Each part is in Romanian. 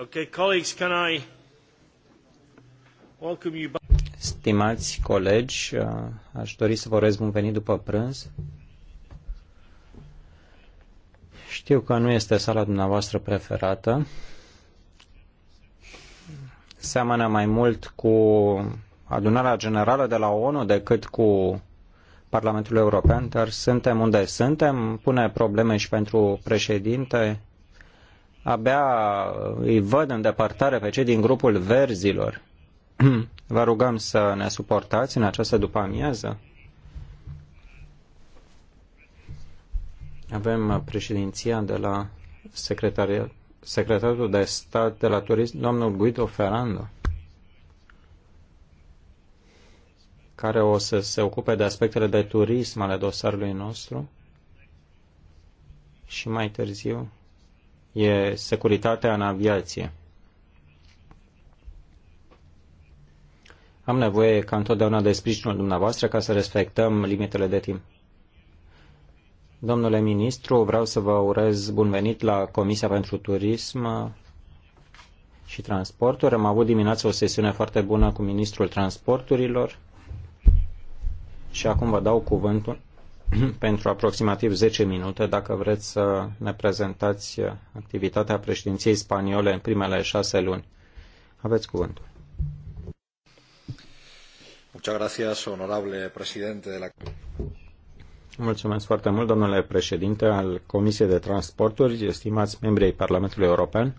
Okay, can I welcome you Stimați colegi, uh, aș dori să vă urez bun venit după prânz. Știu că nu este sala dumneavoastră preferată. Seamănă mai mult cu adunarea generală de la ONU decât cu Parlamentul European, dar suntem unde suntem, pune probleme și pentru președinte, Abia îi văd în depărtare pe cei din grupul verzilor. Vă rugăm să ne suportați în această după-amiază. Avem președinția de la secretarul de stat de la turism, domnul Guido Ferrando, care o să se ocupe de aspectele de turism ale dosarului nostru și mai târziu e securitatea în aviație. Am nevoie ca întotdeauna de sprijinul dumneavoastră ca să respectăm limitele de timp. Domnule ministru, vreau să vă urez bun venit la Comisia pentru Turism și Transporturi. Am avut dimineața o sesiune foarte bună cu ministrul transporturilor și acum vă dau cuvântul pentru aproximativ 10 minute, dacă vreți să ne prezentați activitatea președinției spaniole în primele șase luni. Aveți cuvântul. Muchas gracias, onorable presidente de la... Mulțumesc foarte mult, domnule președinte al Comisiei de Transporturi, estimați membri ai Parlamentului European.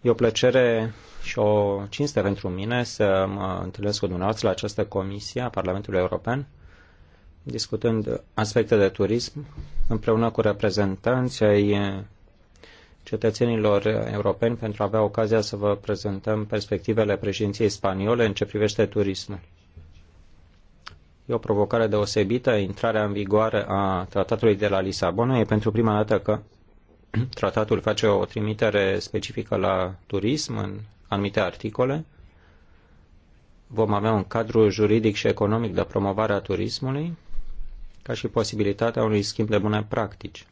E o plăcere și o cinste pentru mine să mă întâlnesc cu dumneavoastră la această comisie a Parlamentului European discutând aspecte de turism împreună cu reprezentanții ai eh, cetățenilor europeni pentru a avea ocazia să vă prezentăm perspectivele președinției spaniole în ce privește turismul. E o provocare deosebită. Intrarea în vigoare a tratatului de la Lisabona e pentru prima dată că tratatul face o trimitere specifică la turism în anumite articole. Vom avea un cadru juridic și economic de promovare a turismului ca și posibilitatea unui schimb de bune practici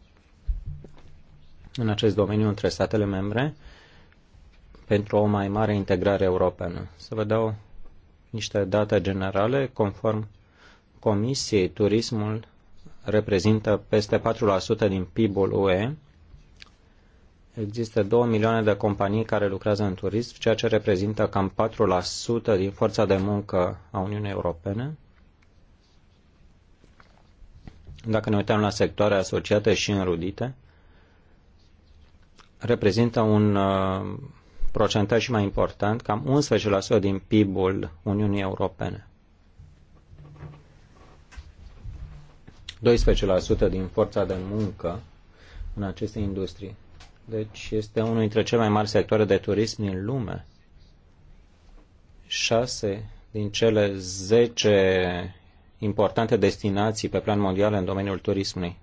în acest domeniu între statele membre pentru o mai mare integrare europeană. Să vă dau niște date generale. Conform Comisiei, turismul reprezintă peste 4% din PIB-ul UE. Există 2 milioane de companii care lucrează în turism, ceea ce reprezintă cam 4% din forța de muncă a Uniunii Europene dacă ne uităm la sectoare asociate și înrudite, reprezintă un uh, procentaj mai important, cam 11% din PIB-ul Uniunii Europene. 12% din forța de muncă în aceste industrii. Deci este unul dintre cele mai mari sectoare de turism din lume. 6 din cele 10 importante destinații pe plan mondial în domeniul turismului.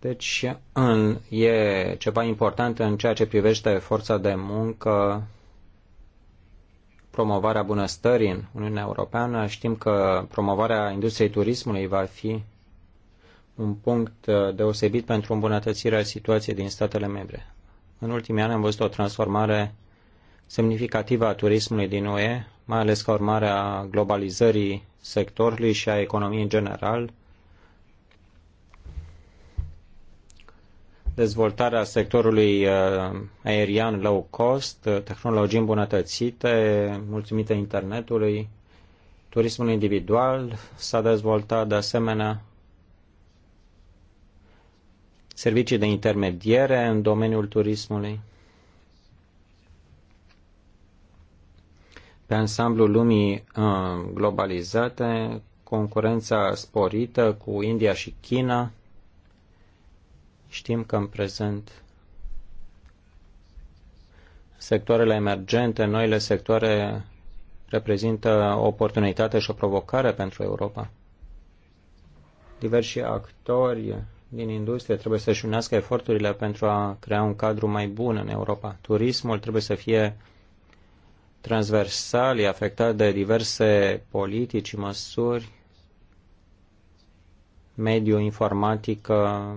Deci în, e ceva important în ceea ce privește forța de muncă, promovarea bunăstării în Uniunea Europeană. Știm că promovarea industriei turismului va fi un punct uh, deosebit pentru îmbunătățirea situației din statele membre. În ultimii ani am văzut o transformare semnificativă a turismului din UE, mai ales ca urmare a globalizării sectorului și a economiei în general, dezvoltarea sectorului uh, aerian low cost, uh, tehnologii îmbunătățite, mulțumite internetului, turismul individual s-a dezvoltat de asemenea servicii de intermediere în domeniul turismului. pe ansamblul lumii uh, globalizate, concurența sporită cu India și China. Știm că în prezent sectoarele emergente, noile sectoare reprezintă o oportunitate și o provocare pentru Europa. Diversi actori din industrie trebuie să-și unească eforturile pentru a crea un cadru mai bun în Europa. Turismul trebuie să fie transversal, e afectat de diverse politici, măsuri, mediu, informatică,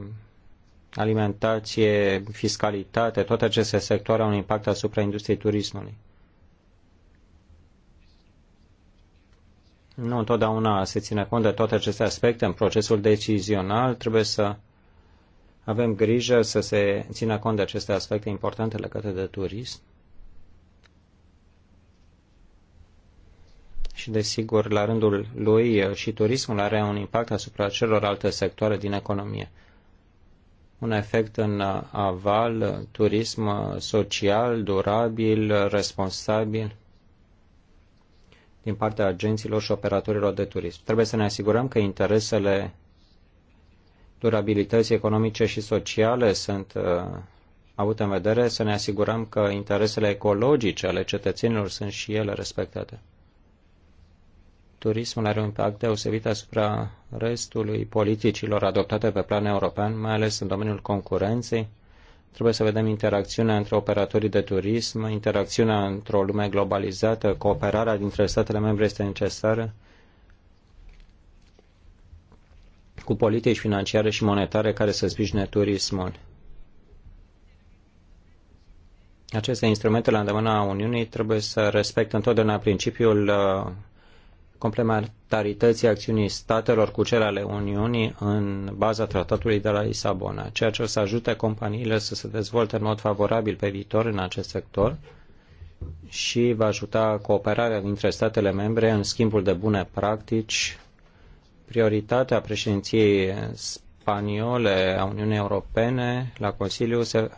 alimentație, fiscalitate, toate aceste sectoare au un impact asupra industriei turismului. Nu întotdeauna se ține cont de toate aceste aspecte în procesul decizional. Trebuie să avem grijă să se țină cont de aceste aspecte importante legate de turism. și, desigur, la rândul lui uh, și turismul are un impact asupra celorlalte sectoare din economie. Un efect în uh, aval, uh, turism social, durabil, responsabil din partea agenților și operatorilor de turism. Trebuie să ne asigurăm că interesele durabilității economice și sociale sunt uh, avute în vedere, să ne asigurăm că interesele ecologice ale cetățenilor sunt și ele respectate turismul are un impact deosebit asupra restului politicilor adoptate pe plan european, mai ales în domeniul concurenței. Trebuie să vedem interacțiunea între operatorii de turism, interacțiunea într-o lume globalizată, cooperarea dintre statele membre este necesară cu politici financiare și monetare care să sprijine turismul. Aceste instrumente la îndemâna Uniunii trebuie să respecte întotdeauna principiul uh, complementarității acțiunii statelor cu cele ale Uniunii în baza tratatului de la Lisabona, ceea ce o să ajute companiile să se dezvolte în mod favorabil pe viitor în acest sector și va ajuta cooperarea dintre statele membre în schimbul de bune practici. Prioritatea președinției spaniole a Uniunii Europene la Consiliu se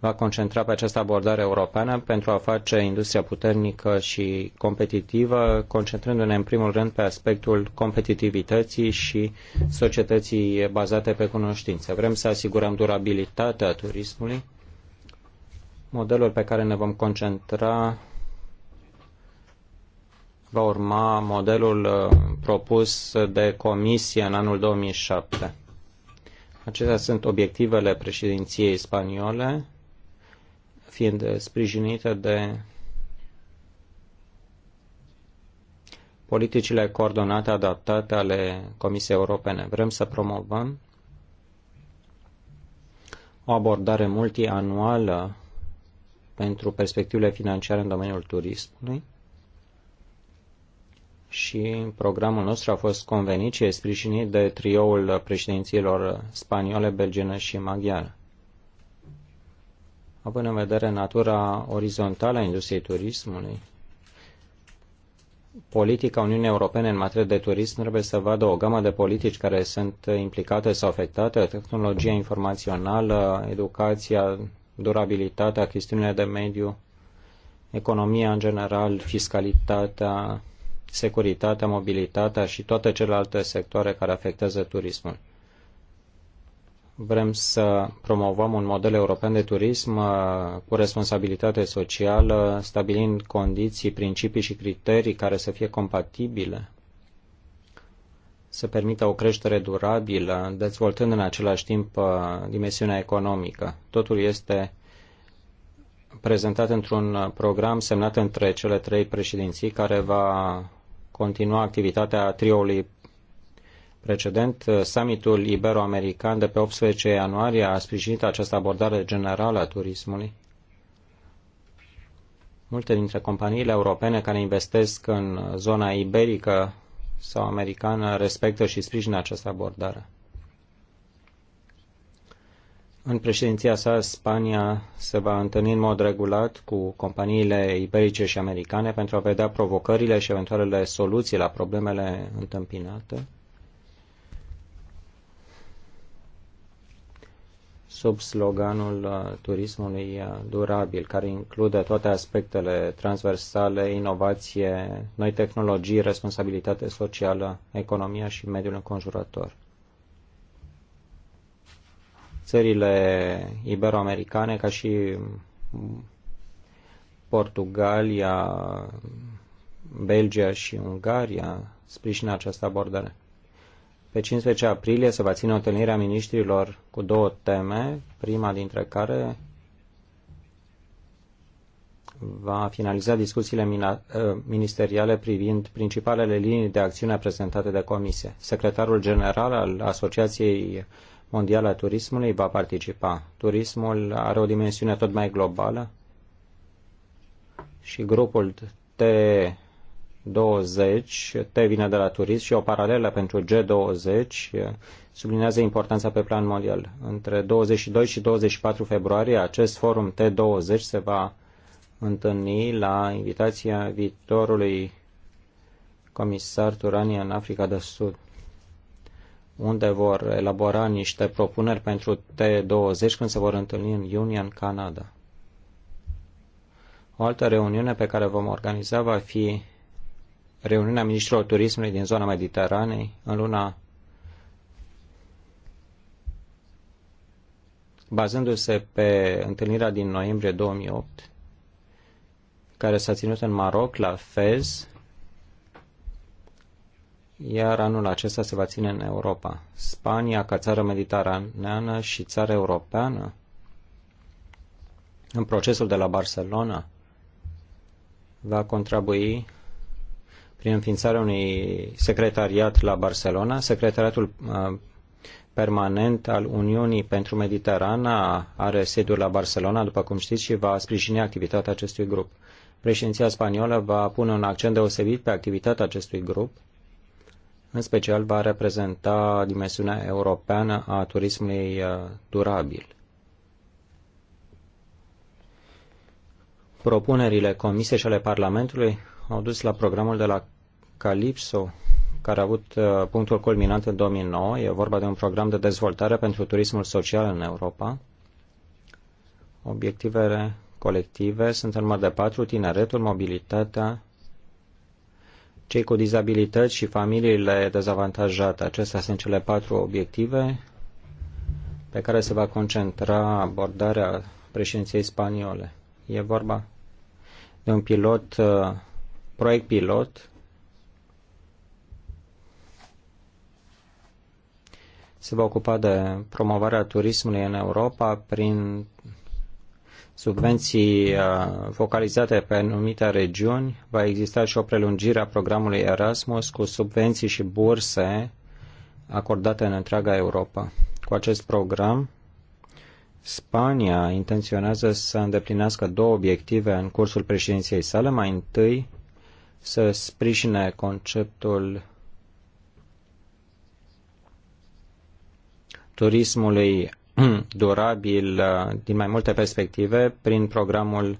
va concentra pe această abordare europeană pentru a face industria puternică și competitivă, concentrându-ne în primul rând pe aspectul competitivității și societății bazate pe cunoștințe. Vrem să asigurăm durabilitatea turismului, modelul pe care ne vom concentra va urma modelul uh, propus de comisie în anul 2007. Acestea sunt obiectivele președinției spaniole fiind sprijinită de politicile coordonate, adaptate ale Comisiei Europene. Vrem să promovăm o abordare multianuală pentru perspectivele financiare în domeniul turismului și programul nostru a fost convenit și e sprijinit de trioul președinților spaniole, belgene și maghiară având în vedere natura orizontală a industriei turismului, politica Uniunii Europene în materie de turism trebuie să vadă o gamă de politici care sunt implicate sau afectate, tehnologia informațională, educația, durabilitatea, chestiunile de mediu, economia în general, fiscalitatea, securitatea, mobilitatea și toate celelalte sectoare care afectează turismul. Vrem să promovăm un model european de turism uh, cu responsabilitate socială, stabilind condiții, principii și criterii care să fie compatibile, să permită o creștere durabilă, dezvoltând în același timp uh, dimensiunea economică. Totul este prezentat într-un program semnat între cele trei președinții care va continua activitatea trioului precedent, summitul ibero-american de pe 18 ianuarie a sprijinit această abordare generală a turismului. Multe dintre companiile europene care investesc în zona iberică sau americană respectă și sprijină această abordare. În președinția sa, Spania se va întâlni în mod regulat cu companiile iberice și americane pentru a vedea provocările și eventualele soluții la problemele întâmpinate sub sloganul uh, turismului uh, durabil, care include toate aspectele transversale, inovație, noi tehnologii, responsabilitate socială, economia și mediul înconjurător. Țările iberoamericane, ca și Portugalia, Belgia și Ungaria, sprijină această abordare. Pe 15 aprilie se va ține o întâlnire a miniștrilor cu două teme, prima dintre care va finaliza discuțiile ă, ministeriale privind principalele linii de acțiune prezentate de comisie. Secretarul general al Asociației Mondiale a Turismului va participa. Turismul are o dimensiune tot mai globală și grupul T 20 T vine de la turism și o paralelă pentru G20 sublinează importanța pe plan mondial. Între 22 și 24 februarie acest forum T20 se va întâlni la invitația viitorului comisar Turania în Africa de Sud, unde vor elabora niște propuneri pentru T20 când se vor întâlni în iunie în Canada. O altă reuniune pe care vom organiza va fi reuniunea ministrilor turismului din zona Mediteranei în luna bazându-se pe întâlnirea din noiembrie 2008 care s-a ținut în Maroc la Fez iar anul acesta se va ține în Europa. Spania, ca țară mediteraneană și țară europeană, în procesul de la Barcelona, va contribui prin înființarea unui secretariat la Barcelona, secretariatul uh, permanent al Uniunii pentru Mediterana are sediul la Barcelona, după cum știți, și va sprijini activitatea acestui grup. Președinția spaniolă va pune un accent deosebit pe activitatea acestui grup, în special va reprezenta dimensiunea europeană a turismului uh, durabil. Propunerile Comisiei și ale Parlamentului au dus la programul de la Calypso, care a avut uh, punctul culminant în 2009. E vorba de un program de dezvoltare pentru turismul social în Europa. Obiectivele colective sunt în mod de patru, tineretul, mobilitatea, cei cu dizabilități și familiile dezavantajate. Acestea sunt cele patru obiective pe care se va concentra abordarea președinției spaniole. E vorba de un pilot, uh, proiect pilot se va ocupa de promovarea turismului în Europa prin subvenții uh, focalizate pe anumite regiuni. Va exista și o prelungire a programului Erasmus cu subvenții și burse acordate în întreaga Europa. Cu acest program, Spania intenționează să îndeplinească două obiective în cursul președinției sale. Mai întâi, să sprijine conceptul turismului durabil uh, din mai multe perspective prin programul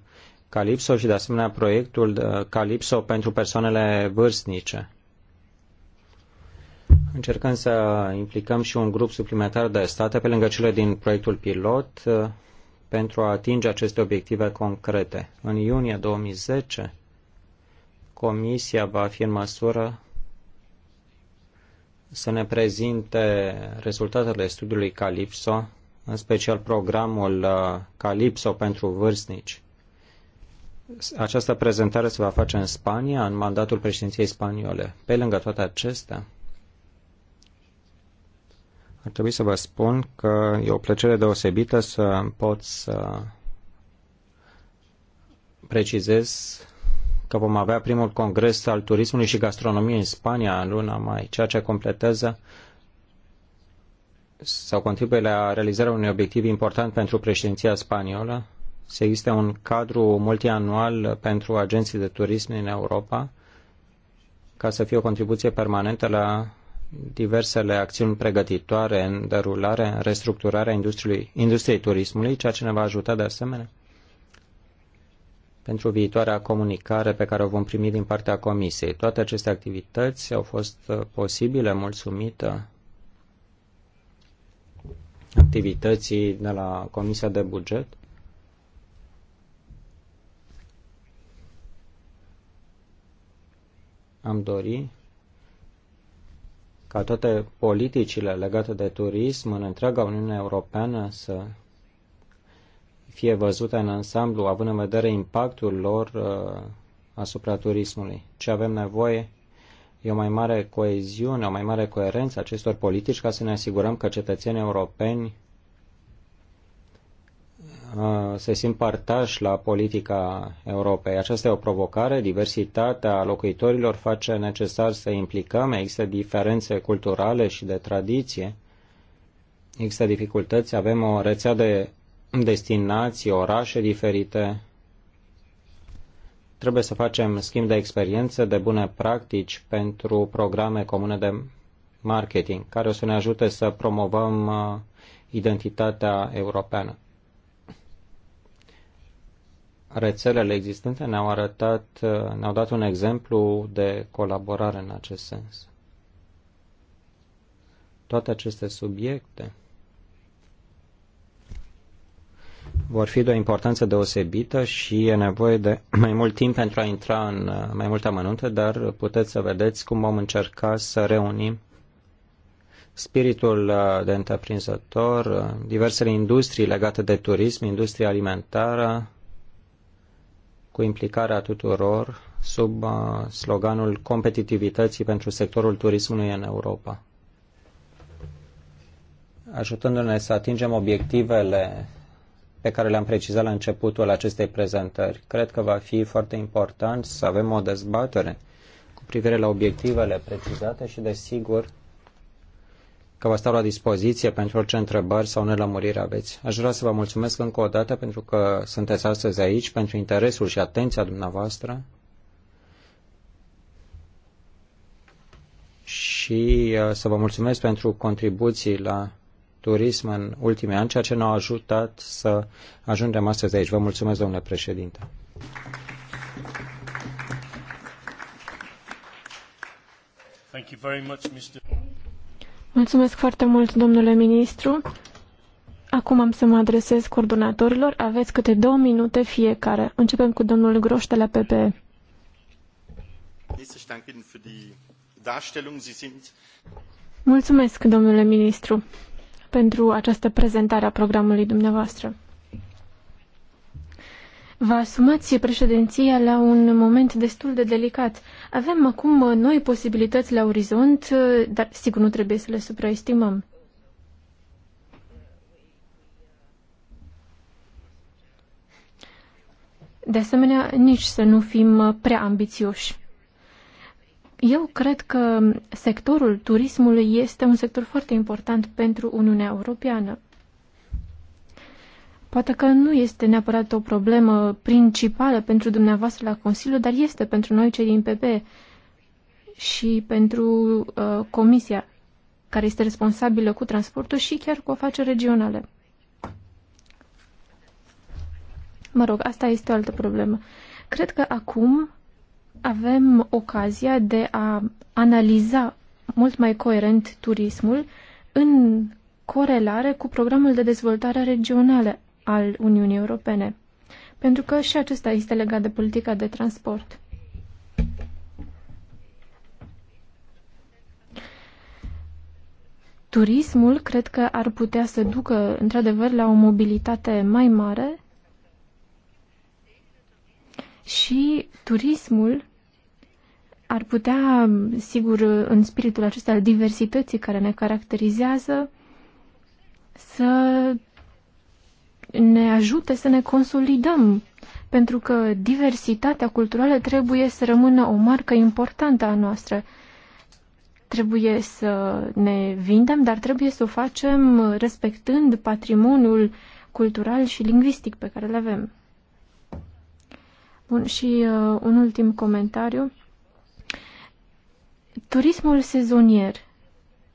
Calipso și de asemenea proiectul uh, Calipso pentru persoanele vârstnice. Încercăm să implicăm și un grup suplimentar de state pe lângă cele din proiectul pilot uh, pentru a atinge aceste obiective concrete. În iunie 2010, Comisia va fi în măsură să ne prezinte rezultatele studiului Calipso, în special programul uh, Calipso pentru vârstnici. Această prezentare se va face în Spania, în mandatul președinției spaniole. Pe lângă toate acestea, ar trebui să vă spun că e o plăcere deosebită să pot să precizez că vom avea primul congres al turismului și gastronomiei în Spania în luna mai, ceea ce completează sau contribuie la realizarea unui obiectiv important pentru președinția spaniolă, Se există un cadru multianual pentru agenții de turism în Europa, ca să fie o contribuție permanentă la diversele acțiuni pregătitoare în derulare, în restructurarea industriei, industriei turismului, ceea ce ne va ajuta de asemenea pentru viitoarea comunicare pe care o vom primi din partea Comisiei. Toate aceste activități au fost uh, posibile mulțumită activității de la Comisia de Buget. Am dori ca toate politicile legate de turism în întreaga Uniune Europeană să fie văzute în ansamblu, având în vedere impactul lor uh, asupra turismului. Ce avem nevoie e o mai mare coeziune, o mai mare coerență acestor politici ca să ne asigurăm că cetățenii europeni uh, se simt partași la politica Europei. Aceasta e o provocare. Diversitatea locuitorilor face necesar să implicăm. Există diferențe culturale și de tradiție. Există dificultăți. Avem o rețea de destinații, orașe diferite. Trebuie să facem schimb de experiențe, de bune practici pentru programe comune de marketing, care o să ne ajute să promovăm uh, identitatea europeană. Rețelele existente ne-au arătat, uh, ne-au dat un exemplu de colaborare în acest sens. Toate aceste subiecte vor fi de o importanță deosebită și e nevoie de mai mult timp pentru a intra în uh, mai multe amănunte, dar puteți să vedeți cum vom încerca să reunim spiritul uh, de întreprinzător, uh, diversele industrii legate de turism, industria alimentară, cu implicarea tuturor sub sloganul competitivității pentru sectorul turismului în Europa. Ajutându-ne să atingem obiectivele pe care le-am precizat la începutul acestei prezentări. Cred că va fi foarte important să avem o dezbatere cu privire la obiectivele precizate și, desigur, că vă stau la dispoziție pentru orice întrebări sau nelămuriri aveți. Aș vrea să vă mulțumesc încă o dată pentru că sunteți astăzi aici, pentru interesul și atenția dumneavoastră și uh, să vă mulțumesc pentru contribuții la turism în ultimii ani, ceea ce ne-a ajutat să ajungem astăzi aici. Vă mulțumesc, domnule președinte. Mulțumesc foarte mult, domnule ministru. Acum am să mă adresez coordonatorilor. Aveți câte două minute fiecare. Începem cu domnul Groș de la PPE. Mulțumesc, domnule ministru pentru această prezentare a programului dumneavoastră. Vă asumați președinția la un moment destul de delicat. Avem acum noi posibilități la orizont, dar sigur nu trebuie să le supraestimăm. De asemenea, nici să nu fim prea ambițioși. Eu cred că sectorul turismului este un sector foarte important pentru Uniunea Europeană. Poate că nu este neapărat o problemă principală pentru dumneavoastră la Consiliu, dar este pentru noi cei din PP și pentru uh, Comisia care este responsabilă cu transportul și chiar cu afaceri regionale. Mă rog, asta este o altă problemă. Cred că acum avem ocazia de a analiza mult mai coerent turismul în corelare cu programul de dezvoltare regională al Uniunii Europene, pentru că și acesta este legat de politica de transport. Turismul cred că ar putea să ducă într-adevăr la o mobilitate mai mare și turismul ar putea, sigur, în spiritul acesta al diversității care ne caracterizează, să ne ajute să ne consolidăm, pentru că diversitatea culturală trebuie să rămână o marcă importantă a noastră. Trebuie să ne vindem, dar trebuie să o facem respectând patrimoniul cultural și lingvistic pe care îl avem. Bun, și uh, un ultim comentariu. Turismul sezonier.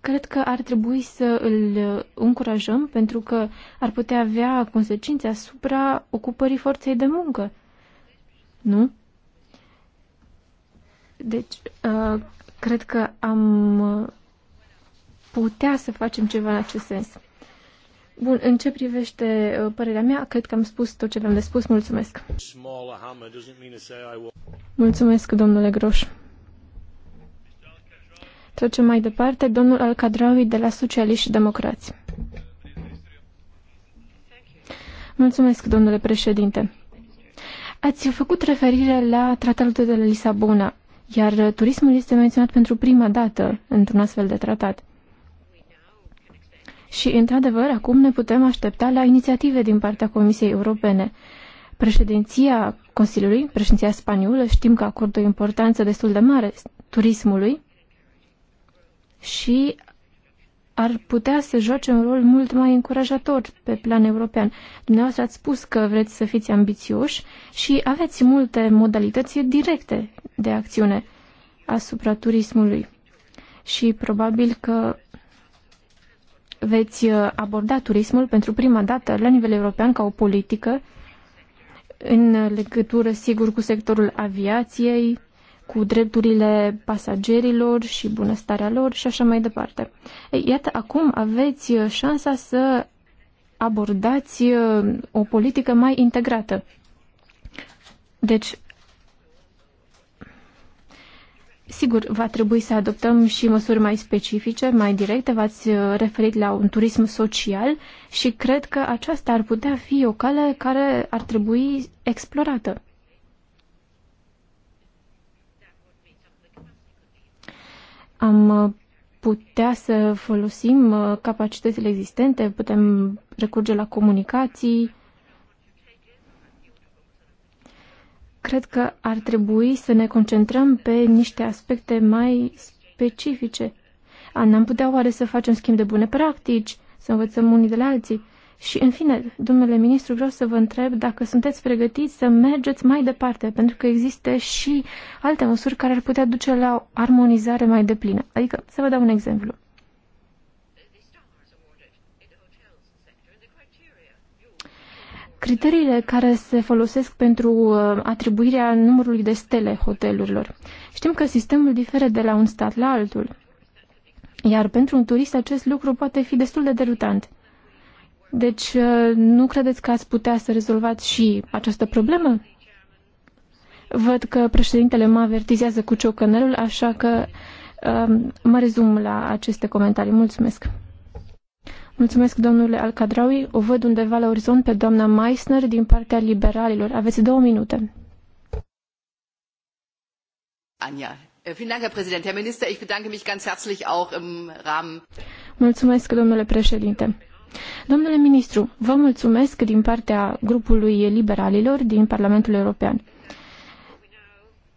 Cred că ar trebui să îl încurajăm pentru că ar putea avea consecințe asupra ocupării forței de muncă. Nu? Deci, uh, cred că am putea să facem ceva în acest sens. Bun, în ce privește uh, părerea mea, cred că am spus tot ce am de spus. Mulțumesc. Mulțumesc, domnule Groș. Trecem mai departe. Domnul Alcadraui de la Socialiști și Democrați. Mulțumesc, domnule președinte. Ați făcut referire la tratatul de la Lisabona, iar turismul este menționat pentru prima dată într-un astfel de tratat. Și, într-adevăr, acum ne putem aștepta la inițiative din partea Comisiei Europene. Președinția Consiliului, președinția spaniolă, știm că acordă o importanță destul de mare turismului și ar putea să joace un rol mult mai încurajator pe plan european. Dumneavoastră ați spus că vreți să fiți ambițioși și aveți multe modalități directe de acțiune asupra turismului. Și probabil că veți aborda turismul pentru prima dată la nivel european ca o politică în legătură, sigur, cu sectorul aviației, cu drepturile pasagerilor și bunăstarea lor și așa mai departe. Ei, iată, acum aveți uh, șansa să abordați uh, o politică mai integrată. Deci, sigur, va trebui să adoptăm și măsuri mai specifice, mai directe. V-ați uh, referit la un turism social și cred că aceasta ar putea fi o cale care ar trebui explorată. am uh, putea să folosim uh, capacitățile existente, putem recurge la comunicații. Cred că ar trebui să ne concentrăm pe niște aspecte mai specifice. N-am putea oare să facem schimb de bune practici, să învățăm unii de la alții? Și, în fine, domnule ministru, vreau să vă întreb dacă sunteți pregătiți să mergeți mai departe, pentru că există și alte măsuri care ar putea duce la o armonizare mai deplină. Adică, să vă dau un exemplu. Criteriile care se folosesc pentru uh, atribuirea numărului de stele hotelurilor. Știm că sistemul diferă de la un stat la altul, iar pentru un turist acest lucru poate fi destul de derutant. Deci, uh, nu credeți că ați putea să rezolvați și această problemă? Văd că președintele mă avertizează cu ciocănelul, așa că um, mă rezum la aceste comentarii. Mulțumesc! Mulțumesc, domnule Alcadraui. O văd undeva la orizont pe doamna Meissner din partea liberalilor. Aveți două minute. Anja. Eh, vielen Dank, Herr Präsident. Herr Minister, ich bedanke mich ganz herzlich auch im Rahmen. Mulțumesc, domnule președinte. Domnule ministru, vă mulțumesc din partea grupului liberalilor din Parlamentul European.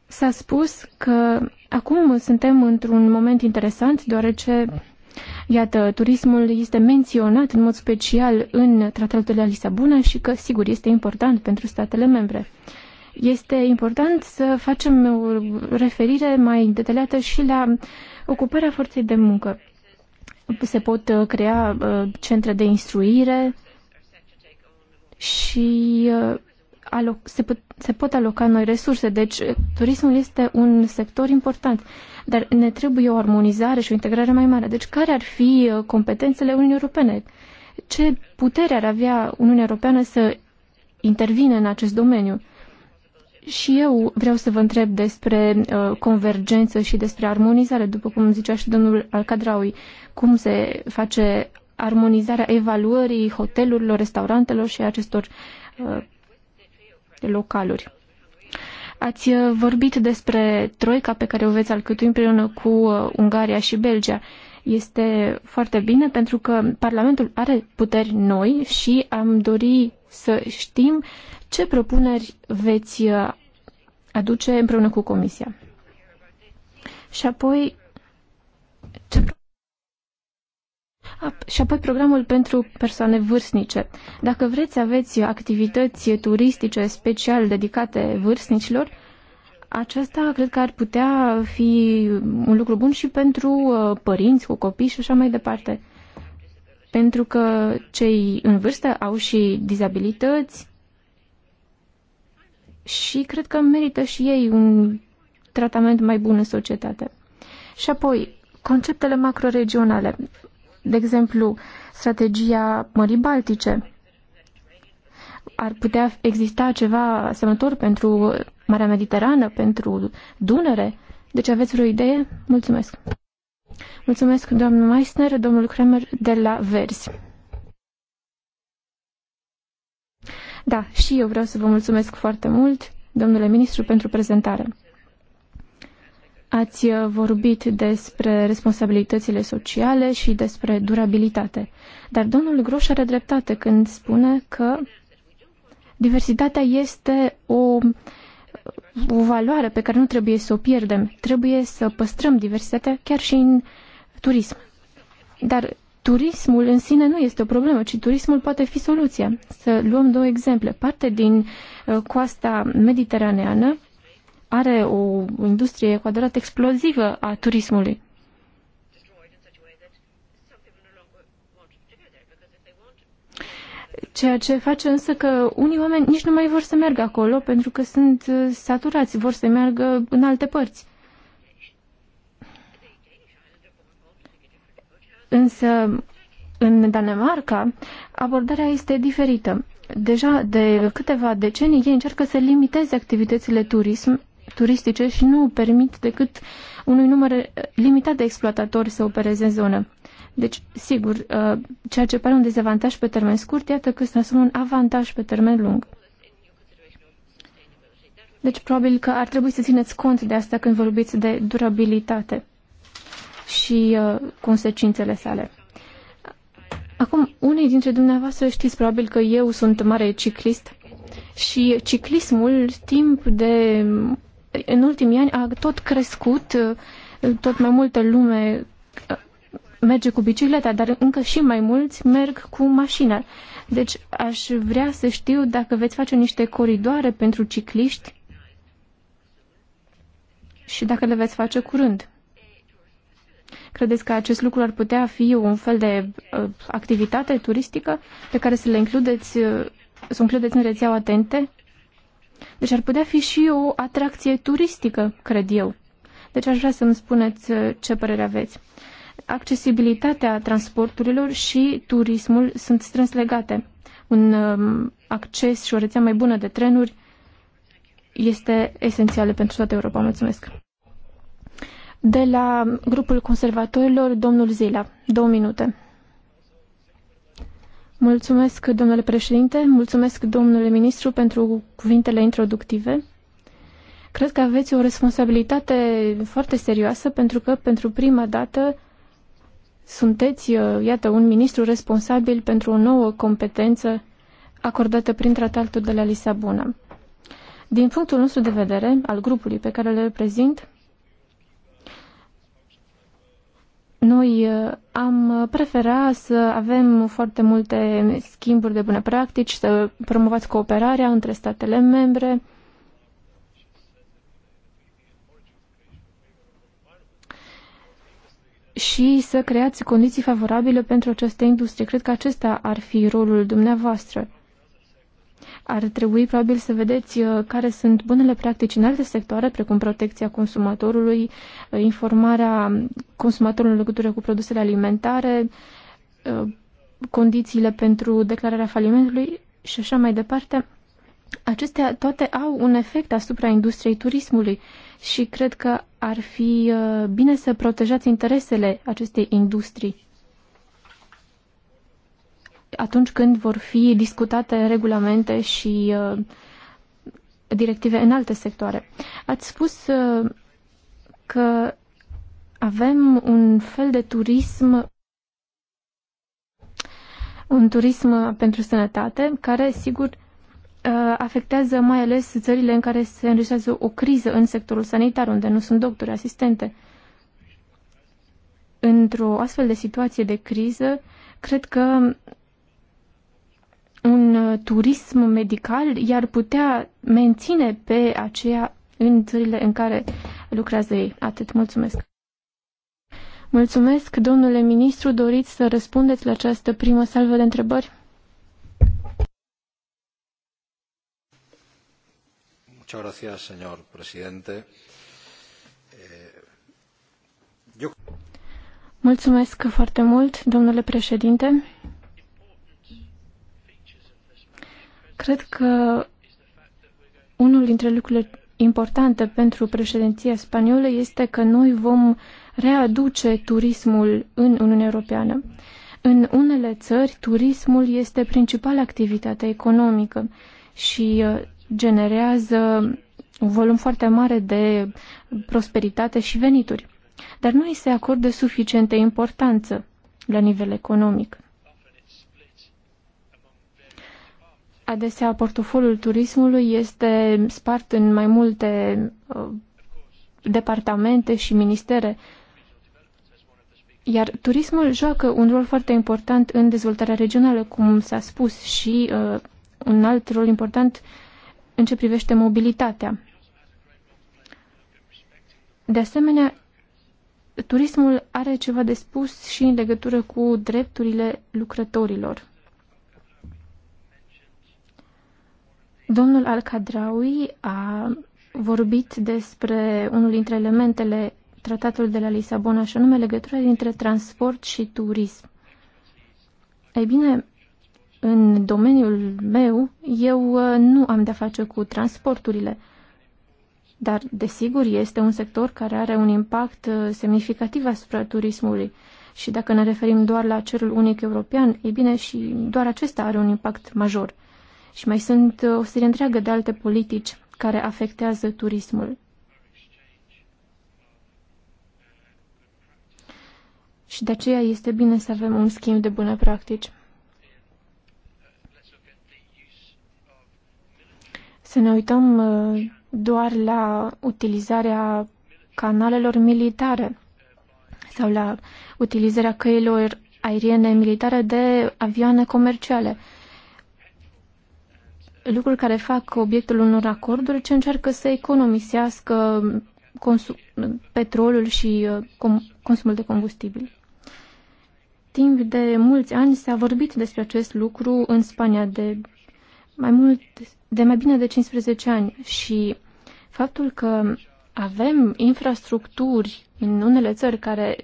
S-a spus că acum suntem într-un moment interesant, deoarece, iată, turismul este menționat în mod special în Tratatul de la Lisabona și că, sigur, este important pentru statele membre. Este important să facem o referire mai detaliată și la ocuparea forței de muncă se pot uh, crea uh, centre de instruire și uh, se, pot, se pot aloca noi resurse. Deci, turismul este un sector important, dar ne trebuie o armonizare și o integrare mai mare. Deci, care ar fi competențele Uniunii Europene? Ce putere ar avea Uniunea Europeană să intervine în acest domeniu? Și eu vreau să vă întreb despre uh, convergență și despre armonizare, după cum zicea și domnul Alcadraui, cum se face armonizarea evaluării hotelurilor, restaurantelor și acestor uh, localuri. Ați uh, vorbit despre troica pe care o veți alcătui împreună cu uh, Ungaria și Belgia. Este foarte bine pentru că Parlamentul are puteri noi și am dori să știm ce propuneri veți uh, aduce împreună cu Comisia? Și apoi, ce și apoi programul pentru persoane vârstnice. Dacă vreți aveți activități turistice special dedicate vârstnicilor, aceasta cred că ar putea fi un lucru bun și pentru uh, părinți cu copii și așa mai departe. Pentru că cei în vârstă au și dizabilități și cred că merită și ei un tratament mai bun în societate. Și apoi, conceptele macroregionale, de exemplu, strategia Mării Baltice. Ar putea exista ceva asemănător pentru Marea Mediterană, pentru Dunăre? Deci aveți vreo idee? Mulțumesc! Mulțumesc, doamnă Meissner, domnul Kremer de la Verzi. Da, și eu vreau să vă mulțumesc foarte mult, domnule ministru, pentru prezentare. Ați uh, vorbit despre responsabilitățile sociale și despre durabilitate. Dar domnul Groș are dreptate când spune că diversitatea este o, o valoare pe care nu trebuie să o pierdem. Trebuie să păstrăm diversitatea chiar și în turism. Dar turismul în sine nu este o problemă, ci turismul poate fi soluția. Să luăm două exemple. Parte din uh, coasta mediteraneană are o industrie cu adevărat explozivă a turismului. Ceea ce face însă că unii oameni nici nu mai vor să meargă acolo pentru că sunt uh, saturați, vor să meargă în alte părți. Însă, în Danemarca, abordarea este diferită. Deja de câteva decenii ei încearcă să limiteze activitățile turism, turistice și nu permit decât unui număr eh, limitat de exploatatori să opereze în zonă. Deci, sigur, eh, ceea ce pare un dezavantaj pe termen scurt, iată că se asumă un avantaj pe termen lung. Deci, probabil că ar trebui să țineți cont de asta când vorbiți de durabilitate și uh, consecințele sale. Acum, unii dintre dumneavoastră știți probabil că eu sunt mare ciclist și ciclismul timp de în ultimii ani a tot crescut, uh, tot mai multă lume uh, merge cu bicicleta, dar încă și mai mulți merg cu mașina. Deci aș vrea să știu dacă veți face niște coridoare pentru cicliști și dacă le veți face curând. Credeți că acest lucru ar putea fi un fel de uh, activitate turistică pe care să le includeți, uh, să includeți în rețeaua atente? Deci ar putea fi și o atracție turistică, cred eu. Deci aș vrea să-mi spuneți uh, ce părere aveți. Accesibilitatea transporturilor și turismul sunt strâns legate. Un uh, acces și o rețea mai bună de trenuri este esențială pentru toată Europa. Mulțumesc! De la grupul conservatorilor, domnul Zila. Două minute. Mulțumesc, domnule președinte, mulțumesc, domnule ministru, pentru cuvintele introductive. Cred că aveți o responsabilitate foarte serioasă, pentru că, pentru prima dată, sunteți, uh, iată, un ministru responsabil pentru o nouă competență acordată prin tratatul de la Lisabona. Din punctul nostru de vedere, al grupului pe care îl reprezint, Noi uh, am prefera să avem foarte multe schimburi de bune practici, să promovați cooperarea între statele membre. și să creați condiții favorabile pentru această industrie. Cred că acesta ar fi rolul dumneavoastră. Ar trebui probabil să vedeți uh, care sunt bunele practici în alte sectoare, precum protecția consumatorului, uh, informarea consumatorului în legătură cu produsele alimentare, uh, condițiile pentru declararea falimentului și așa mai departe. Acestea toate au un efect asupra industriei turismului și cred că ar fi bine să protejați interesele acestei industrii atunci când vor fi discutate regulamente și uh, directive în alte sectoare. Ați spus uh, că avem un fel de turism un turism pentru sănătate care, sigur, uh, afectează mai ales țările în care se înregistrează o criză în sectorul sanitar, unde nu sunt doctori, asistente. Într-o astfel de situație de criză, cred că un uh, turism medical i-ar putea menține pe aceea în țările în care lucrează ei. Atât. Mulțumesc. Mulțumesc, domnule ministru. Doriți să răspundeți la această primă salvă de întrebări? Muchas eh, Mulțumesc foarte mult, domnule președinte. Cred că unul dintre lucrurile importante pentru președinția spaniolă este că noi vom readuce turismul în Uniunea Europeană. În unele țări, turismul este principala activitate economică și uh, generează un volum foarte mare de prosperitate și venituri. Dar nu îi se acordă suficientă importanță la nivel economic. Adesea, portofoliul turismului este spart în mai multe uh, departamente și ministere. Iar turismul joacă un rol foarte important în dezvoltarea regională, cum s-a spus, și uh, un alt rol important în ce privește mobilitatea. De asemenea, turismul are ceva de spus și în legătură cu drepturile lucrătorilor. Domnul Al-Kadraui a vorbit despre unul dintre elementele tratatului de la Lisabona, și anume legătura dintre transport și turism. Ei bine, în domeniul meu, eu uh, nu am de-a face cu transporturile, dar, desigur, este un sector care are un impact uh, semnificativ asupra turismului. Și dacă ne referim doar la cerul unic european, ei bine, și doar acesta are un impact major. Și mai sunt uh, o serie întreagă de alte politici care afectează turismul. Și de aceea este bine să avem un schimb de bune practici. Să ne uităm uh, doar la utilizarea canalelor militare sau la utilizarea căilor aeriene militare de avioane comerciale lucruri care fac obiectul unor acorduri ce încearcă să economisească consum, petrolul și uh, consumul de combustibil. Timp de mulți ani s-a vorbit despre acest lucru în Spania de mai mult de mai bine de 15 ani și faptul că avem infrastructuri în unele țări care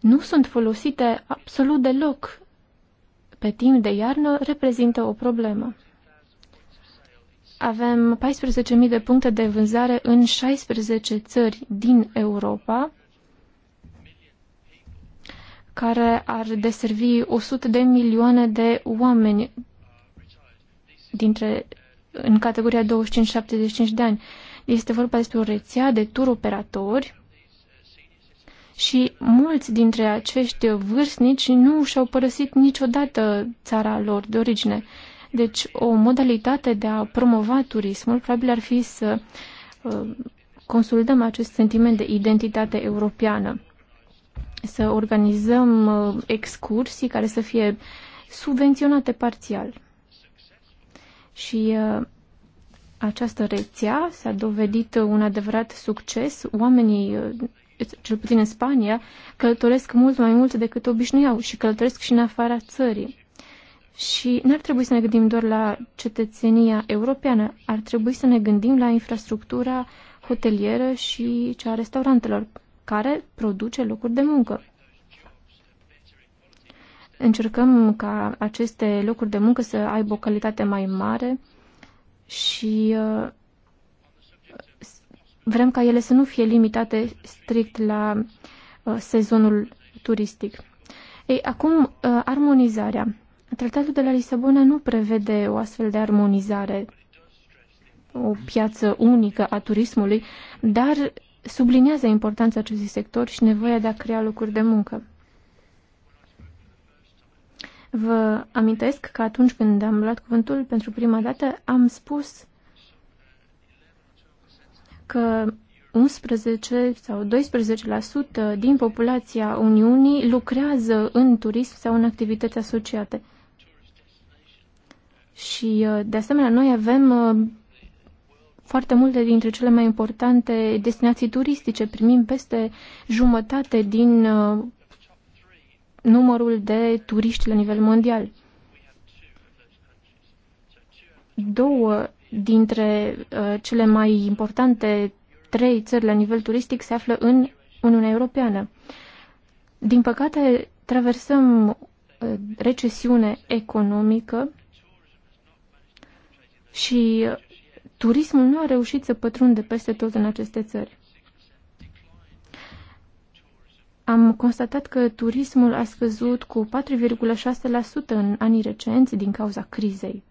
nu sunt folosite absolut deloc pe timp de iarnă reprezintă o problemă. Avem 14.000 de puncte de vânzare în 16 țări din Europa care ar deservi 100 de milioane de oameni dintre, în categoria 25-75 de ani. Este vorba despre o rețea de tur operatori și mulți dintre acești vârstnici nu și-au părăsit niciodată țara lor de origine. Deci o modalitate de a promova turismul probabil ar fi să uh, consolidăm acest sentiment de identitate europeană, să organizăm uh, excursii care să fie subvenționate parțial. Și uh, această rețea s-a dovedit un adevărat succes. Oamenii, cel puțin în Spania, călătoresc mult mai mult decât obișnuiau și călătoresc și în afara țării. Și n-ar trebui să ne gândim doar la cetățenia europeană, ar trebui să ne gândim la infrastructura hotelieră și cea a restaurantelor, care produce locuri de muncă. Încercăm ca aceste locuri de muncă să aibă o calitate mai mare și uh, vrem ca ele să nu fie limitate strict la uh, sezonul turistic. Ei, acum, uh, armonizarea. Tratatul de la Lisabona nu prevede o astfel de armonizare, o piață unică a turismului, dar sublinează importanța acestui sector și nevoia de a crea locuri de muncă. Vă amintesc că atunci când am luat cuvântul pentru prima dată, am spus că 11 sau 12% din populația Uniunii lucrează în turism sau în activități asociate. Și, uh, de asemenea, noi avem uh, foarte multe dintre cele mai importante destinații turistice. Primim peste jumătate din uh, numărul de turiști la nivel mondial. Două dintre cele mai importante trei țări la nivel turistic se află în Uniunea Europeană. Din păcate, traversăm recesiune economică și turismul nu a reușit să pătrundă peste tot în aceste țări. Am constatat că turismul a scăzut cu 4,6% în anii recenți din cauza crizei.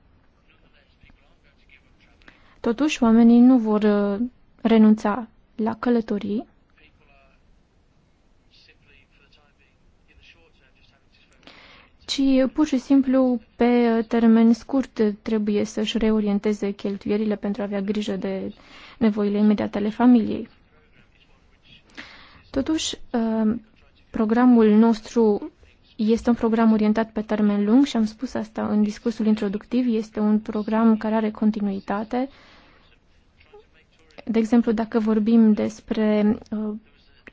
Totuși, oamenii nu vor uh, renunța la călătorii ci pur și simplu pe termen scurt trebuie să-și reorienteze cheltuierile pentru a avea grijă de nevoile imediate ale familiei. Totuși, uh, programul nostru este un program orientat pe termen lung și am spus asta în discursul introductiv, este un program care are continuitate. De exemplu, dacă vorbim despre uh,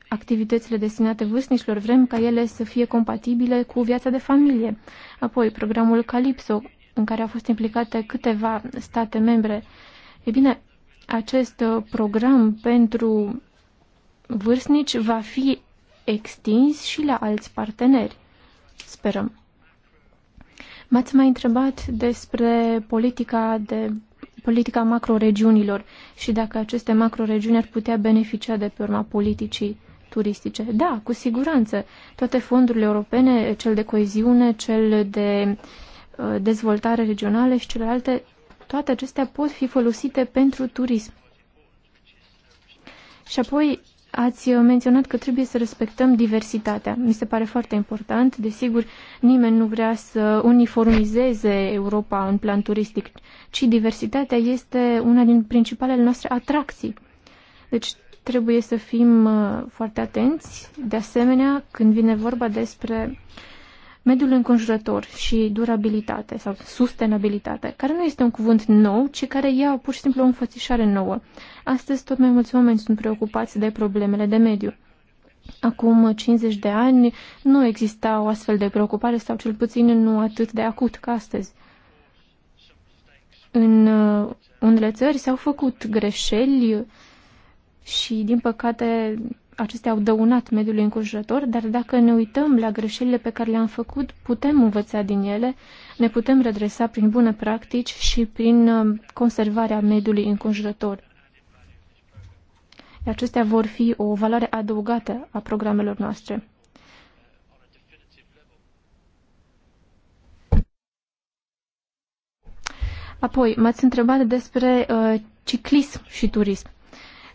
activitățile destinate vârstnicilor, vrem ca ele să fie compatibile cu viața de familie. Apoi, programul Calypso, în care au fost implicate câteva state membre. E bine, acest uh, program pentru vârstnici va fi extins și la alți parteneri. Sperăm. M-ați mai întrebat despre politica de politica macroregiunilor și dacă aceste macroregiuni ar putea beneficia de pe urma politicii turistice. Da, cu siguranță. Toate fondurile europene, cel de coeziune, cel de uh, dezvoltare regională și celelalte, toate acestea pot fi folosite pentru turism. Și apoi ați menționat că trebuie să respectăm diversitatea. Mi se pare foarte important. Desigur, nimeni nu vrea să uniformizeze Europa în plan turistic, ci diversitatea este una din principalele noastre atracții. Deci Trebuie să fim uh, foarte atenți, de asemenea, când vine vorba despre mediul înconjurător și durabilitate sau sustenabilitate, care nu este un cuvânt nou, ci care ia pur și simplu o înfățișare nouă. Astăzi tot mai mulți oameni sunt preocupați de problemele de mediu. Acum 50 de ani nu exista o astfel de preocupare sau cel puțin nu atât de acut ca astăzi. În uh, unele țări s-au făcut greșeli și, din păcate, acestea au dăunat mediului înconjurător, dar dacă ne uităm la greșelile pe care le-am făcut, putem învăța din ele, ne putem redresa prin bune practici și prin um, conservarea mediului înconjurător. Acestea vor fi o valoare adăugată a programelor noastre. Apoi, m-ați întrebat despre uh, ciclism și turism.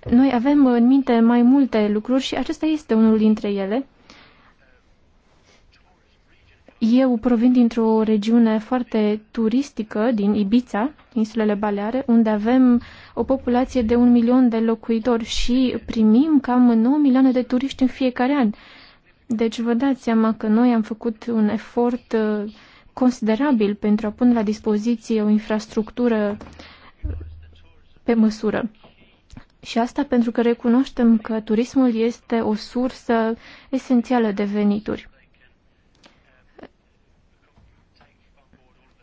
Noi avem în minte mai multe lucruri și acesta este unul dintre ele. Eu provin dintr-o regiune foarte turistică din Ibiza, insulele Baleare, unde avem o populație de un milion de locuitori și primim cam 9 milioane de turiști în fiecare an. Deci vă dați seama că noi am făcut un efort uh, considerabil pentru a pune la dispoziție o infrastructură pe măsură. Și asta pentru că recunoaștem că turismul este o sursă esențială de venituri.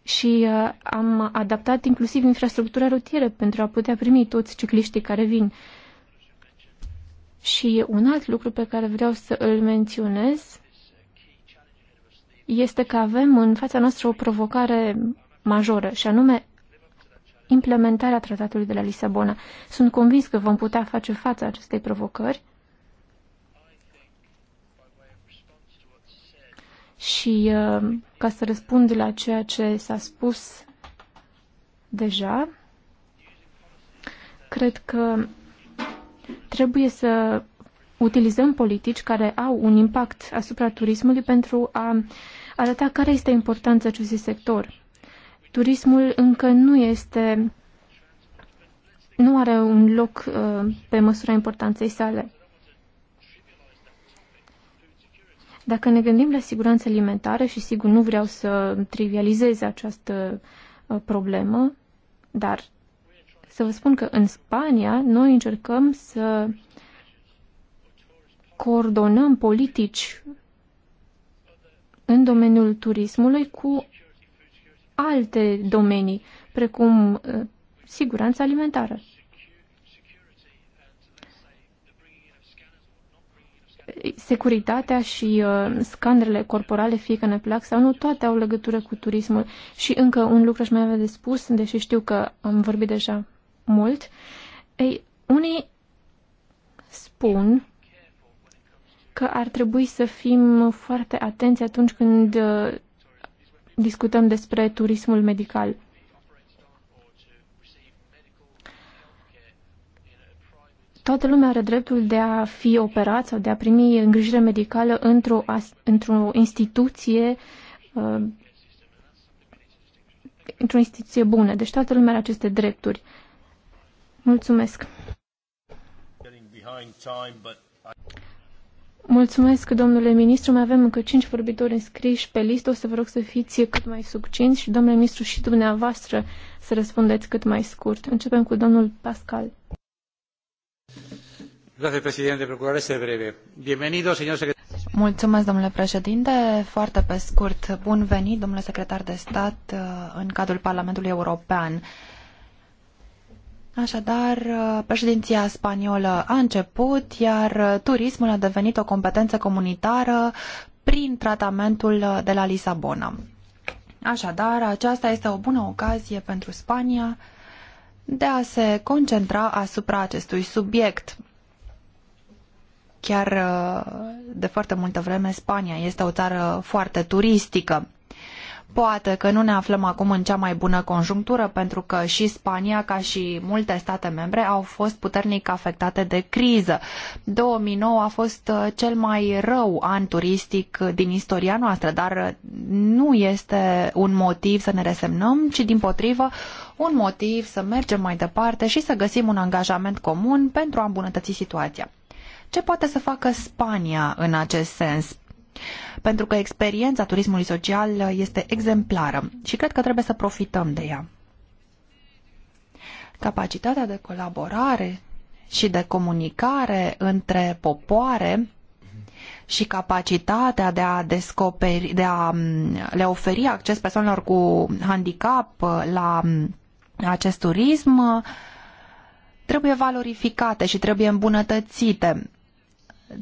Și uh, am adaptat inclusiv infrastructura rutieră pentru a putea primi toți cicliștii care vin. Și un alt lucru pe care vreau să îl menționez este că avem în fața noastră o provocare majoră, și anume implementarea tratatului de la Lisabona. Sunt convins că vom putea face față acestei provocări și uh, ca să răspund la ceea ce s-a spus deja, cred că trebuie să utilizăm politici care au un impact asupra turismului pentru a arăta care este importanța acestui sector turismul încă nu este nu are un loc uh, pe măsura importanței sale. Dacă ne gândim la siguranță alimentară și sigur nu vreau să trivializez această uh, problemă, dar să vă spun că în Spania noi încercăm să coordonăm politici în domeniul turismului cu alte domenii, precum uh, siguranța alimentară. securitatea și uh, scandrele corporale, fie că ne plac sau nu, toate au legătură cu turismul. Și încă un lucru aș mai avea de spus, deși știu că am vorbit deja mult. Ei, unii spun că ar trebui să fim foarte atenți atunci când uh, discutăm despre turismul medical. Toată lumea are dreptul de a fi operat sau de a primi îngrijire medicală într-o, într-o instituție uh, într-o instituție bună. Deci toată lumea are aceste drepturi. Mulțumesc! Mulțumesc, domnule ministru. Mai avem încă cinci vorbitori înscriși pe listă. O să vă rog să fiți cât mai succinți și, domnule ministru, și dumneavoastră să răspundeți cât mai scurt. Începem cu domnul Pascal. Mulțumesc, domnule președinte. Foarte pe scurt, bun venit, domnule secretar de stat, în cadrul Parlamentului European. Așadar, uh, președinția spaniolă a început, iar uh, turismul a devenit o competență comunitară prin tratamentul uh, de la Lisabona. Așadar, aceasta este o bună ocazie pentru Spania de a se concentra asupra acestui subiect. Chiar de foarte multă vreme Spania este o țară foarte turistică. Poate că nu ne aflăm acum în cea mai bună conjunctură, pentru că și Spania, ca și multe state membre, au fost puternic afectate de criză. 2009 a fost uh, cel mai rău an turistic din istoria noastră, dar nu este un motiv să ne resemnăm, ci din potrivă un motiv să mergem mai departe și să găsim un angajament comun pentru a îmbunătăți situația. Ce poate să facă Spania în acest sens? pentru că experiența turismului social uh, este exemplară și cred că trebuie să profităm de ea. Capacitatea de colaborare și de comunicare între popoare și capacitatea de a descoperi, de a mm, le oferi acces persoanelor cu handicap uh, la mm, acest turism uh, trebuie valorificate și trebuie îmbunătățite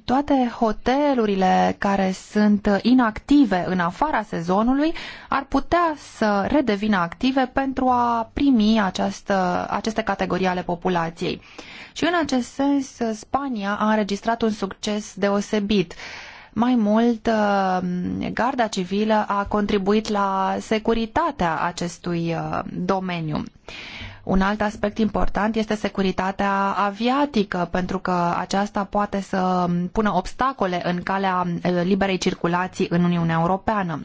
toate hotelurile care sunt inactive în afara sezonului ar putea să redevină active pentru a primi această, aceste categorii ale populației. Și în acest sens, Spania a înregistrat un succes deosebit. Mai mult, uh, Garda Civilă a contribuit la securitatea acestui uh, domeniu. Un alt aspect important este securitatea aviatică, pentru că aceasta poate să pună obstacole în calea eh, liberei circulații în Uniunea Europeană.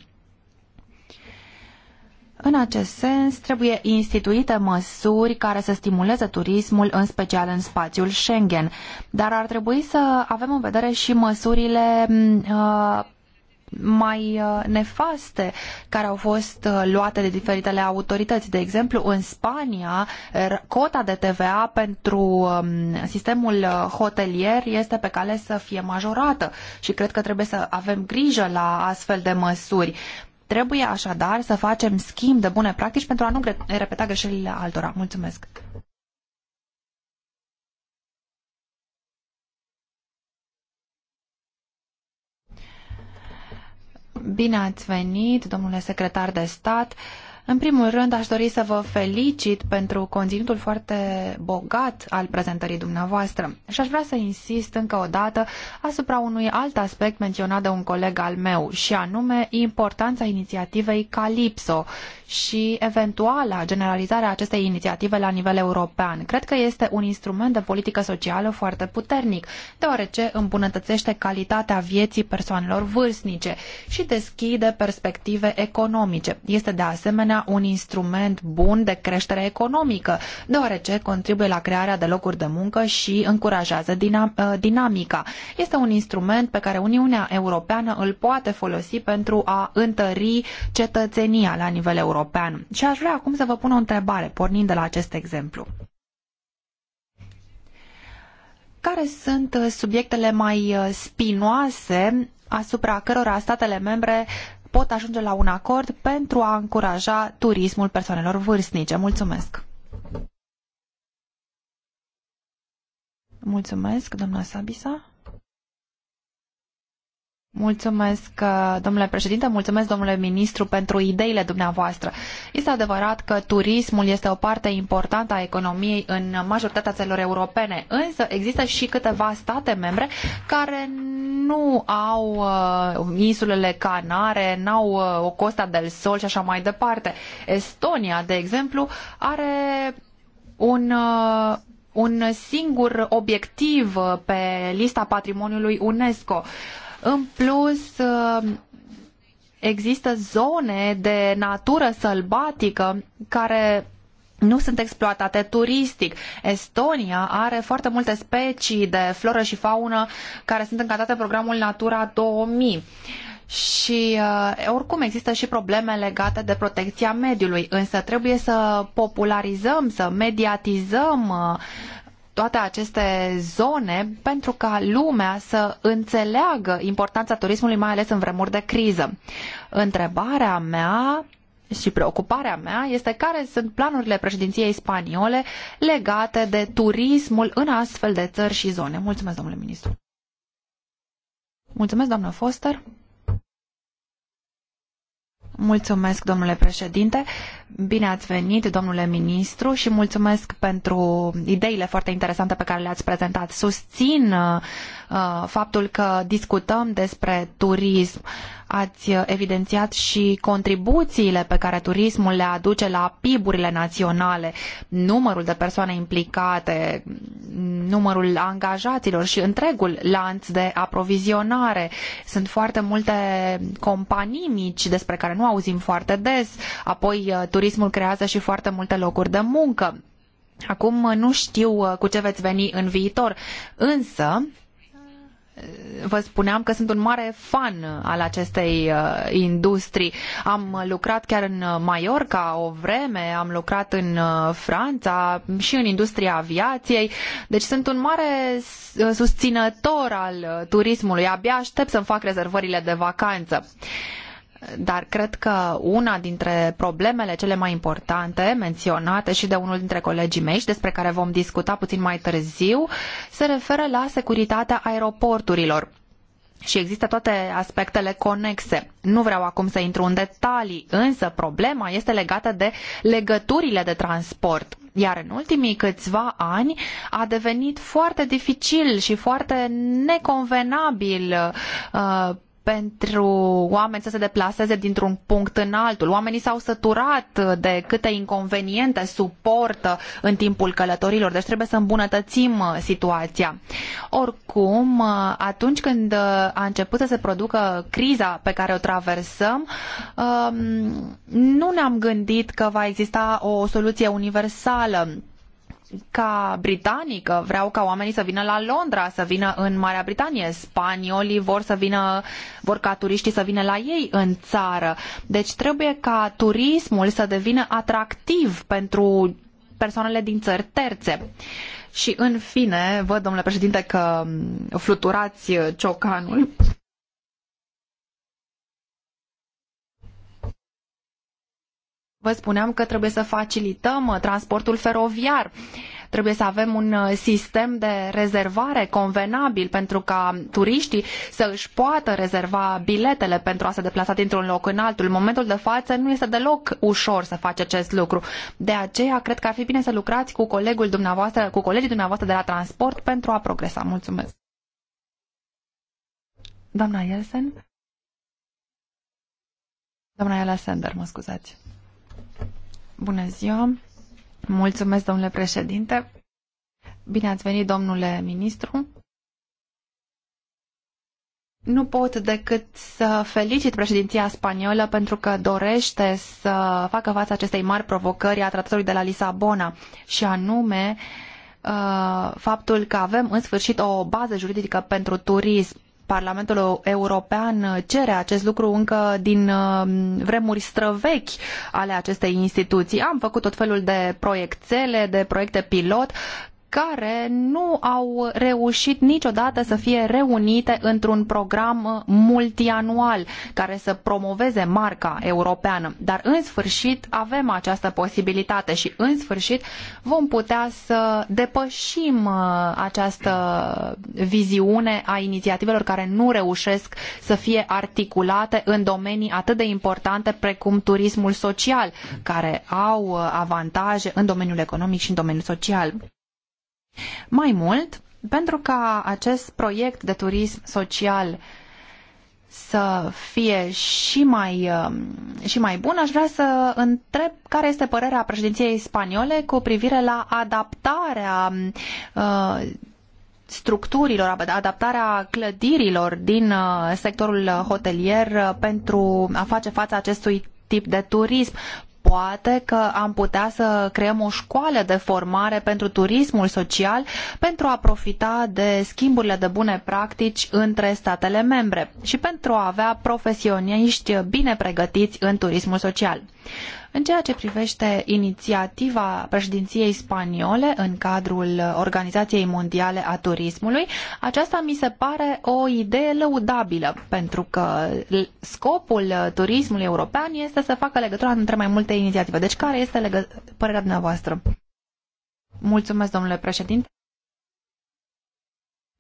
În acest sens, trebuie instituite măsuri care să stimuleze turismul, în special în spațiul Schengen. Dar ar trebui să avem în vedere și măsurile mm, uh, mai uh, nefaste care au fost uh, luate de diferitele autorități. De exemplu, în Spania, cota de TVA pentru um, sistemul uh, hotelier este pe cale să fie majorată și cred că trebuie să avem grijă la astfel de măsuri. Trebuie așadar să facem schimb de bune practici pentru a nu repeta greșelile altora. Mulțumesc! Bine ați venit, domnule secretar de stat. În primul rând, aș dori să vă felicit pentru conținutul foarte bogat al prezentării dumneavoastră și aș vrea să insist încă o dată asupra unui alt aspect menționat de un coleg al meu și anume importanța inițiativei Calypso și eventuala generalizare a acestei inițiative la nivel european. Cred că este un instrument de politică socială foarte puternic, deoarece îmbunătățește calitatea vieții persoanelor vârstnice și deschide perspective economice. Este de asemenea un instrument bun de creștere economică, deoarece contribuie la crearea de locuri de muncă și încurajează uh, dinamica. Este un instrument pe care Uniunea Europeană îl poate folosi pentru a întări cetățenia la nivel european. Și aș vrea acum să vă pun o întrebare, pornind de la acest exemplu. Care sunt uh, subiectele mai uh, spinoase asupra cărora statele membre pot ajunge la un acord pentru a încuraja turismul persoanelor vârstnice. Mulțumesc! Mulțumesc, doamna Sabisa. Mulțumesc, uh, domnule președinte, mulțumesc, domnule ministru, pentru ideile dumneavoastră. Este adevărat că turismul este o parte importantă a economiei în majoritatea țărilor europene, însă există și câteva state membre care nu au uh, insulele Canare, nu au uh, o Costa del Sol și așa mai departe. Estonia, de exemplu, are un un singur obiectiv pe lista patrimoniului UNESCO. În plus, uh, există zone de natură sălbatică care nu sunt exploatate turistic. Estonia are foarte multe specii de floră și faună care sunt încadrate în programul Natura 2000. Și uh, oricum există și probleme legate de protecția mediului, însă trebuie să popularizăm, să mediatizăm uh, toate aceste zone pentru ca lumea să înțeleagă importanța turismului, mai ales în vremuri de criză. Întrebarea mea și preocuparea mea este care sunt planurile președinției spaniole legate de turismul în astfel de țări și zone. Mulțumesc, domnule ministru. Mulțumesc, doamnă Foster. Mulțumesc, domnule președinte. Bine ați venit, domnule ministru, și mulțumesc pentru ideile foarte interesante pe care le-ați prezentat. Susțin uh, faptul că discutăm despre turism. Uh, ați uh, evidențiat și contribuțiile pe care turismul le aduce la PIB-urile naționale, numărul de persoane implicate, numărul angajaților și întregul lanț de aprovizionare. Sunt foarte multe companii mici despre care nu auzim foarte des, apoi uh, turismul creează și foarte multe locuri de muncă. Acum nu știu uh, cu ce veți veni în viitor, însă vă spuneam că sunt un mare fan al acestei uh, industrii. Am lucrat chiar în Mallorca o vreme, am lucrat în uh, Franța și în industria aviației, deci sunt un mare uh, susținător al turismului. Abia aștept să-mi fac rezervările de vacanță dar cred că una dintre problemele cele mai importante menționate și de unul dintre colegii mei și despre care vom discuta puțin mai târziu se referă la securitatea aeroporturilor. Și există toate aspectele conexe. Nu vreau acum să intru în detalii, însă problema este legată de legăturile de transport iar în ultimii câțiva ani a devenit foarte dificil și foarte neconvenabil uh, pentru oameni să se deplaseze dintr-un punct în altul. Oamenii s-au săturat de câte inconveniente suportă în timpul călătorilor, deci trebuie să îmbunătățim uh, situația. Oricum, uh, atunci când uh, a început să se producă criza pe care o traversăm, um, nu ne-am gândit că va exista o soluție universală ca britanică vreau ca oamenii să vină la Londra, să vină în Marea Britanie. Spaniolii vor să vină, vor ca turiștii să vină la ei în țară. Deci trebuie ca turismul să devină atractiv pentru persoanele din țări terțe. Și în fine, văd, domnule președinte, că fluturați ciocanul. Vă spuneam că trebuie să facilităm uh, transportul feroviar. Trebuie să avem un uh, sistem de rezervare convenabil pentru ca turiștii să își poată rezerva biletele pentru a se deplasa dintr-un loc în altul. În momentul de față nu este deloc ușor să faci acest lucru. De aceea, cred că ar fi bine să lucrați cu colegul dumneavoastră, cu colegii dumneavoastră de la transport pentru a progresa. Mulțumesc. Doamna Elsen? Doamna Ela Sender, mă scuzați. Bună ziua! Mulțumesc, domnule președinte! Bine ați venit, domnule ministru! Nu pot decât să felicit președinția spaniolă pentru că dorește să facă față acestei mari provocări a tratatului de la Lisabona și anume uh, faptul că avem în sfârșit o bază juridică pentru turism Parlamentul European cere acest lucru încă din uh, vremuri străvechi ale acestei instituții. Am făcut tot felul de proiectele, de proiecte pilot care nu au reușit niciodată să fie reunite într-un program uh, multianual care să promoveze marca europeană. Dar în sfârșit avem această posibilitate și în sfârșit vom putea să depășim uh, această viziune a inițiativelor care nu reușesc să fie articulate în domenii atât de importante precum turismul social, care au uh, avantaje în domeniul economic și în domeniul social. Mai mult, pentru ca acest proiect de turism social să fie și mai, um, și mai bun, aș vrea să întreb care este părerea președinției spaniole cu privire la adaptarea um, uh, structurilor, adaptarea clădirilor din uh, sectorul hotelier uh, pentru a face față acestui tip de turism poate că am putea să creăm o școală de formare pentru turismul social pentru a profita de schimburile de bune practici între statele membre și pentru a avea profesioniști bine pregătiți în turismul social. În ceea ce privește inițiativa președinției spaniole în cadrul Organizației Mondiale a Turismului, aceasta mi se pare o idee lăudabilă, pentru că scopul turismului european este să facă legătura între mai multe inițiative. Deci care este legă... părerea dumneavoastră? Mulțumesc, domnule președinte.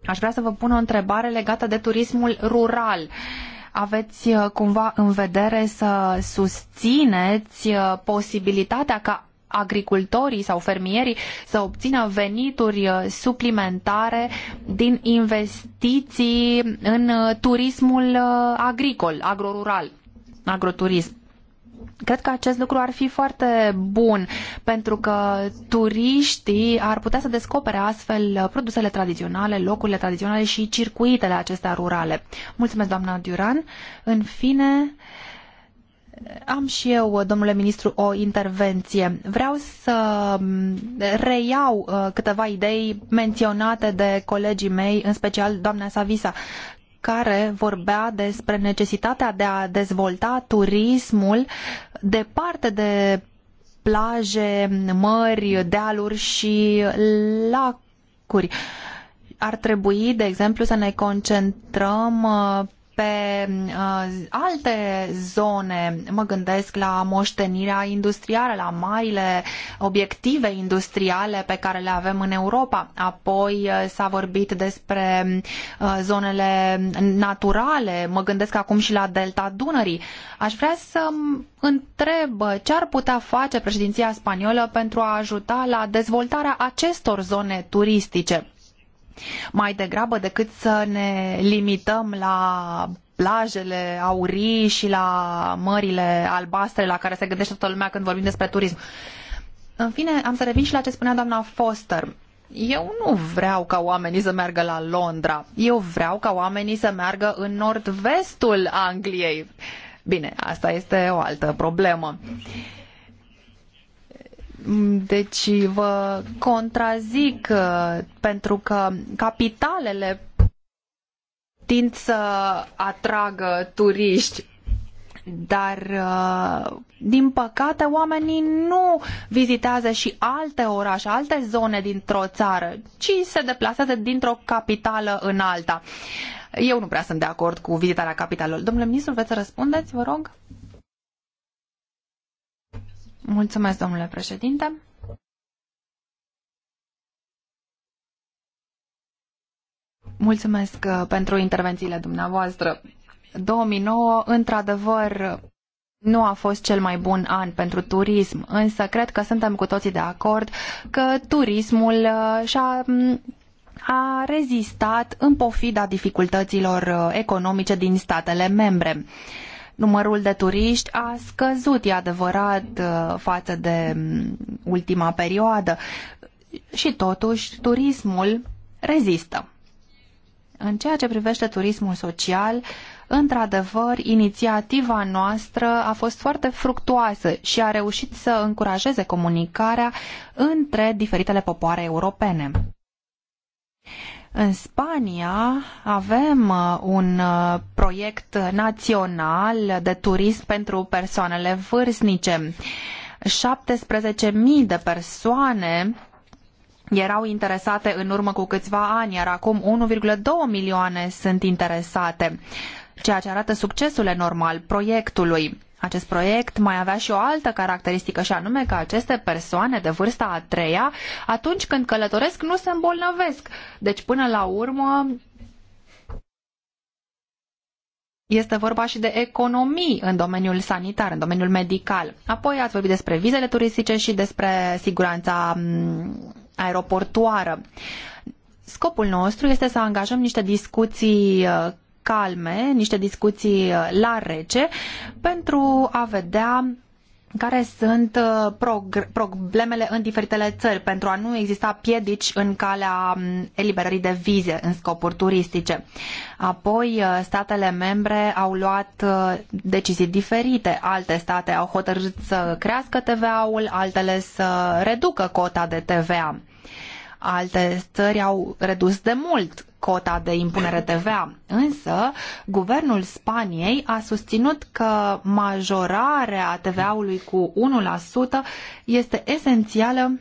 Aș vrea să vă pun o întrebare legată de turismul rural. Uh, aveți uh, cumva în vedere să susțineți uh, posibilitatea ca agricultorii sau fermierii să obțină venituri uh, suplimentare din investiții în turismul agricol, agrorural, agroturism. Cred că acest lucru ar fi foarte bun, pentru că turiștii ar putea să descopere astfel produsele tradiționale, locurile tradiționale și circuitele acestea rurale. Mulțumesc, doamna Duran. În fine, am și eu, domnule ministru, o intervenție. Vreau să reiau uh, câteva idei menționate de colegii mei, în special doamna Savisa, care vorbea despre necesitatea de a dezvolta turismul departe de plaje, mări, dealuri și lacuri. Ar trebui, de exemplu, să ne concentrăm uh, pe uh, alte zone. Mă gândesc la moștenirea industrială, la marile obiective industriale pe care le avem în Europa. Apoi uh, s-a vorbit despre uh, zonele naturale. Mă gândesc acum și la delta Dunării. Aș vrea să întreb uh, ce ar putea face președinția spaniolă pentru a ajuta la dezvoltarea acestor zone turistice mai degrabă decât să ne limităm la plajele aurii și la mările albastre la care se gândește toată lumea când vorbim despre turism. În fine, am să revin și la ce spunea doamna Foster. Eu nu vreau ca oamenii să meargă la Londra. Eu vreau ca oamenii să meargă în nord-vestul Angliei. Bine, asta este o altă problemă. Deci vă contrazic uh, pentru că capitalele tind să atragă turiști dar uh, din păcate oamenii nu vizitează și alte orașe, alte zone dintr-o țară, ci se deplasează dintr-o capitală în alta. Eu nu prea sunt de acord cu vizitarea capitalelor. Domnule ministru, veți să răspundeți, vă rog? Mulțumesc, domnule președinte. Mulțumesc uh, pentru intervențiile dumneavoastră. 2009, într-adevăr, nu a fost cel mai bun an pentru turism, însă cred că suntem cu toții de acord că turismul uh, și-a a rezistat în pofida dificultăților uh, economice din statele membre. Uh, Numărul de turiști a scăzut, e adevărat, uh, față de mm, ultima perioadă și totuși turismul rezistă. În ceea ce privește turismul social, într-adevăr, inițiativa noastră a fost foarte fructuoasă și a reușit să încurajeze comunicarea între diferitele popoare europene. În Spania avem uh, un uh, proiect național de turism pentru persoanele vârstnice. 17.000 de persoane erau interesate în urmă cu câțiva ani, iar acum 1,2 milioane sunt interesate, ceea ce arată succesul enorm al proiectului. Acest proiect mai avea și o altă caracteristică și anume că aceste persoane de vârsta a treia, atunci când călătoresc, nu se îmbolnăvesc. Deci, până la urmă, este vorba și de economii în domeniul sanitar, în domeniul medical. Apoi ați vorbit despre vizele turistice și despre siguranța aeroportuară. Scopul nostru este să angajăm niște discuții uh, calme, niște discuții uh, la rece, pentru a vedea care sunt uh, problemele în diferitele țări pentru a nu exista piedici în calea um, eliberării de vize în scopuri turistice. Apoi, uh, statele membre au luat decizii diferite. Alte state au hotărât să crească TVA-ul, altele să reducă cota de TVA. Alte țări au redus de mult cota de impunere TVA. Însă, guvernul Spaniei a susținut că majorarea TVA-ului cu 1% este esențială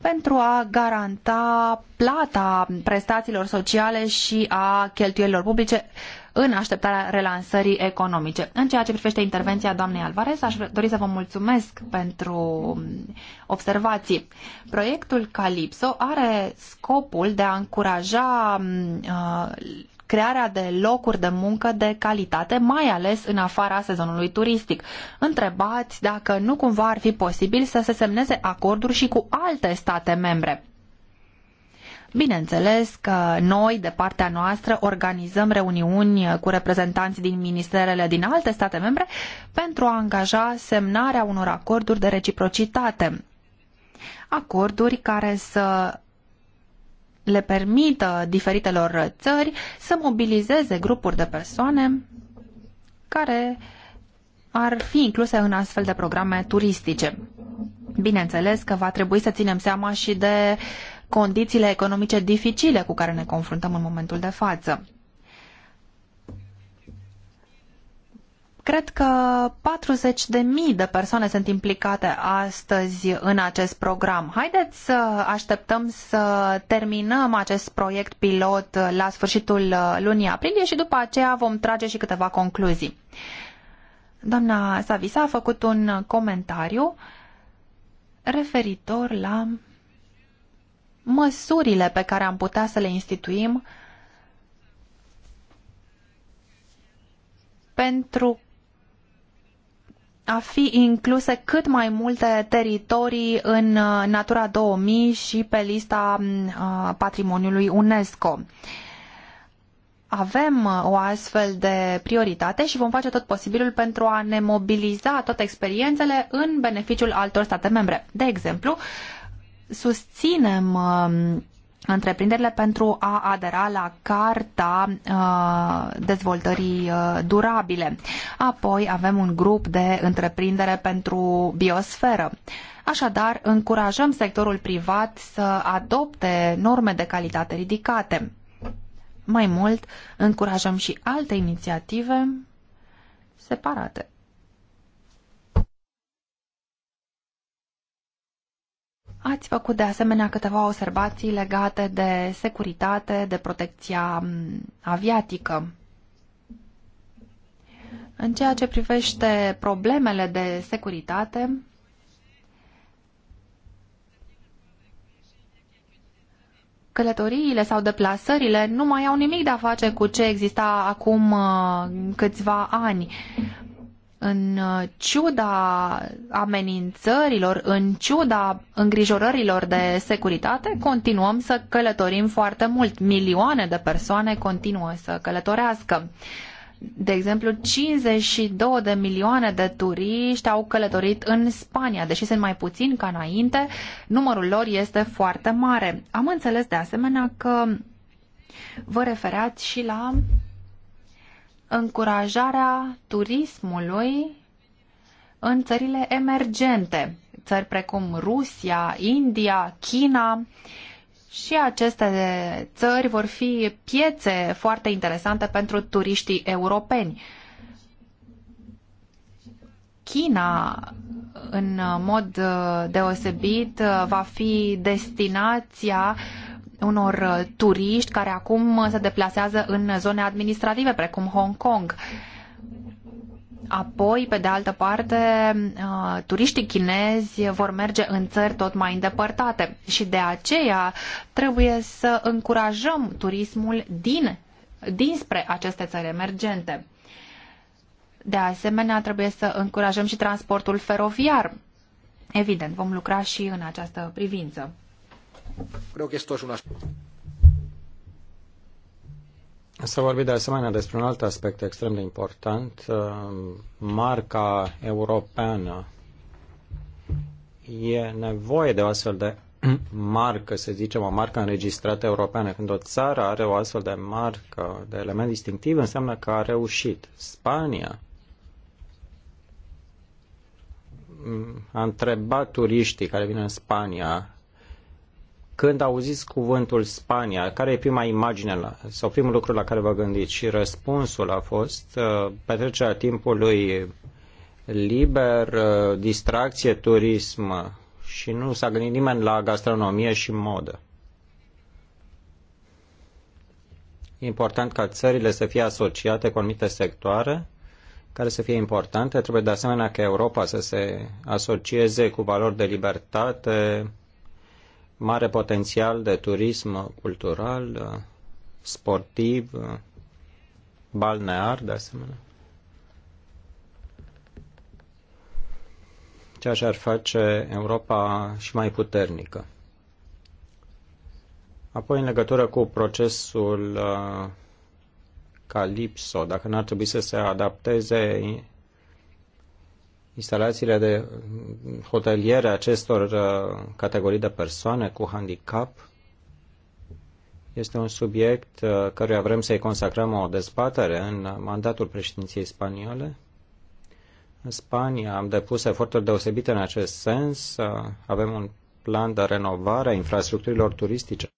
pentru a garanta plata prestațiilor sociale și a cheltuielilor publice în așteptarea relansării economice. În ceea ce privește intervenția doamnei Alvarez, aș dori să vă mulțumesc pentru um, observații. Proiectul Calipso are scopul de a încuraja um, uh, crearea de locuri de muncă de calitate, mai ales în afara sezonului turistic. Întrebați dacă nu cumva ar fi posibil să se semneze acorduri și cu alte state membre. Bineînțeles că noi, de partea noastră, organizăm reuniuni cu reprezentanți din ministerele din alte state membre pentru a angaja semnarea unor acorduri de reciprocitate. Acorduri care să le permită diferitelor țări să mobilizeze grupuri de persoane care ar fi incluse în astfel de programe turistice. Bineînțeles că va trebui să ținem seama și de condițiile economice dificile cu care ne confruntăm în momentul de față. Cred că 40.000 de mii de persoane sunt implicate astăzi în acest program. Haideți să așteptăm să terminăm acest proiect pilot la sfârșitul lunii aprilie și după aceea vom trage și câteva concluzii. Doamna Savisa a făcut un comentariu referitor la măsurile pe care am putea să le instituim pentru a fi incluse cât mai multe teritorii în uh, Natura 2000 și pe lista mm, uh, patrimoniului UNESCO. Avem uh, o astfel de prioritate și vom face tot posibilul pentru a ne mobiliza toate experiențele în beneficiul altor state membre. De exemplu, susținem um, întreprinderile pentru a adera la Carta uh, Dezvoltării uh, Durabile. Apoi avem un grup de întreprindere pentru biosferă. Așadar, încurajăm sectorul privat să adopte norme de calitate ridicate. Mai mult, încurajăm și alte inițiative separate. Ați făcut de asemenea câteva observații legate de securitate, de protecția aviatică. În ceea ce privește problemele de securitate, călătoriile sau deplasările nu mai au nimic de a face cu ce exista acum uh, câțiva ani în uh, ciuda amenințărilor, în ciuda îngrijorărilor de securitate, continuăm să călătorim foarte mult. Milioane de persoane continuă să călătorească. De exemplu, 52 de milioane de turiști au călătorit în Spania, deși sunt mai puțini ca înainte, numărul lor este foarte mare. Am înțeles de asemenea că vă referați și la încurajarea turismului în țările emergente, țări precum Rusia, India, China. Și aceste țări vor fi piețe foarte interesante pentru turiștii europeni. China, în mod deosebit, va fi destinația uh, unor uh, turiști care acum uh, se deplasează în zone administrative, precum Hong Kong. Apoi, pe de altă parte, uh, turiștii chinezi vor merge în țări tot mai îndepărtate și de aceea trebuie să încurajăm turismul din, dinspre aceste țări emergente. De asemenea, trebuie să încurajăm și transportul feroviar. Evident, vom lucra și în această privință que esto es un S-a vorbit de asemenea despre un alt aspect extrem de important, uh, marca europeană. E nevoie de o astfel de marcă, să zicem, o marcă înregistrată europeană. Când o țară are o astfel de marcă, de element distinctiv, înseamnă că a reușit. Spania a întrebat turiștii care vin în Spania când auziți cuvântul Spania, care e prima imagine la, sau primul lucru la care vă gândiți? Și răspunsul a fost uh, petrecerea timpului liber, uh, distracție, turism și nu s-a gândit nimeni la gastronomie și modă. E important ca țările să fie asociate cu anumite sectoare care să fie importante. Trebuie de asemenea ca Europa să se asocieze cu valori de libertate, mare potențial de turism cultural, sportiv, balnear, de asemenea. Ceea ce ar face Europa și mai puternică. Apoi, în legătură cu procesul uh, Calipso, dacă n-ar trebui să se adapteze instalațiile de hoteliere acestor uh, categorii de persoane cu handicap este un subiect uh, căruia vrem să-i consacrăm o dezbatere în mandatul președinției spaniole. În Spania am depus eforturi deosebite în acest sens. Uh, avem un plan de renovare a infrastructurilor turistice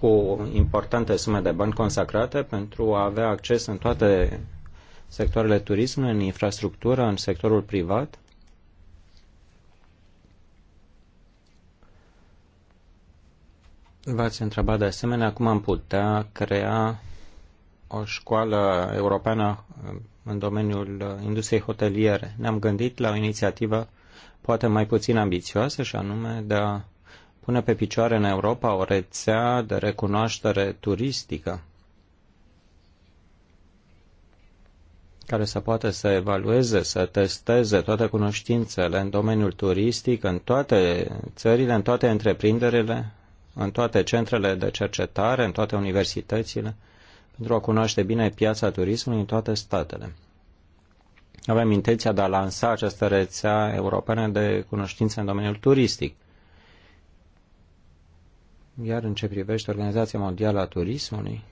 cu importante sume de bani consacrate pentru a avea acces în toate sectoarele turismului, în infrastructură, în sectorul privat. V-ați întrebat de asemenea cum am putea crea o școală europeană în domeniul industriei hoteliere. Ne-am gândit la o inițiativă poate mai puțin ambițioasă și anume de a pune pe picioare în Europa o rețea de recunoaștere turistică care să poată să evalueze, să testeze toate cunoștințele în domeniul turistic, în toate țările, în toate întreprinderile, în toate centrele de cercetare, în toate universitățile, pentru a cunoaște bine piața turismului în toate statele. Avem intenția de a lansa această rețea europeană de cunoștințe în domeniul turistic. Iar în ce privește Organizația Mondială a Turismului,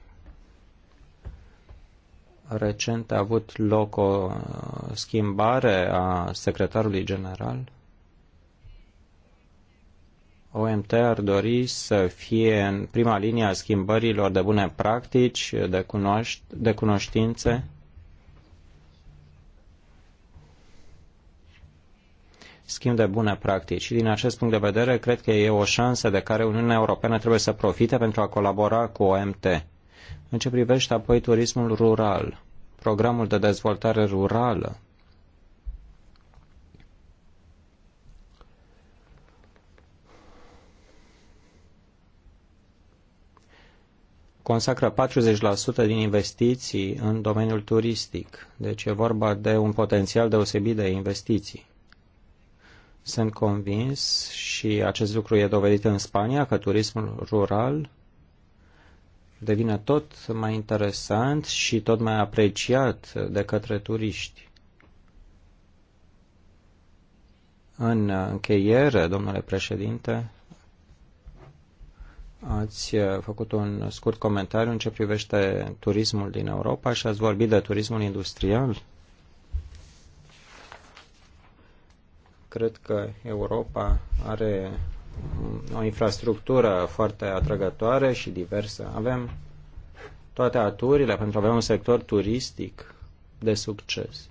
recent a avut loc o uh, schimbare a secretarului general. OMT ar dori să fie în prima linie a schimbărilor de bune practici, de, cunoaș- de cunoștințe schimb de bune practici. Și din acest punct de vedere, cred că e o șansă de care Uniunea Europeană trebuie să profite pentru a colabora cu OMT. În ce privește apoi turismul rural, programul de dezvoltare rurală, consacră 40% din investiții în domeniul turistic, deci e vorba de un potențial deosebit de investiții. Sunt convins și acest lucru e dovedit în Spania că turismul rural devine tot mai interesant și tot mai apreciat de către turiști. În încheiere, domnule președinte, ați făcut un scurt comentariu în ce privește turismul din Europa și ați vorbit de turismul industrial. Cred că Europa are o infrastructură foarte atrăgătoare și diversă. Avem toate aturile pentru a avea un sector turistic de succes.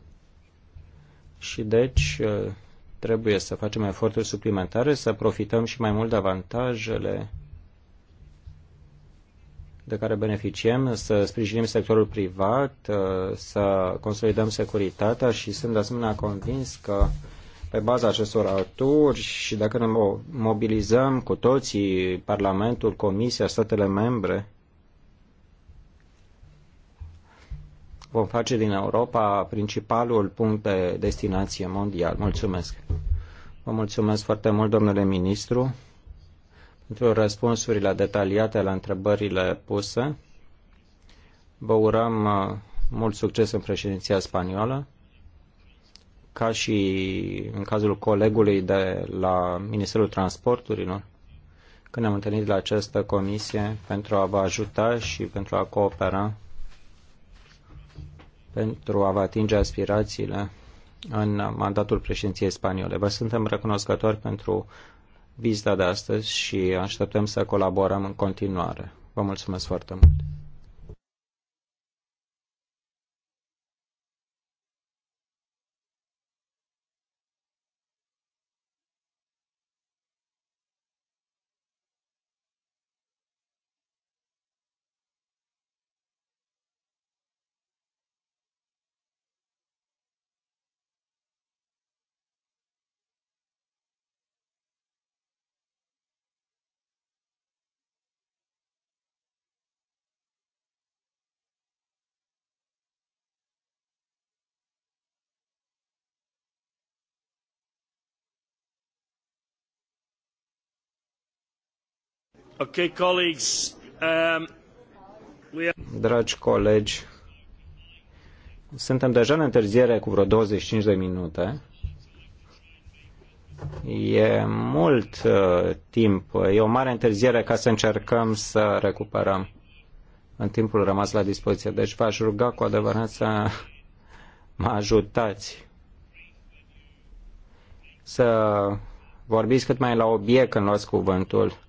Și deci uh, trebuie să facem eforturi suplimentare, să profităm și mai mult de avantajele de care beneficiem, să sprijinim sectorul privat, uh, să consolidăm securitatea și sunt de asemenea convins că pe baza acestor aturi și dacă ne mobilizăm cu toții, Parlamentul, Comisia, statele membre, vom face din Europa principalul punct de destinație mondial. Mulțumesc! Vă mulțumesc foarte mult, domnule ministru, pentru răspunsurile detaliate la întrebările puse. Vă urăm uh, mult succes în președinția spaniolă ca și în cazul colegului de la Ministerul Transporturilor, când am întâlnit la această comisie pentru a vă ajuta și pentru a coopera, pentru a vă atinge aspirațiile în mandatul președinției spaniole. Vă suntem recunoscători pentru vizita de astăzi și așteptăm să colaborăm în continuare. Vă mulțumesc foarte mult! Um, Dragi colegi, suntem deja în întârziere cu vreo 25 de minute. E mult uh, timp, e o mare întârziere ca să încercăm să recuperăm în timpul rămas la dispoziție. Deci v-aș ruga cu adevărat să mă ajutați să vorbiți cât mai la obiect când luați cuvântul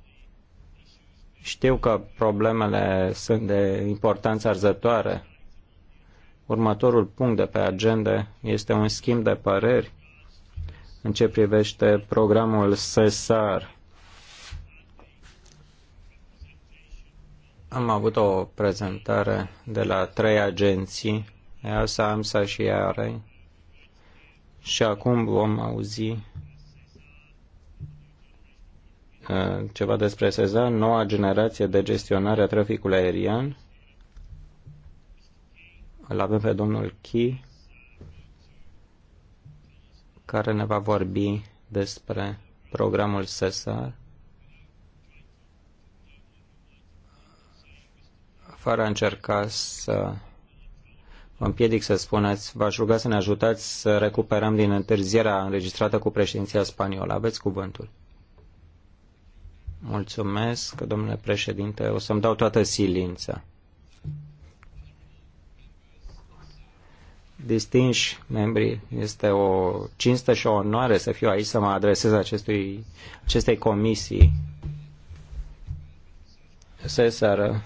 știu că problemele sunt de importanță arzătoare. Următorul punct de pe agenda este un schimb de păreri în ce privește programul SESAR. Am avut o prezentare de la trei agenții, EASA, AMSA și EARE, și acum vom auzi ceva despre Sezar, noua generație de gestionare a traficului aerian. Îl avem pe domnul Chi, care ne va vorbi despre programul Sesar. Fără a încerca să vă împiedic să spuneți, v-aș ruga să ne ajutați să recuperăm din întârzierea înregistrată cu președinția spaniolă. Aveți cuvântul. Mulțumesc, domnule președinte. O să-mi dau toată silința. distinși membri, este o cinstă și o onoare să fiu aici să mă adresez acestui, acestei comisii. SESAR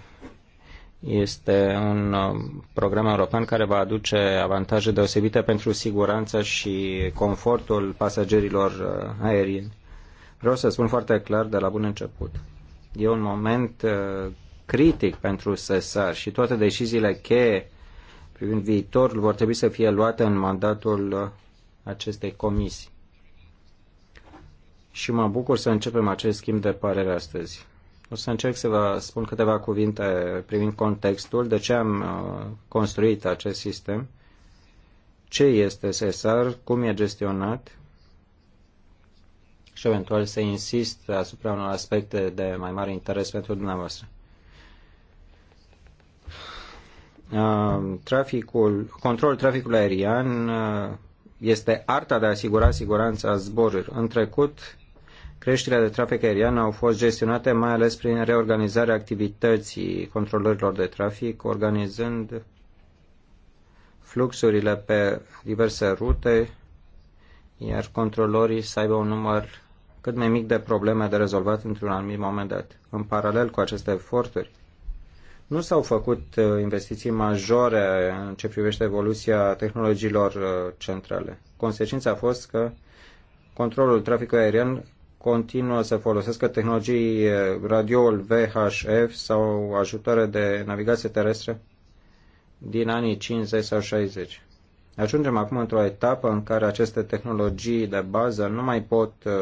este un um, program european care va aduce avantaje deosebite pentru siguranța și confortul pasagerilor uh, aerieni. Vreau să spun foarte clar de la bun început. E un moment uh, critic pentru SESAR și toate deciziile cheie privind viitorul vor trebui să fie luate în mandatul uh, acestei comisii. Și mă bucur să începem acest schimb de părere astăzi. O să încerc să vă spun câteva cuvinte privind contextul, de ce am uh, construit acest sistem, ce este SESAR, cum e gestionat și eventual să insist asupra unor aspecte de mai mare interes pentru dumneavoastră. Uh, traficul, controlul traficului aerian uh, este arta de a asigura siguranța zborurilor. În trecut, creșterea de trafic aerian au fost gestionate mai ales prin reorganizarea activității controlărilor de trafic, organizând fluxurile pe diverse rute, iar controlorii să aibă un număr cât mai mic de probleme de rezolvat într-un anumit moment dat. În paralel cu aceste eforturi, nu s-au făcut uh, investiții majore în ce privește evoluția tehnologiilor uh, centrale. Consecința a fost că controlul traficului aerian continuă să folosească tehnologii uh, radioul VHF sau ajutoare de navigație terestră din anii 50 sau 60. Ajungem acum într-o etapă în care aceste tehnologii de bază nu mai pot uh,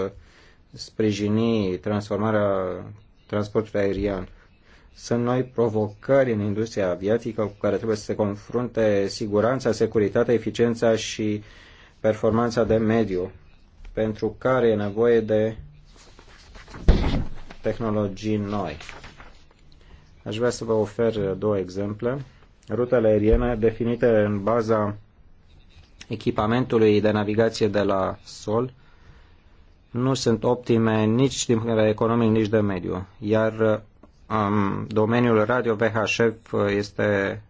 sprijini transformarea transportului aerian. Sunt noi provocări în industria aviatică cu care trebuie să se confrunte siguranța, securitatea, eficiența și performanța de mediu, pentru care e nevoie de tehnologii noi. Aș vrea să vă ofer două exemple. Rutele aeriene definite în baza echipamentului de navigație de la sol nu sunt optime nici din punct de vedere economic, nici de mediu. Iar um, domeniul radio VHF uh, este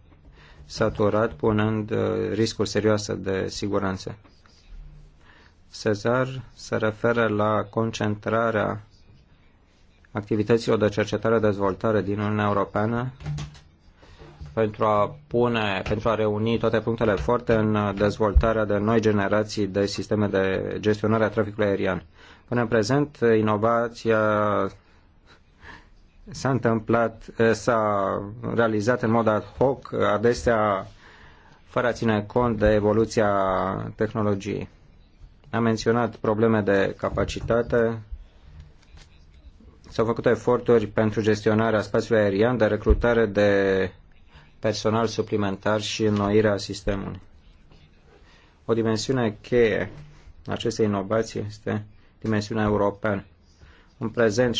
saturat, punând uh, riscuri serioase de siguranță. Cezar se referă la concentrarea activităților de cercetare-dezvoltare din Uniunea Europeană pentru a pune, pentru a reuni toate punctele forte în dezvoltarea de noi generații de sisteme de gestionare a traficului aerian. Până în prezent, inovația s-a întâmplat, s-a realizat în mod ad hoc, adesea fără a ține cont de evoluția tehnologiei. Am menționat probleme de capacitate, s-au făcut eforturi pentru gestionarea spațiului aerian, de recrutare de personal suplimentar și înnoirea sistemului. O dimensiune cheie acestei inovații este dimensiunea europeană. În prezent,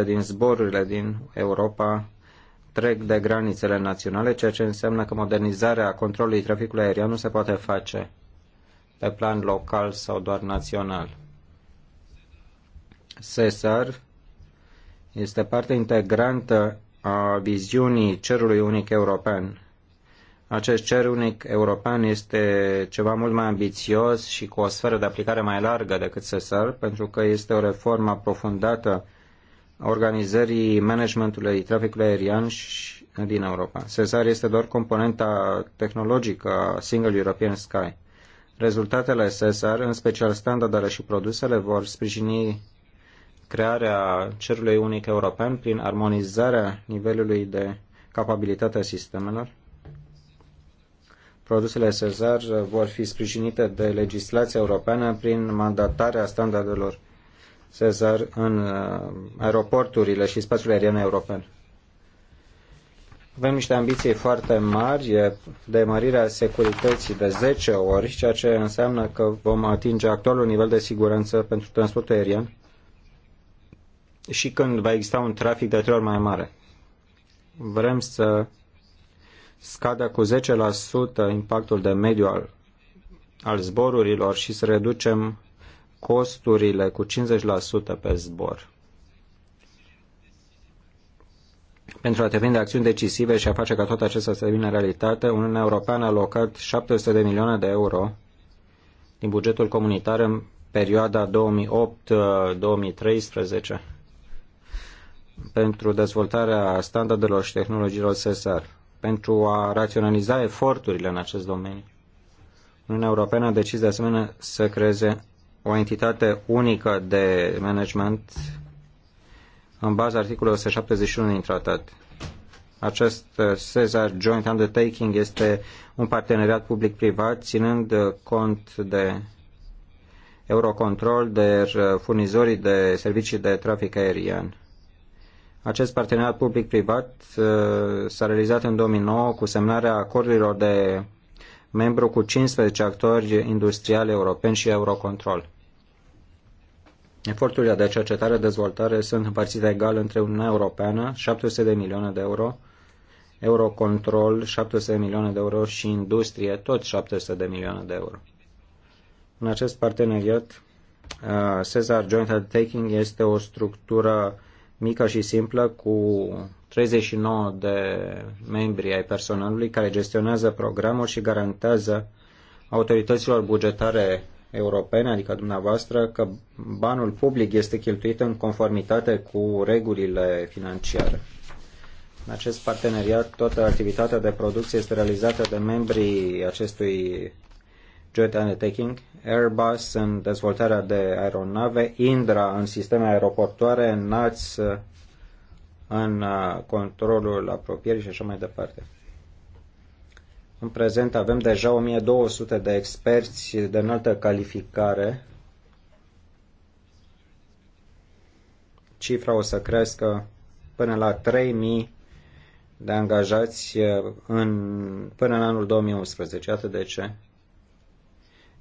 70% din zborurile din Europa trec de granițele naționale, ceea ce înseamnă că modernizarea controlului traficului aerian nu se poate face pe plan local sau doar național. Cesar este parte integrantă a viziunii cerului unic european acest cer unic european este ceva mult mai ambițios și cu o sferă de aplicare mai largă decât SESAR, pentru că este o reformă aprofundată a organizării managementului traficului aerian și din Europa. SESAR este doar componenta tehnologică a Single European Sky. Rezultatele SESAR, în special standardele și produsele, vor sprijini crearea cerului unic european prin armonizarea nivelului de capabilitate a sistemelor, produsele Sezar vor fi sprijinite de legislația europeană prin mandatarea standardelor Sezar în uh, aeroporturile și spațiul aerian european. Avem niște ambiții foarte mari de mărirea securității de 10 ori, ceea ce înseamnă că vom atinge actualul nivel de siguranță pentru transportul aerian și când va exista un trafic de trei ori mai mare. Vrem să scadă cu 10% impactul de mediu al, al zborurilor și să reducem costurile cu 50% pe zbor. Pentru a trebui de acțiuni decisive și a face ca tot acesta să devină realitate, Uniunea Europeană a alocat 700 de milioane de euro din bugetul comunitar în perioada 2008-2013 pentru dezvoltarea standardelor și tehnologiilor SSR pentru a raționaliza eforturile în acest domeniu. Uniunea Europeană a decis de asemenea să creeze o entitate unică de management în baza articolului 171 din tratat. Acest Cesar uh, Joint Undertaking este un parteneriat public-privat ținând cont de Eurocontrol, de uh, furnizorii de servicii de trafic aerian. Acest parteneriat public-privat uh, s-a realizat în 2009 cu semnarea acordurilor de membru cu 15 actori industriali europeni și Eurocontrol. Eforturile de cercetare dezvoltare sunt împărțite egal între Uniunea Europeană, 700 de milioane de euro, Eurocontrol, 700 de milioane de euro și industrie, tot 700 de milioane de euro. În acest parteneriat, uh, Cesar Joint Undertaking este o structură mică și simplă cu 39 de membri ai personalului care gestionează programul și garantează autorităților bugetare europene, adică dumneavoastră, că banul public este cheltuit în conformitate cu regulile financiare. În acest parteneriat, toată activitatea de producție este realizată de membrii acestui Joint Undertaking, Airbus în dezvoltarea de aeronave, Indra în sisteme aeroportoare, NATS uh, în uh, controlul apropierii și așa mai departe. În prezent avem deja 1200 de experți de înaltă calificare. Cifra o să crească până la 3000 de angajați uh, în, până în anul 2011. Iată de ce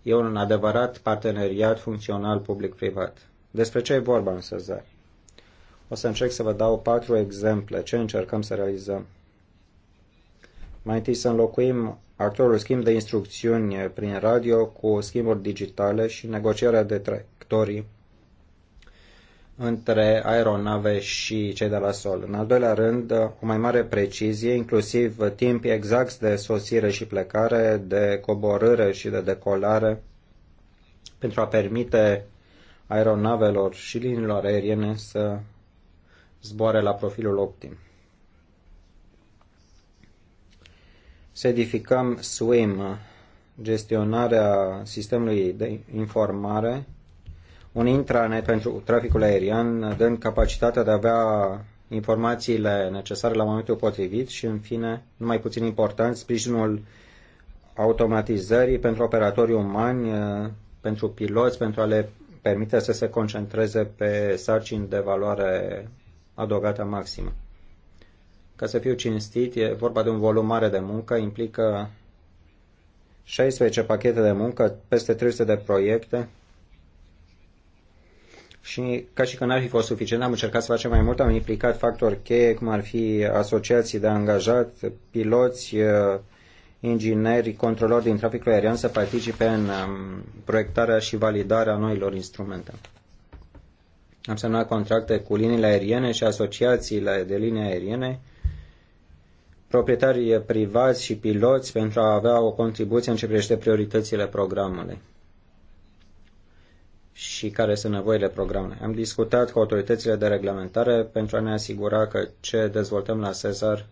e un adevărat parteneriat funcțional public-privat. Despre ce e vorba în Sezar? O să încerc să vă dau patru exemple ce încercăm să realizăm. Mai întâi să înlocuim actorul schimb de instrucțiuni prin radio cu schimburi digitale și negocierea de traiectorii între aeronave și cei de la sol. În al doilea rând, o mai mare precizie, inclusiv timp exact de sosire și plecare, de coborâre și de decolare, pentru a permite aeronavelor și liniilor aeriene să zboare la profilul optim. Să edificăm SWIM, gestionarea sistemului de informare un intranet pentru traficul aerian, dând capacitatea de a avea informațiile necesare la momentul potrivit și, în fine, nu mai puțin important, sprijinul automatizării pentru operatorii umani, pentru piloți, pentru a le permite să se concentreze pe sarcini de valoare adăugată maximă. Ca să fiu cinstit, e vorba de un volum mare de muncă, implică 16 pachete de muncă, peste 300 de proiecte, și ca și că n-ar fi fost suficient, am încercat să facem mai mult, am implicat factori cheie, cum ar fi asociații de angajat, piloți, uh, ingineri, controlori din traficul aerian să participe în um, proiectarea și validarea noilor instrumente. Am semnat contracte cu liniile aeriene și asociațiile de linii aeriene, proprietarii privați și piloți pentru a avea o contribuție în ce privește prioritățile programului și care sunt nevoile programului. Am discutat cu autoritățile de reglementare pentru a ne asigura că ce dezvoltăm la Cezar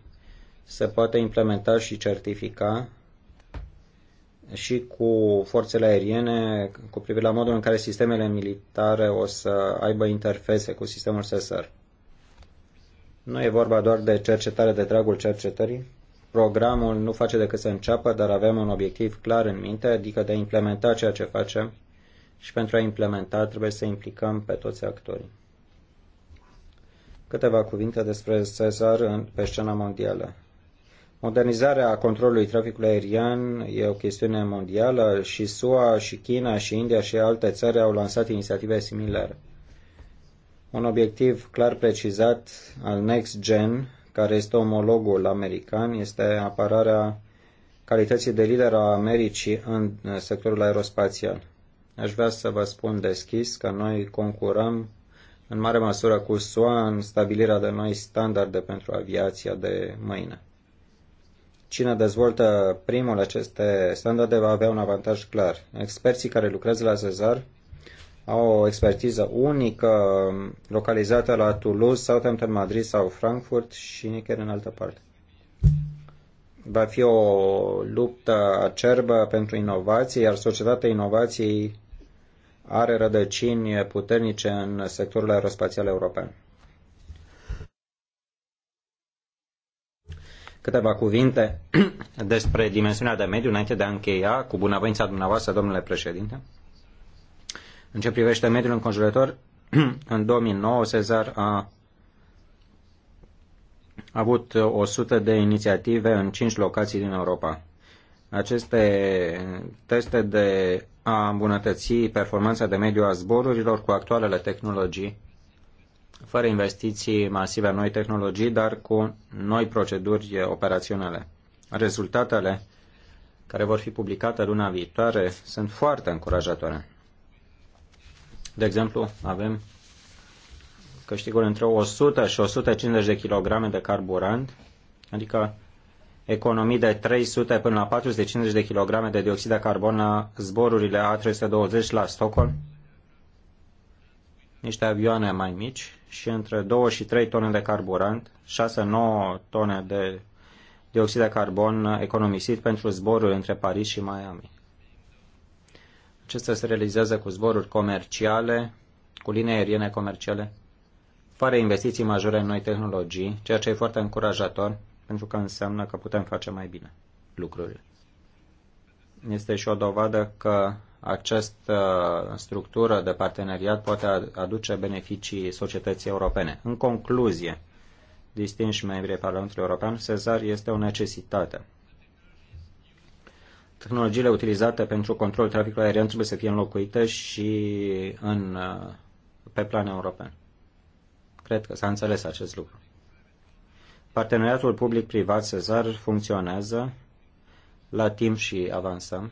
se poate implementa și certifica și cu forțele aeriene cu privire la modul în care sistemele militare o să aibă interfețe cu sistemul SESAR. Nu e vorba doar de cercetare de dragul cercetării. Programul nu face decât să înceapă, dar avem un obiectiv clar în minte, adică de a implementa ceea ce facem și pentru a implementa trebuie să implicăm pe toți actorii. Câteva cuvinte despre Cezar în, pe scena mondială. Modernizarea controlului traficului aerian e o chestiune mondială și SUA și China și India și alte țări au lansat inițiative similare. Un obiectiv clar precizat al Next Gen, care este omologul american, este apărarea calității de lider a Americii în sectorul aerospațial. Aș vrea să vă spun deschis că noi concurăm în mare măsură cu SUA în stabilirea de noi standarde pentru aviația de mâine. Cine dezvoltă primul aceste standarde va avea un avantaj clar. Experții care lucrează la Cezar au o expertiză unică um, localizată la Toulouse, Southampton, Madrid sau Frankfurt și nicăieri în altă parte. Va fi o luptă acerbă pentru inovație, iar societatea inovației are rădăcini puternice în sectorul aerospațial european. Câteva cuvinte despre dimensiunea de mediu înainte de a încheia cu bunăvoința dumneavoastră, domnule președinte. În ce privește mediul înconjurător, în 2009 Cezar a avut 100 de inițiative în 5 locații din Europa. Aceste teste de a îmbunătăți performanța de mediu a zborurilor cu actualele tehnologii, fără investiții masive în noi tehnologii, dar cu noi proceduri operaționale. Rezultatele care vor fi publicate luna viitoare sunt foarte încurajatoare. De exemplu, avem câștiguri între 100 și 150 de kilograme de carburant, adică economii de 300 până la 450 de kilograme de dioxid de carbon la zborurile A320 la Stockholm, niște avioane mai mici și între 2 și 3 tone de carburant, 6-9 tone de dioxid de carbon economisit pentru zboruri între Paris și Miami. Acestea se realizează cu zboruri comerciale, cu linii aeriene comerciale, fără investiții majore în noi tehnologii, ceea ce e foarte încurajator pentru că înseamnă că putem face mai bine lucrurile. Este și o dovadă că această structură de parteneriat poate aduce beneficii societății europene. În concluzie, distinși membrii Parlamentului European, Cezar este o necesitate. Tehnologiile utilizate pentru control traficului aerian trebuie să fie înlocuite și în, pe plan european. Cred că s-a înțeles acest lucru. Parteneriatul public-privat Sezar funcționează la timp și avansăm.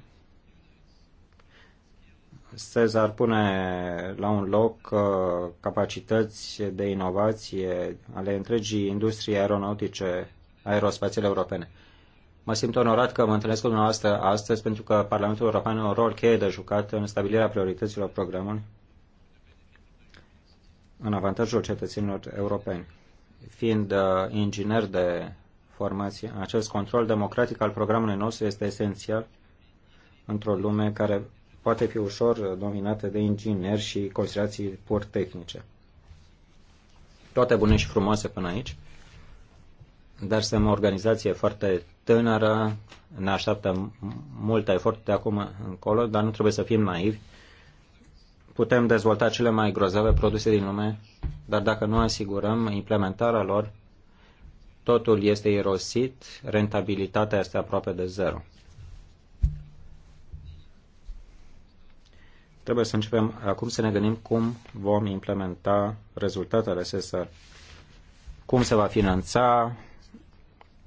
Sezar pune la un loc uh, capacități de inovație ale întregii industrie aeronautice aerospațiale europene. Mă simt onorat că mă întâlnesc cu dumneavoastră astăzi pentru că Parlamentul European are un rol cheie de jucat în stabilirea priorităților programului în avantajul cetățenilor europeni fiind uh, inginer de formație, acest control democratic al programului nostru este esențial într-o lume care poate fi ușor uh, dominată de ingineri și considerații pur tehnice. Toate bune și frumoase până aici, dar suntem o organizație foarte tânără, ne așteaptă multe eforturi de acum încolo, dar nu trebuie să fim naivi putem dezvolta cele mai grozave produse din lume, dar dacă nu asigurăm implementarea lor, totul este irosit, rentabilitatea este aproape de zero. Trebuie să începem acum să ne gândim cum vom implementa rezultatele SSR, cum se va finanța,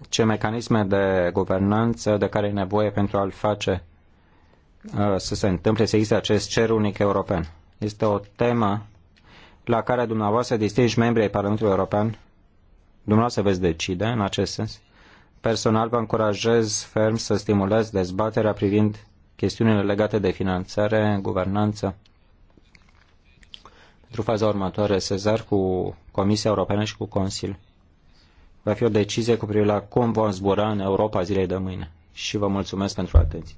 ce mecanisme de guvernanță de care e nevoie pentru a-l face Uh, să se întâmple, să existe acest cer unic european. Este o temă la care dumneavoastră, distingi membrii ai Parlamentului European, dumneavoastră veți decide în acest sens. Personal vă încurajez ferm să stimulez dezbaterea privind chestiunile legate de finanțare, guvernanță. Pentru faza următoare, Sezar cu Comisia Europeană și cu Consiliul. Va fi o decizie cu privire la cum vom zbura în Europa zilei de mâine. Și vă mulțumesc pentru atenție.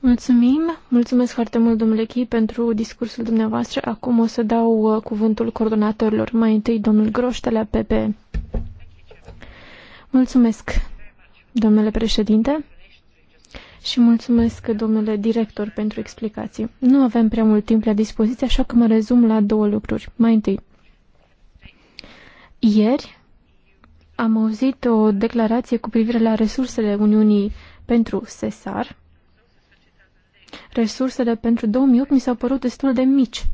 Mulțumim, mulțumesc foarte mult, domnule Key, pentru discursul dumneavoastră. Acum o să dau uh, cuvântul coordonatorilor. Mai întâi, domnul Groș de la PP. Mulțumesc, domnule președinte, și mulțumesc, domnule director, pentru explicații. Nu avem prea mult timp la dispoziție, așa că mă rezum la două lucruri. Mai întâi, ieri am auzit o declarație cu privire la resursele Uniunii pentru SESAR. Resursele pentru 2008 mi s-au părut destul de mici.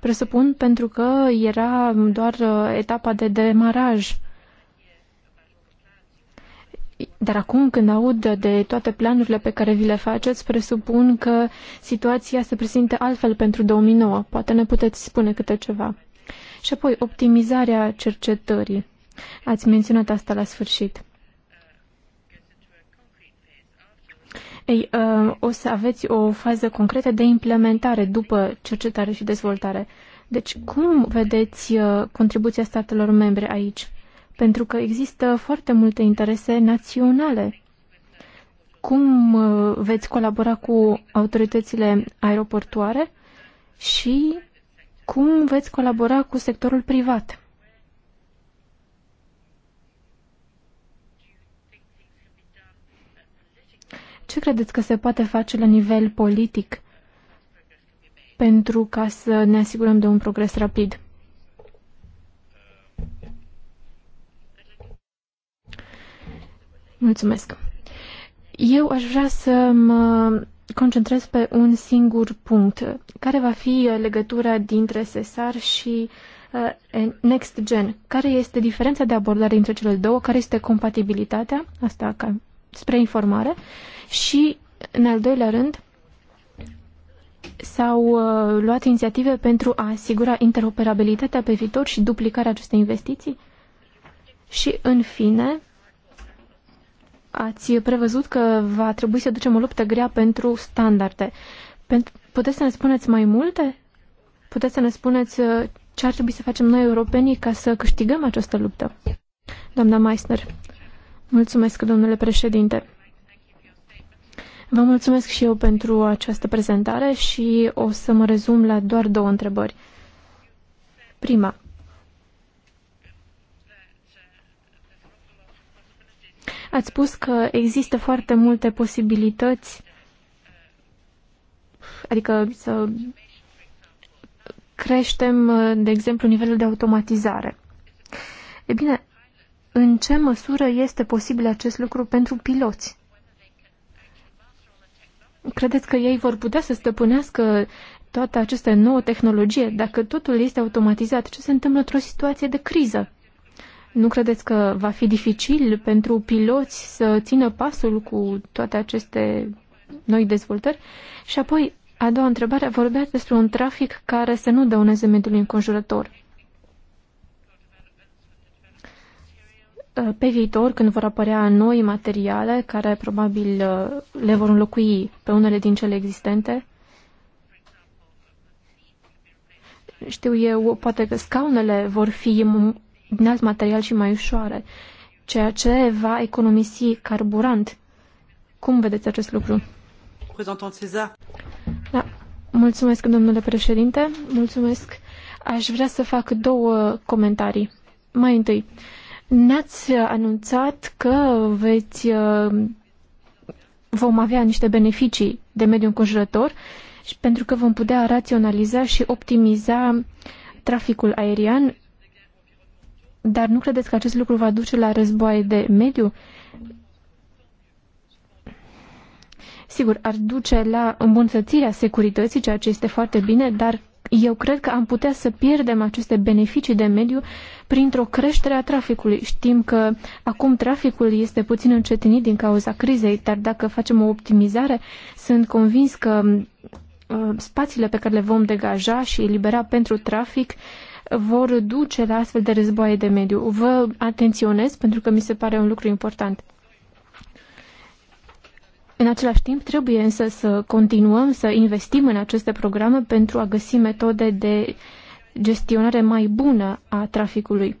Presupun pentru că era doar uh, etapa de demaraj. Dar acum când aud de toate planurile pe care vi le faceți, presupun că situația se prezintă altfel pentru 2009. Poate ne puteți spune câte ceva. Și apoi optimizarea cercetării. Ați menționat asta la sfârșit. Ei, uh, o să aveți o fază concretă de implementare după cercetare și dezvoltare. Deci, cum vedeți uh, contribuția statelor membre aici? Pentru că există foarte multe interese naționale. Cum uh, veți colabora cu autoritățile aeroportoare și cum veți colabora cu sectorul privat? Ce credeți că se poate face la nivel politic pentru ca să ne asigurăm de un progres rapid? Mulțumesc. Eu aș vrea să mă concentrez pe un singur punct, care va fi legătura dintre SESAR și uh, Next Gen. Care este diferența de abordare între cele două? Care este compatibilitatea? Asta ca spre informare și, în al doilea rând, s-au uh, luat inițiative pentru a asigura interoperabilitatea pe viitor și duplicarea acestei investiții? Și, în fine, ați prevăzut că va trebui să ducem o luptă grea pentru standarde. Pentru, puteți să ne spuneți mai multe? Puteți să ne spuneți uh, ce ar trebui să facem noi europenii ca să câștigăm această luptă? Doamna Meissner, mulțumesc, domnule președinte. Vă mulțumesc și eu pentru această prezentare și o să mă rezum la doar două întrebări. Prima. Ați spus că există foarte multe posibilități, adică să creștem, de exemplu, nivelul de automatizare. E bine, în ce măsură este posibil acest lucru pentru piloți? Credeți că ei vor putea să stăpânească toată această nouă tehnologie? Dacă totul este automatizat, ce se întâmplă într-o situație de criză? Nu credeți că va fi dificil pentru piloți să țină pasul cu toate aceste noi dezvoltări? Și apoi, a doua întrebare, vorbeați despre un trafic care să nu dăuneze mediului înconjurător. pe viitor, când vor apărea noi materiale, care probabil uh, le vor înlocui pe unele din cele existente, știu eu, poate că scaunele vor fi din alt material și mai ușoare, ceea ce va economisi carburant. Cum vedeți acest lucru? Da. Mulțumesc, domnule președinte. Mulțumesc. Aș vrea să fac două comentarii. Mai întâi, uh, ne-ați uh, anunțat că veți, uh, vom avea niște beneficii de mediu înconjurător și pentru că vom putea raționaliza și optimiza traficul aerian, dar nu credeți că acest lucru va duce la războaie de mediu? Sigur, ar duce la îmbunătățirea securității, ceea ce este foarte bine, dar eu cred că am putea să pierdem aceste beneficii de mediu printr-o creștere a traficului. Știm că acum traficul este puțin încetinit din cauza crizei, dar dacă facem o optimizare, sunt convins că uh, spațiile pe care le vom degaja și elibera pentru trafic uh, vor duce la astfel de războaie de mediu. Vă atenționez pentru că mi se pare un lucru important. În același timp, trebuie însă să continuăm să investim în aceste programe pentru a găsi metode de gestionare mai bună a traficului.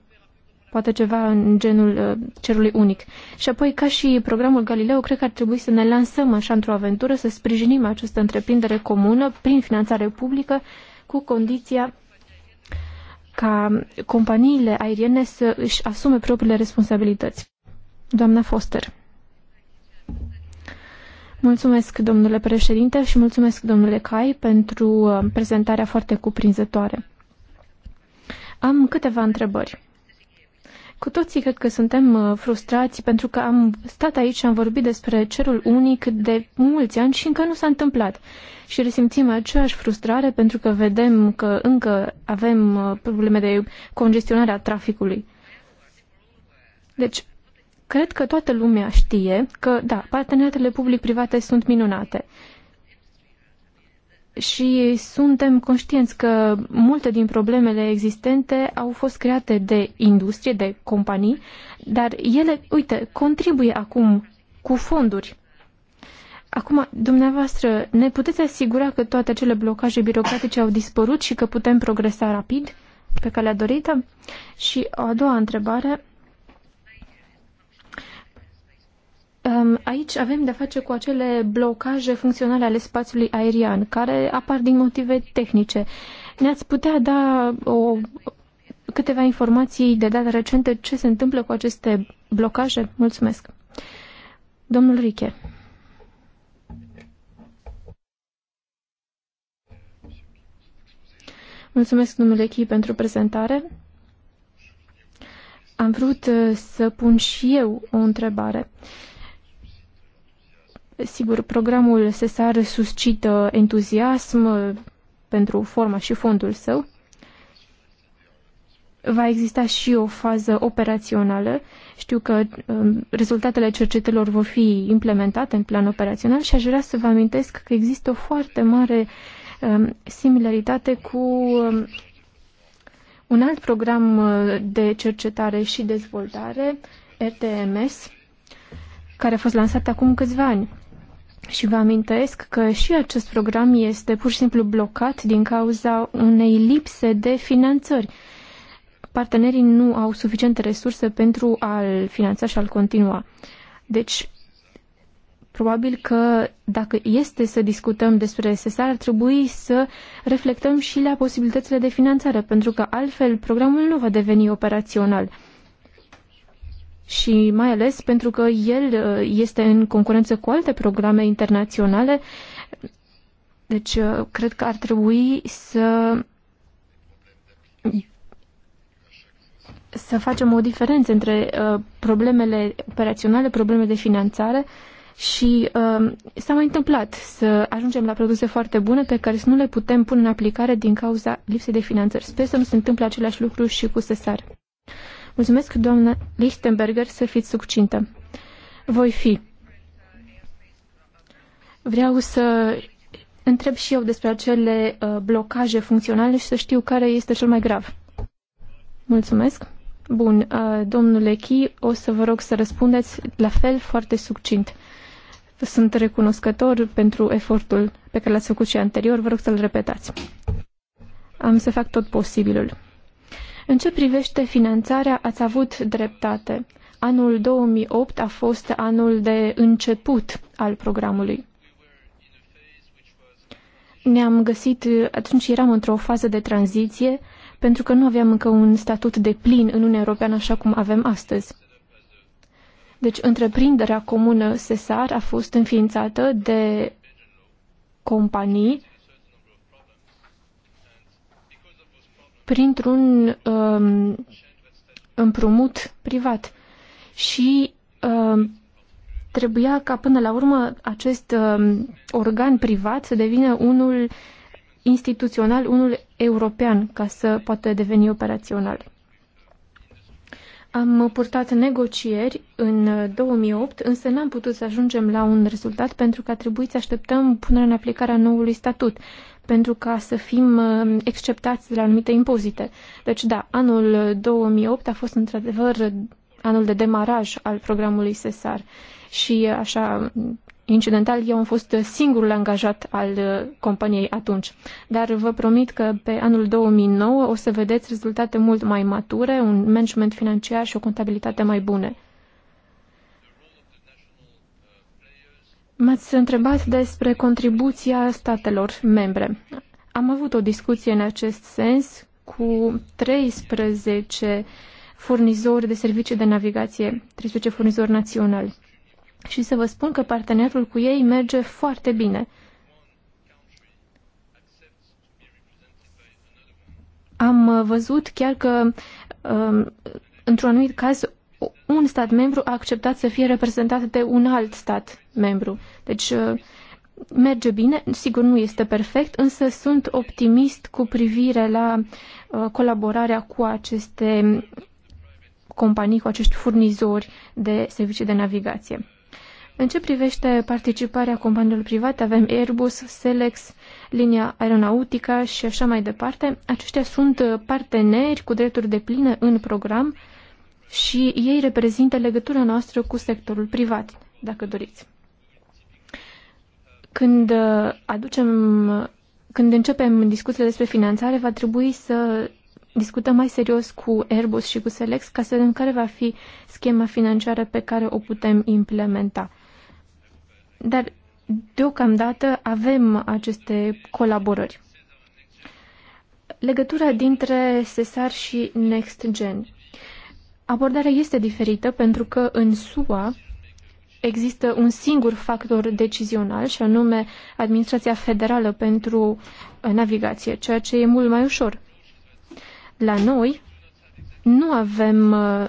Poate ceva în genul uh, cerului unic. Și apoi, ca și programul Galileo, cred că ar trebui să ne lansăm așa într-o aventură, să sprijinim această întreprindere comună prin finanțare publică, cu condiția ca companiile aeriene să își asume propriile responsabilități. Doamna Foster. Mulțumesc, domnule președinte, și mulțumesc, domnule Cai, pentru uh, prezentarea foarte cuprinzătoare. Am câteva întrebări. Cu toții cred că suntem uh, frustrați pentru că am stat aici și am vorbit despre cerul unic de mulți ani și încă nu s-a întâmplat. Și resimțim aceeași frustrare pentru că vedem că încă avem uh, probleme de congestionare a traficului. Deci, Cred că toată lumea știe că, da, parteneriatele public-private sunt minunate. Și suntem conștienți că multe din problemele existente au fost create de industrie, de companii, dar ele, uite, contribuie acum cu fonduri Acum, dumneavoastră, ne puteți asigura că toate cele blocaje birocratice au dispărut și că putem progresa rapid pe calea dorită? Și o a doua întrebare, Aici avem de-a face cu acele blocaje funcționale ale spațiului aerian, care apar din motive tehnice. Ne-ați putea da o, câteva informații de data recente ce se întâmplă cu aceste blocaje? Mulțumesc. Domnul Riche. Mulțumesc, domnule Echi, pentru prezentare. Am vrut uh, să pun și eu o întrebare. Uh, Sigur, programul SESAR suscită entuziasm uh, pentru forma și fondul său. Va exista și o fază operațională. Știu că um, rezultatele cercetelor vor fi implementate în plan operațional și aș vrea să vă amintesc că există o foarte mare um, similaritate cu um, un alt program uh, de cercetare și dezvoltare, RTMS, care a fost lansat acum câțiva ani. Și vă amintesc că și acest program este pur și simplu blocat din cauza unei lipse de finanțări. Partenerii nu au suficiente resurse pentru a-l finanța și a-l continua. Deci, probabil că dacă este să discutăm despre SSR, ar trebui să reflectăm și la posibilitățile de finanțare, pentru că altfel programul nu va deveni operațional și mai ales pentru că el uh, este în concurență cu alte programe internaționale. Deci, uh, cred că ar trebui să să facem o diferență între uh, problemele operaționale, probleme de finanțare și uh, s-a mai întâmplat să ajungem la produse foarte bune pe care să nu le putem pune în aplicare din cauza lipsei de finanțări. Sper să nu se întâmple același lucru și cu Sesar. Mulțumesc, doamnă Lichtenberger, să fiți succintă. Voi fi. Vreau să întreb și eu despre acele uh, blocaje funcționale și să știu care este cel mai grav. Mulțumesc. Bun, uh, domnule Chi, o să vă rog să răspundeți la fel foarte succint. Sunt recunoscător pentru efortul pe care l-ați făcut și anterior. Vă rog să-l repetați. Am să fac tot posibilul. În ce privește finanțarea, ați avut dreptate. Anul 2008 a fost anul de început al programului. Ne-am găsit, atunci eram într-o fază de tranziție, pentru că nu aveam încă un statut de plin în Uniunea Europeană așa cum avem astăzi. Deci, întreprinderea comună SESAR a fost înființată de companii printr-un um, împrumut privat. Și um, trebuia ca până la urmă acest um, organ privat să devină unul instituțional, unul european, ca să poată deveni operațional. Am purtat negocieri în 2008, uh, însă n-am putut să ajungem la un rezultat pentru că a trebuit să așteptăm punerea în aplicare a noului statut pentru ca să fim uh, exceptați de la anumite impozite. Deci, da, anul 2008 a fost într-adevăr anul de demaraj al programului SESAR și uh, așa Incidental, eu am fost singurul angajat al uh, companiei atunci, dar vă promit că pe anul 2009 o să vedeți rezultate mult mai mature, un management financiar și o contabilitate mai bune. M-ați întrebat despre contribuția statelor membre. Am avut o discuție în acest sens cu 13 furnizori de servicii de navigație, 13 furnizori naționali. Și să vă spun că partenerul cu ei merge foarte bine. Am văzut chiar că, um, într-un anumit caz, un stat membru a acceptat să fie reprezentat de un alt stat membru. Deci uh, merge bine, sigur nu este perfect, însă sunt optimist cu privire la uh, colaborarea cu aceste companii, cu acești furnizori de servicii de navigație. În ce privește participarea companiilor private, avem Airbus, Selex, linia Aeronautică și așa mai departe. Aceștia sunt uh, parteneri cu drepturi de plină în program și ei reprezintă legătura noastră cu sectorul privat, dacă doriți. Când uh, aducem, când începem discuțiile despre finanțare, va trebui să discutăm mai serios cu Airbus și cu Selex ca să vedem care va fi schema financiară pe care o putem implementa. Dar deocamdată avem aceste colaborări. Legătura dintre SESAR și NextGen. Abordarea este diferită pentru că în SUA există un singur factor decizional și anume Administrația Federală pentru uh, Navigație, ceea ce e mult mai ușor. La noi nu avem uh,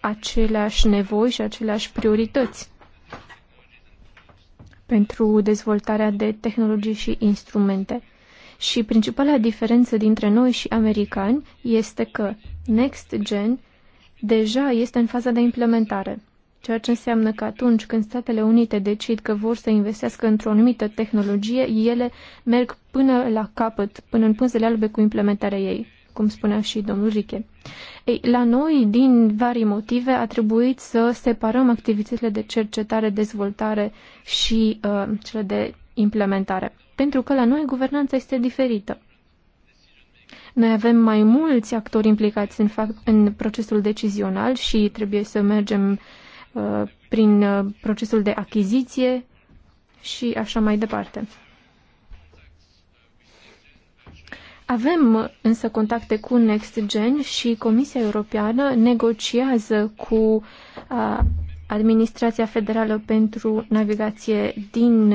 aceleași nevoi și aceleași priorități pentru dezvoltarea de tehnologii și instrumente. Și principala diferență dintre noi și americani este că Next Gen deja este în faza de implementare, ceea ce înseamnă că atunci când Statele Unite decid că vor să investească într-o anumită tehnologie, ele merg până la capăt, până în pânzele albe cu implementarea ei, cum spunea și domnul Riche. Ei, la noi, din vari motive, a trebuit să separăm activitățile de cercetare, dezvoltare și uh, cele de implementare, pentru că la noi guvernanța este diferită. Noi avem mai mulți actori implicați în, fac, în procesul decizional și trebuie să mergem uh, prin uh, procesul de achiziție și așa mai departe. Avem însă contacte cu NextGen și Comisia Europeană negociază cu uh, Administrația Federală pentru Navigație din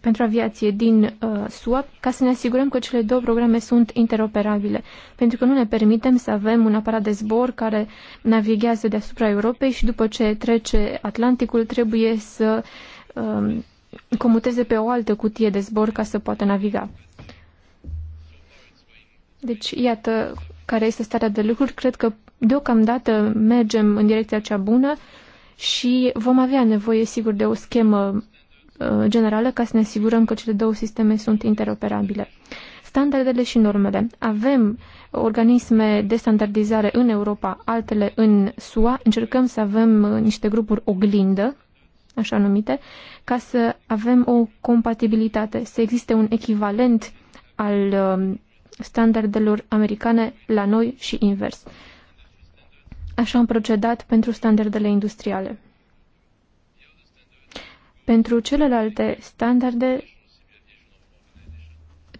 pentru aviație din uh, SUA ca să ne asigurăm că cele două programe sunt interoperabile, pentru că nu ne permitem să avem un aparat de zbor care navighează deasupra Europei și după ce trece Atlanticul trebuie să uh, comuteze pe o altă cutie de zbor ca să poată naviga. Deci, iată care este starea de lucruri. Cred că deocamdată mergem în direcția cea bună și vom avea nevoie, sigur, de o schemă Uh, generală ca să ne asigurăm că cele două sisteme sunt interoperabile. Standardele și normele. Avem organisme de standardizare în Europa, altele în SUA. Încercăm să avem uh, niște grupuri oglindă, așa numite, ca să avem o compatibilitate, să existe un echivalent al uh, standardelor americane la noi și invers. Așa am procedat pentru standardele industriale. Pentru celelalte standarde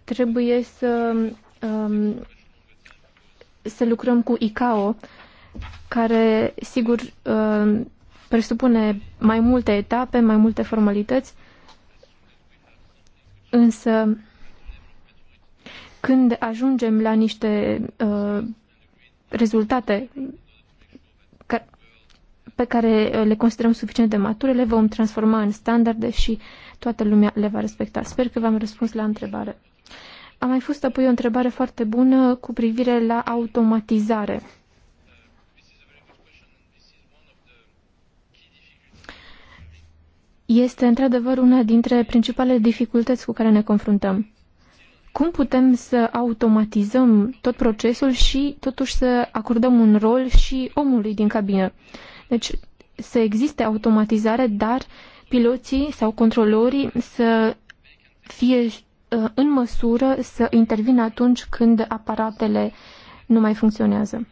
trebuie să, um, să lucrăm cu ICAO, care sigur um, presupune mai multe etape, mai multe formalități, însă când ajungem la niște uh, rezultate pe care uh, le considerăm suficient de mature, le vom transforma în standarde și toată lumea le va respecta. Sper că v-am răspuns la întrebare. A mai fost apoi o întrebare foarte bună cu privire la automatizare. Este într-adevăr una dintre principalele dificultăți cu care ne confruntăm. Cum putem să automatizăm tot procesul și totuși să acordăm un rol și omului din cabină? Uh, deci să existe automatizare, dar piloții sau controlorii să fie uh, în măsură să intervină atunci când aparatele nu mai funcționează.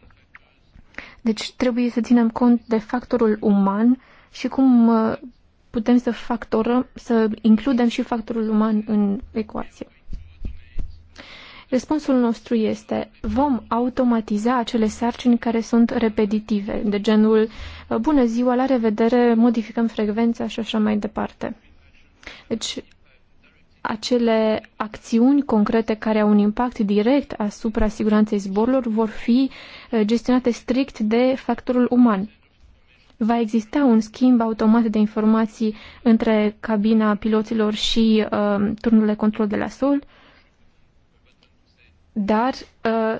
Deci trebuie să ținem cont de factorul uman și cum uh, putem să factorăm, să includem și factorul uman în ecuație. Răspunsul nostru este vom automatiza acele sarcini care sunt repetitive, de genul bună ziua, la revedere, modificăm frecvența și așa mai departe. Deci acele acțiuni concrete care au un impact direct asupra siguranței zborurilor vor fi uh, gestionate strict de factorul uman. Va exista un schimb automat de informații între cabina piloților și uh, turnurile control de la sol, uh, dar uh,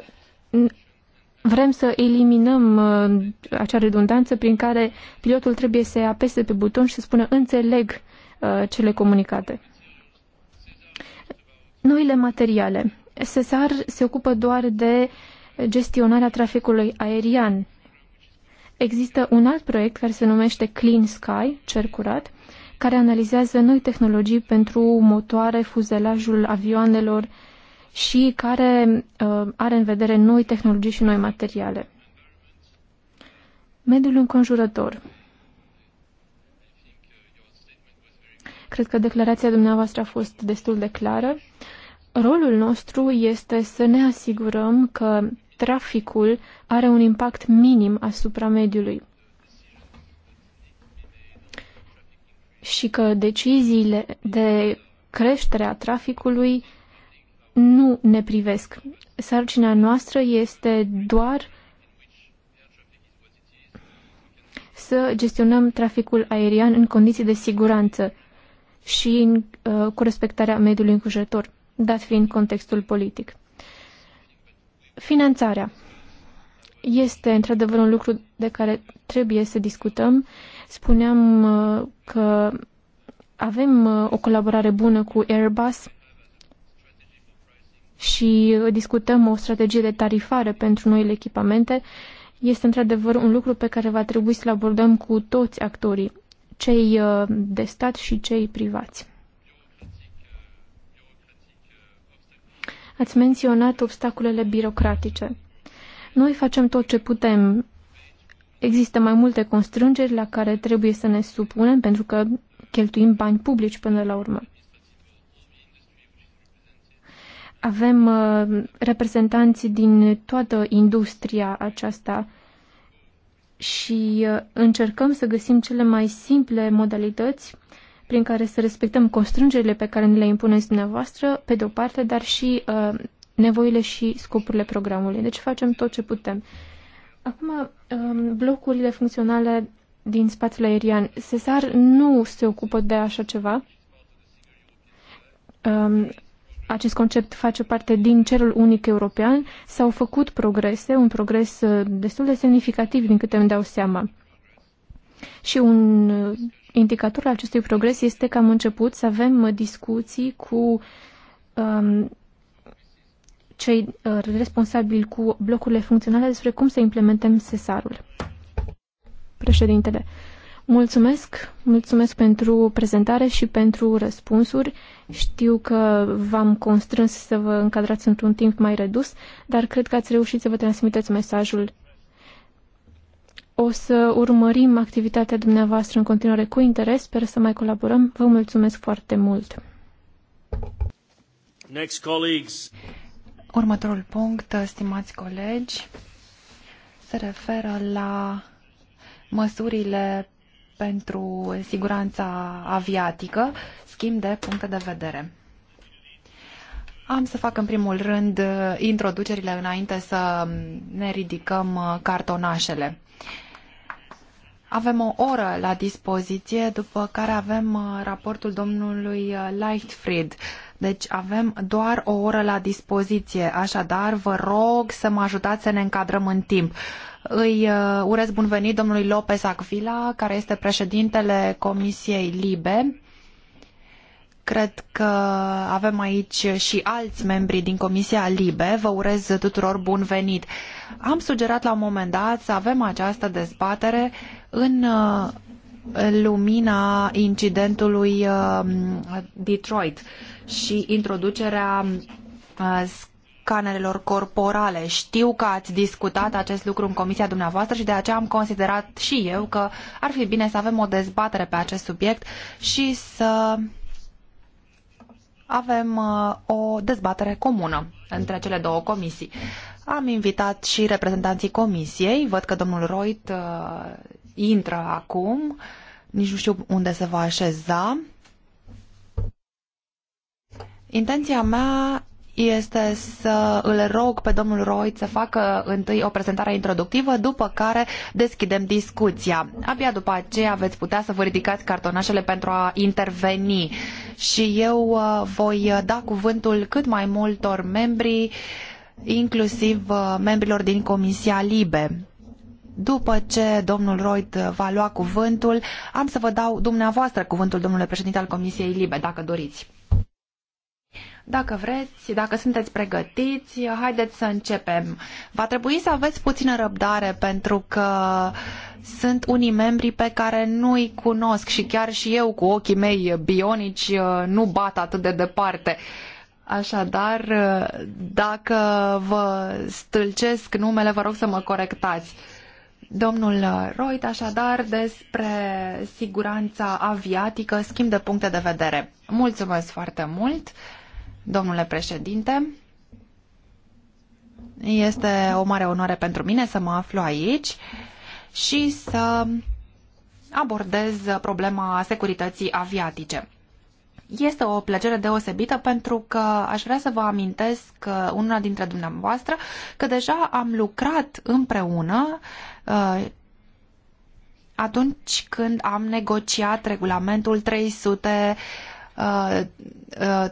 vrem să eliminăm uh, acea redundanță prin care pilotul trebuie să apese pe buton și să spună înțeleg uh, cele comunicate. Noile materiale. SESAR se ocupă doar de gestionarea traficului aerian. Există un alt proiect care se numește Clean Sky, cer curat, care analizează noi tehnologii pentru motoare, fuzelajul avioanelor, și care uh, are în vedere noi tehnologii și noi materiale. Mediul înconjurător. Cred că declarația dumneavoastră a fost destul de clară. Rolul nostru este să ne asigurăm că traficul are un impact minim asupra mediului și că deciziile de creștere a traficului nu ne privesc. Sarcina noastră este doar să gestionăm traficul aerian în condiții de siguranță și în, uh, cu respectarea mediului înconjurător, dat fiind contextul politic. Finanțarea este într-adevăr un lucru de care trebuie să discutăm. Spuneam uh, că avem uh, o colaborare bună cu Airbus și discutăm o strategie de tarifare pentru noile echipamente, este într-adevăr un lucru pe care va trebui să-l abordăm cu toți actorii, cei uh, de stat și cei privați. Ați menționat obstacolele birocratice. Noi facem tot ce putem. Există mai multe constrângeri la care trebuie să ne supunem pentru că cheltuim bani publici până la urmă. Avem uh, reprezentanți din toată industria aceasta și uh, încercăm să găsim cele mai simple modalități prin care să respectăm constrângerile pe care ne le impuneți dumneavoastră, pe de-o parte, dar și uh, nevoile și scopurile programului. Deci facem tot ce putem. Acum, um, blocurile funcționale din spațiul aerian. Cesar nu se ocupă de așa ceva. Um, acest concept face parte din cerul unic european, s-au făcut progrese, un progres uh, destul de semnificativ din câte îmi dau seama. Și un uh, indicator al acestui progres este că am început să avem uh, discuții cu um, cei uh, responsabili cu blocurile funcționale despre cum să implementăm sesarul. Președintele, Mulțumesc, mulțumesc pentru prezentare și pentru răspunsuri. Știu că v-am constrâns să vă încadrați într-un timp mai redus, dar cred că ați reușit să vă transmiteți mesajul. O să urmărim activitatea dumneavoastră în continuare cu interes, sper să mai colaborăm. Vă mulțumesc foarte mult. Next, colleagues. Următorul punct, stimați colegi, se referă la măsurile pentru siguranța aviatică, schimb de puncte de vedere. Am să fac în primul rând introducerile înainte să ne ridicăm cartonașele. Avem o oră la dispoziție, după care avem raportul domnului Leichtfried deci avem doar o oră la dispoziție, așadar vă rog să mă ajutați să ne încadrăm în timp. Îi uh, urez bun venit domnului Lopez Acvila, care este președintele Comisiei Libe. Cred că avem aici și alți membri din Comisia Libe. Vă urez tuturor bun venit. Am sugerat la un moment dat să avem această dezbatere în uh, lumina incidentului uh, Detroit și introducerea uh, scanerelor corporale. Știu că ați discutat acest lucru în comisia dumneavoastră și de aceea am considerat și eu că ar fi bine să avem o dezbatere pe acest subiect și să avem uh, o dezbatere comună între cele două comisii. Am invitat și reprezentanții comisiei. Văd că domnul Roit uh, intră acum. Nici nu știu unde se va așeza. Intenția mea este să îl rog pe domnul Roy să facă întâi o prezentare introductivă, după care deschidem discuția. Abia după aceea veți putea să vă ridicați cartonașele pentru a interveni și eu uh, voi da cuvântul cât mai multor membri, inclusiv uh, membrilor din Comisia Libe. După ce domnul Royd va lua cuvântul, am să vă dau dumneavoastră cuvântul, domnule președinte al Comisiei Libe, dacă doriți. Dacă vreți, dacă sunteți pregătiți, haideți să începem. Va trebui să aveți puțină răbdare pentru că sunt unii membri pe care nu-i cunosc și chiar și eu cu ochii mei bionici nu bat atât de departe. Așadar, dacă vă stâlcesc numele, vă rog să mă corectați. Domnul Roit, așadar, despre siguranța aviatică, schimb de puncte de vedere. Mulțumesc foarte mult. Domnule președinte, este o mare onoare pentru mine să mă aflu aici și să abordez problema securității aviatice. Este o plăcere deosebită pentru că aș vrea să vă amintesc uh, una dintre dumneavoastră că deja am lucrat împreună uh, atunci când am negociat regulamentul 300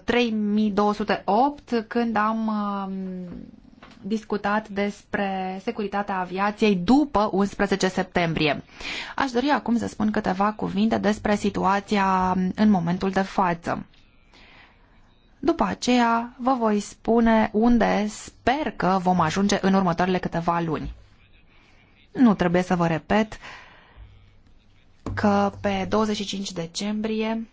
3208 uh, uh, când am um, discutat despre securitatea aviației după 11 septembrie. Aș dori acum să spun câteva cuvinte despre situația în momentul de față. După aceea vă voi spune unde sper că vom ajunge în următoarele câteva luni. Nu trebuie să vă repet că pe 25 decembrie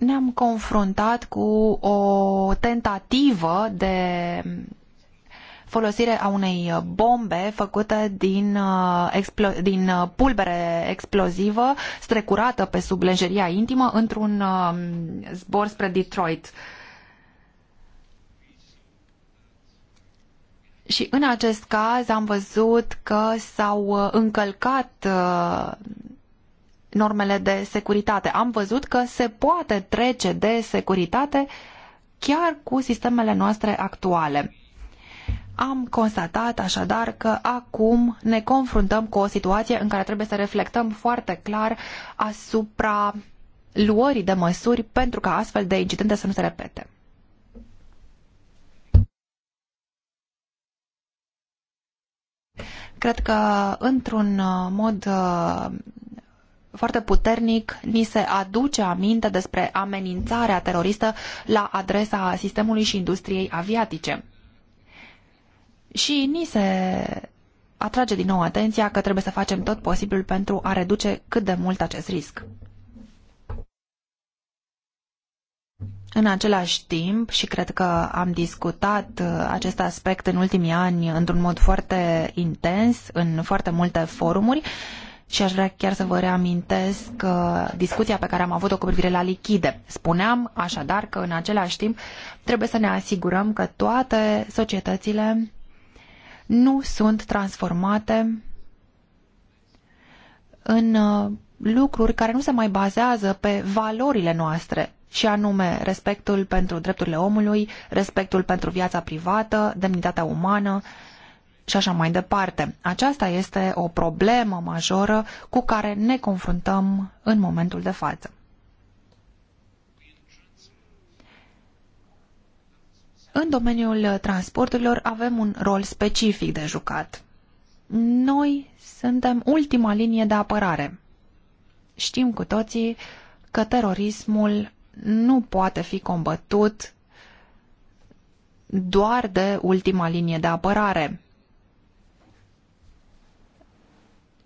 ne-am confruntat cu o tentativă de folosire a unei bombe făcută din, uh, explo- din uh, pulbere explozivă strecurată pe sub lejeria intimă într-un uh, zbor spre Detroit. Și în acest caz am văzut că s-au încălcat normele de securitate. Am văzut că se poate trece de securitate chiar cu sistemele noastre actuale. Am constatat așadar că acum ne confruntăm cu o situație în care trebuie să reflectăm foarte clar asupra luării de măsuri pentru ca astfel de incidente să nu se repete. Cred că într-un uh, mod uh, foarte puternic ni se aduce aminte despre amenințarea teroristă la adresa sistemului și industriei aviatice. Și ni se atrage din nou atenția că trebuie să facem tot posibilul pentru a reduce cât de mult acest risc. În același timp, și cred că am discutat uh, acest aspect în ultimii ani într-un mod foarte intens, în foarte multe forumuri, și aș vrea chiar să vă reamintesc uh, discuția pe care am avut-o cu privire la lichide. Spuneam așadar că în același timp trebuie să ne asigurăm că toate societățile nu sunt transformate în uh, lucruri care nu se mai bazează pe valorile noastre, și anume respectul pentru drepturile omului, respectul pentru viața privată, demnitatea umană, uh, și așa mai departe. Aceasta este o problemă majoră cu care ne confruntăm în momentul de față. În domeniul transporturilor avem un rol specific de jucat. Noi suntem ultima linie de apărare. Știm cu toții că terorismul nu poate fi combătut doar de ultima linie de apărare.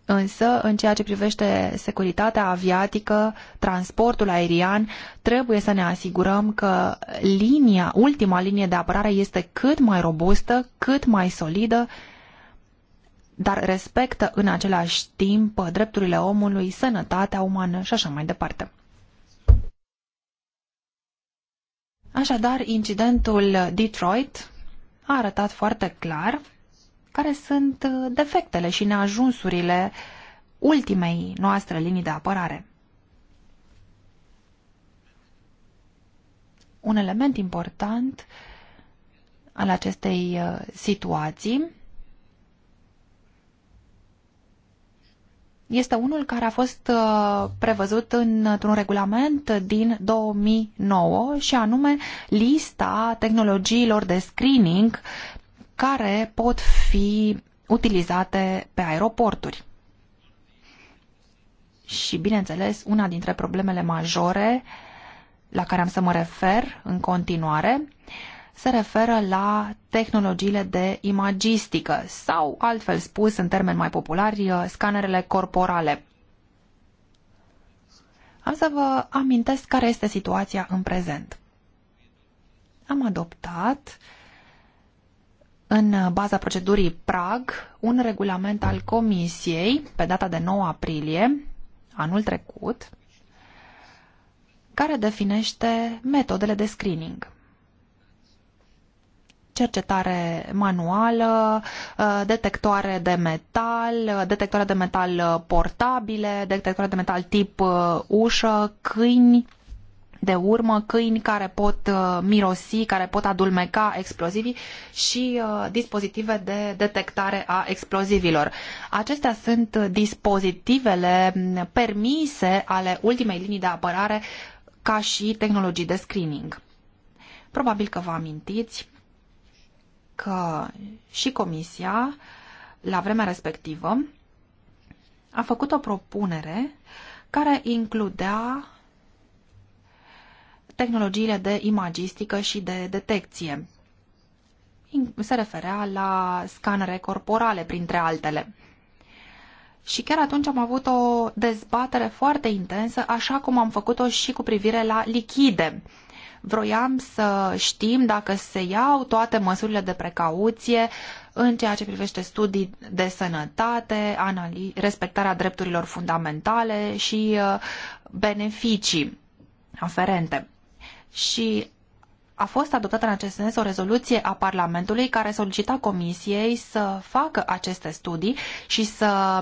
Însă, în ceea ce privește securitatea aviatică, transportul aerian, trebuie să ne asigurăm că linia, ultima linie de apărare este cât mai robustă, cât mai solidă, dar respectă în același timp drepturile omului, sănătatea umană și așa mai departe. Așadar, incidentul Detroit a arătat foarte clar care sunt uh, defectele și neajunsurile ultimei noastre linii de apărare. Un element important al acestei uh, situații este unul care a fost uh, prevăzut într-un regulament din 2009 și anume lista tehnologiilor de screening care pot fi utilizate pe aeroporturi. Și, bineînțeles, una dintre problemele majore la care am să mă refer în continuare se referă la tehnologiile de imagistică sau, altfel spus, în termeni mai populari, scanerele corporale. Am să vă amintesc care este situația în prezent. Am adoptat uh, în baza procedurii PRAG, un regulament al Comisiei, pe data de 9 aprilie, anul trecut, care definește metodele de screening. Cercetare manuală, detectoare de metal, detectoare de metal portabile, detectoare de metal tip uh, ușă, câini, de urmă, câini care pot uh, mirosi, care pot adulmeca explozivii și uh, dispozitive de detectare a explozivilor. Acestea sunt dispozitivele permise ale ultimei linii de apărare ca și tehnologii de screening. Probabil că vă amintiți că și Comisia, la vremea respectivă, a făcut o propunere care includea tehnologiile de imagistică și de detecție. Se referea la scanere corporale, printre altele. Și chiar atunci am avut o dezbatere foarte intensă, așa cum am făcut-o și cu privire la lichide. Vroiam să știm dacă se iau toate măsurile de precauție în ceea ce privește studii de sănătate, respectarea drepturilor fundamentale și uh, beneficii aferente și a fost adoptată în acest sens o rezoluție a Parlamentului care solicita Comisiei să facă aceste studii și să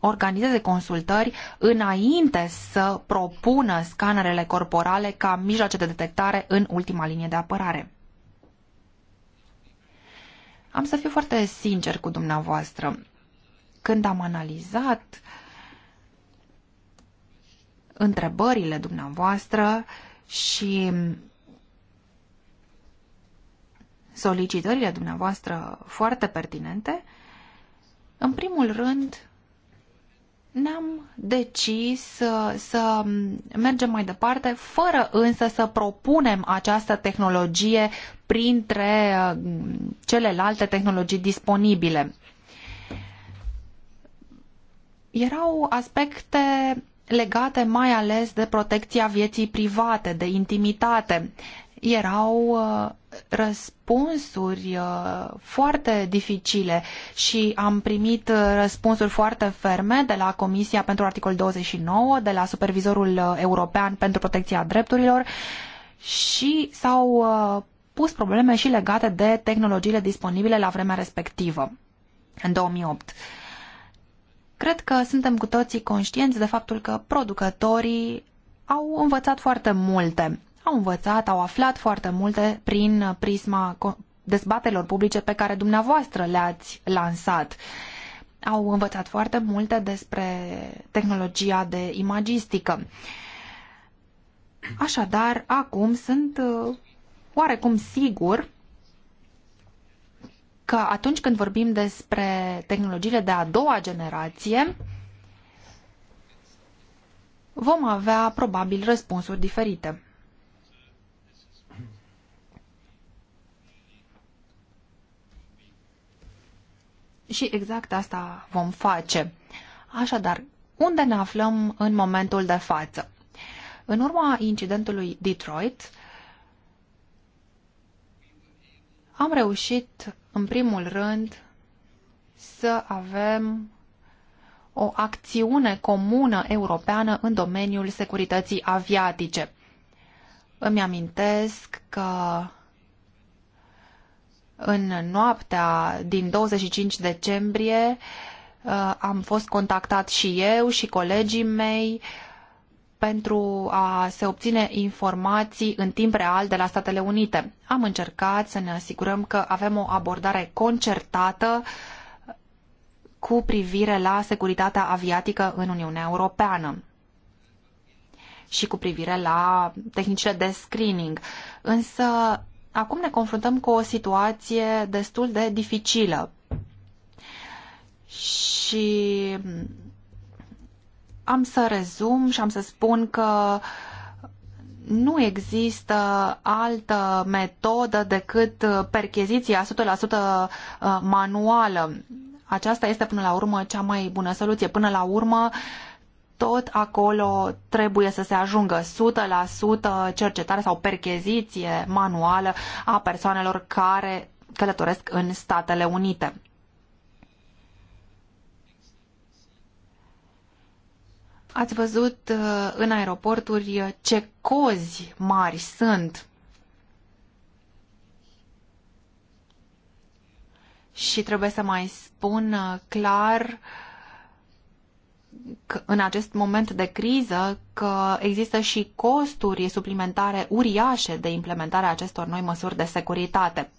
organizeze consultări înainte să propună scanerele corporale ca mijloace de detectare în ultima linie de apărare. Am să fiu foarte sincer cu dumneavoastră. Când am analizat întrebările dumneavoastră, și solicitările dumneavoastră foarte pertinente, în primul rând ne-am decis să, să mergem mai departe, fără însă să propunem această tehnologie printre uh, celelalte tehnologii disponibile. Erau aspecte legate mai ales de protecția vieții private, de intimitate. Erau uh, răspunsuri uh, foarte dificile și am primit uh, răspunsuri foarte ferme de la Comisia pentru Articol 29, de la Supervizorul European pentru Protecția Drepturilor și s-au pus probleme și legate de tehnologiile disponibile la vremea respectivă, în 2008. Cred că suntem cu toții conștienți de faptul că producătorii au învățat foarte multe. Au învățat, au aflat foarte multe prin prisma dezbaterilor publice pe care dumneavoastră le-ați lansat. Au învățat foarte multe despre tehnologia de imagistică. Așadar, acum sunt uh, oarecum sigur că atunci când vorbim despre tehnologiile de a doua generație, vom avea probabil răspunsuri diferite. Și exact asta vom face. Așadar, unde ne aflăm în momentul de față? În urma incidentului Detroit, am reușit în primul rând, să avem o acțiune comună europeană în domeniul securității aviatice. Îmi amintesc că în noaptea din 25 decembrie uh, am fost contactat și eu și colegii mei uh, pentru a se obține informații în timp real de la Statele Unite. Am încercat să ne asigurăm că avem o abordare concertată cu privire la securitatea aviatică în Uniunea Europeană și cu privire la tehnicile de screening. Însă, acum ne confruntăm cu o situație destul de dificilă. Și am să rezum și am să spun că nu există altă metodă decât percheziția 100% uh, manuală. Aceasta este până la urmă cea mai bună soluție. Până la urmă, tot acolo trebuie să se ajungă 100% cercetare sau percheziție manuală a persoanelor care călătoresc în Statele Unite. Ați văzut uh, în aeroporturi ce cozi mari sunt. Și trebuie să mai spun uh, clar că în acest moment de criză că există și costuri suplimentare uriașe de implementarea acestor noi măsuri de securitate.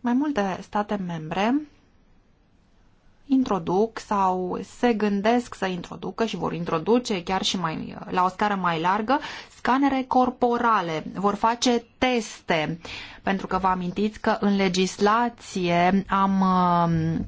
Mai multe state membre introduc sau se gândesc să introducă și vor introduce chiar și mai, la o scară mai largă scanere corporale. Vor face teste, pentru că vă amintiți că în legislație am uh,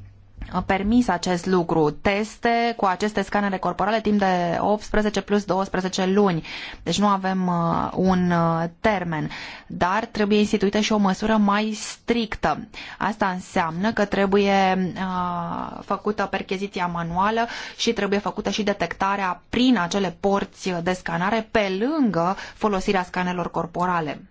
permis acest lucru, teste cu aceste scanere corporale timp de 18 plus 12 luni. Deci nu avem uh, un uh, termen, dar trebuie instituită și o măsură mai strictă. Asta înseamnă că trebuie uh, făcută percheziția manuală și trebuie făcută și detectarea prin acele porți de scanare pe lângă folosirea scanelor corporale.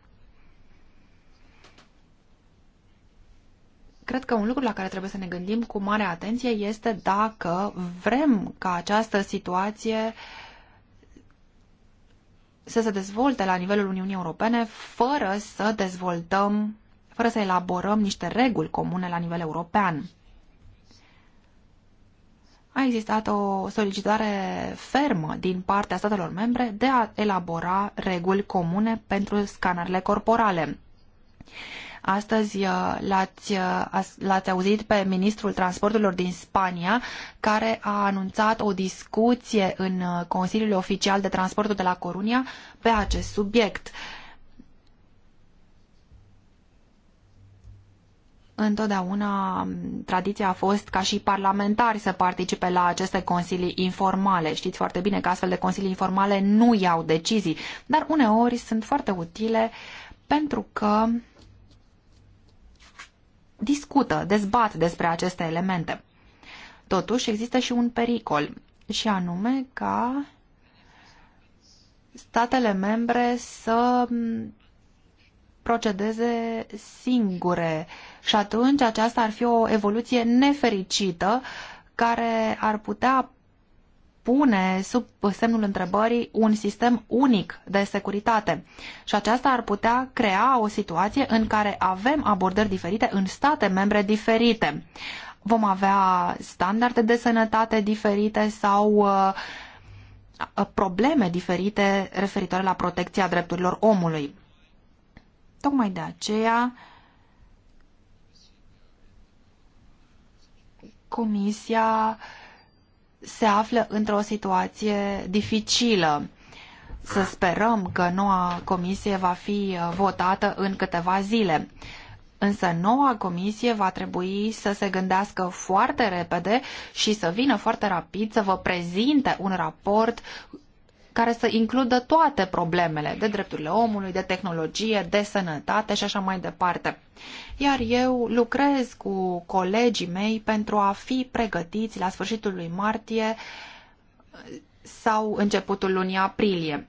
cred că un lucru la care trebuie să ne gândim cu mare atenție este dacă vrem ca această situație să se dezvolte la nivelul Uniunii Europene fără să dezvoltăm, fără să elaborăm niște reguli comune la nivel european. A existat o solicitare fermă din partea statelor membre de a elabora reguli comune pentru scanerele corporale. Astăzi uh, l-ați, uh, l-ați auzit pe ministrul transporturilor din Spania, care a anunțat o discuție în uh, Consiliul Oficial de Transportul de la Corunia pe acest subiect. întotdeauna um, tradiția a fost ca și parlamentari să participe la aceste consilii informale. Știți foarte bine că astfel de consilii informale nu iau decizii, dar uneori sunt foarte utile pentru că discută, dezbat despre aceste elemente. Totuși, există și un pericol, și anume ca statele membre să procedeze singure. Și atunci aceasta ar fi o evoluție nefericită care ar putea pune sub semnul întrebării un sistem unic de securitate. Și aceasta ar putea crea o situație în care avem abordări diferite în state membre diferite. Vom avea standarde de sănătate diferite sau uh, probleme diferite referitoare la protecția drepturilor omului. Tocmai de aceea, Comisia uh, se află într-o situație dificilă. Să sperăm că noua comisie va fi uh, votată în câteva zile. Însă noua comisie va trebui să se gândească foarte repede și să vină foarte rapid să vă prezinte un raport care să includă toate problemele de drepturile omului, de tehnologie, de sănătate și așa mai departe. Iar eu lucrez cu colegii mei pentru a fi pregătiți la sfârșitul lui martie sau începutul lunii aprilie.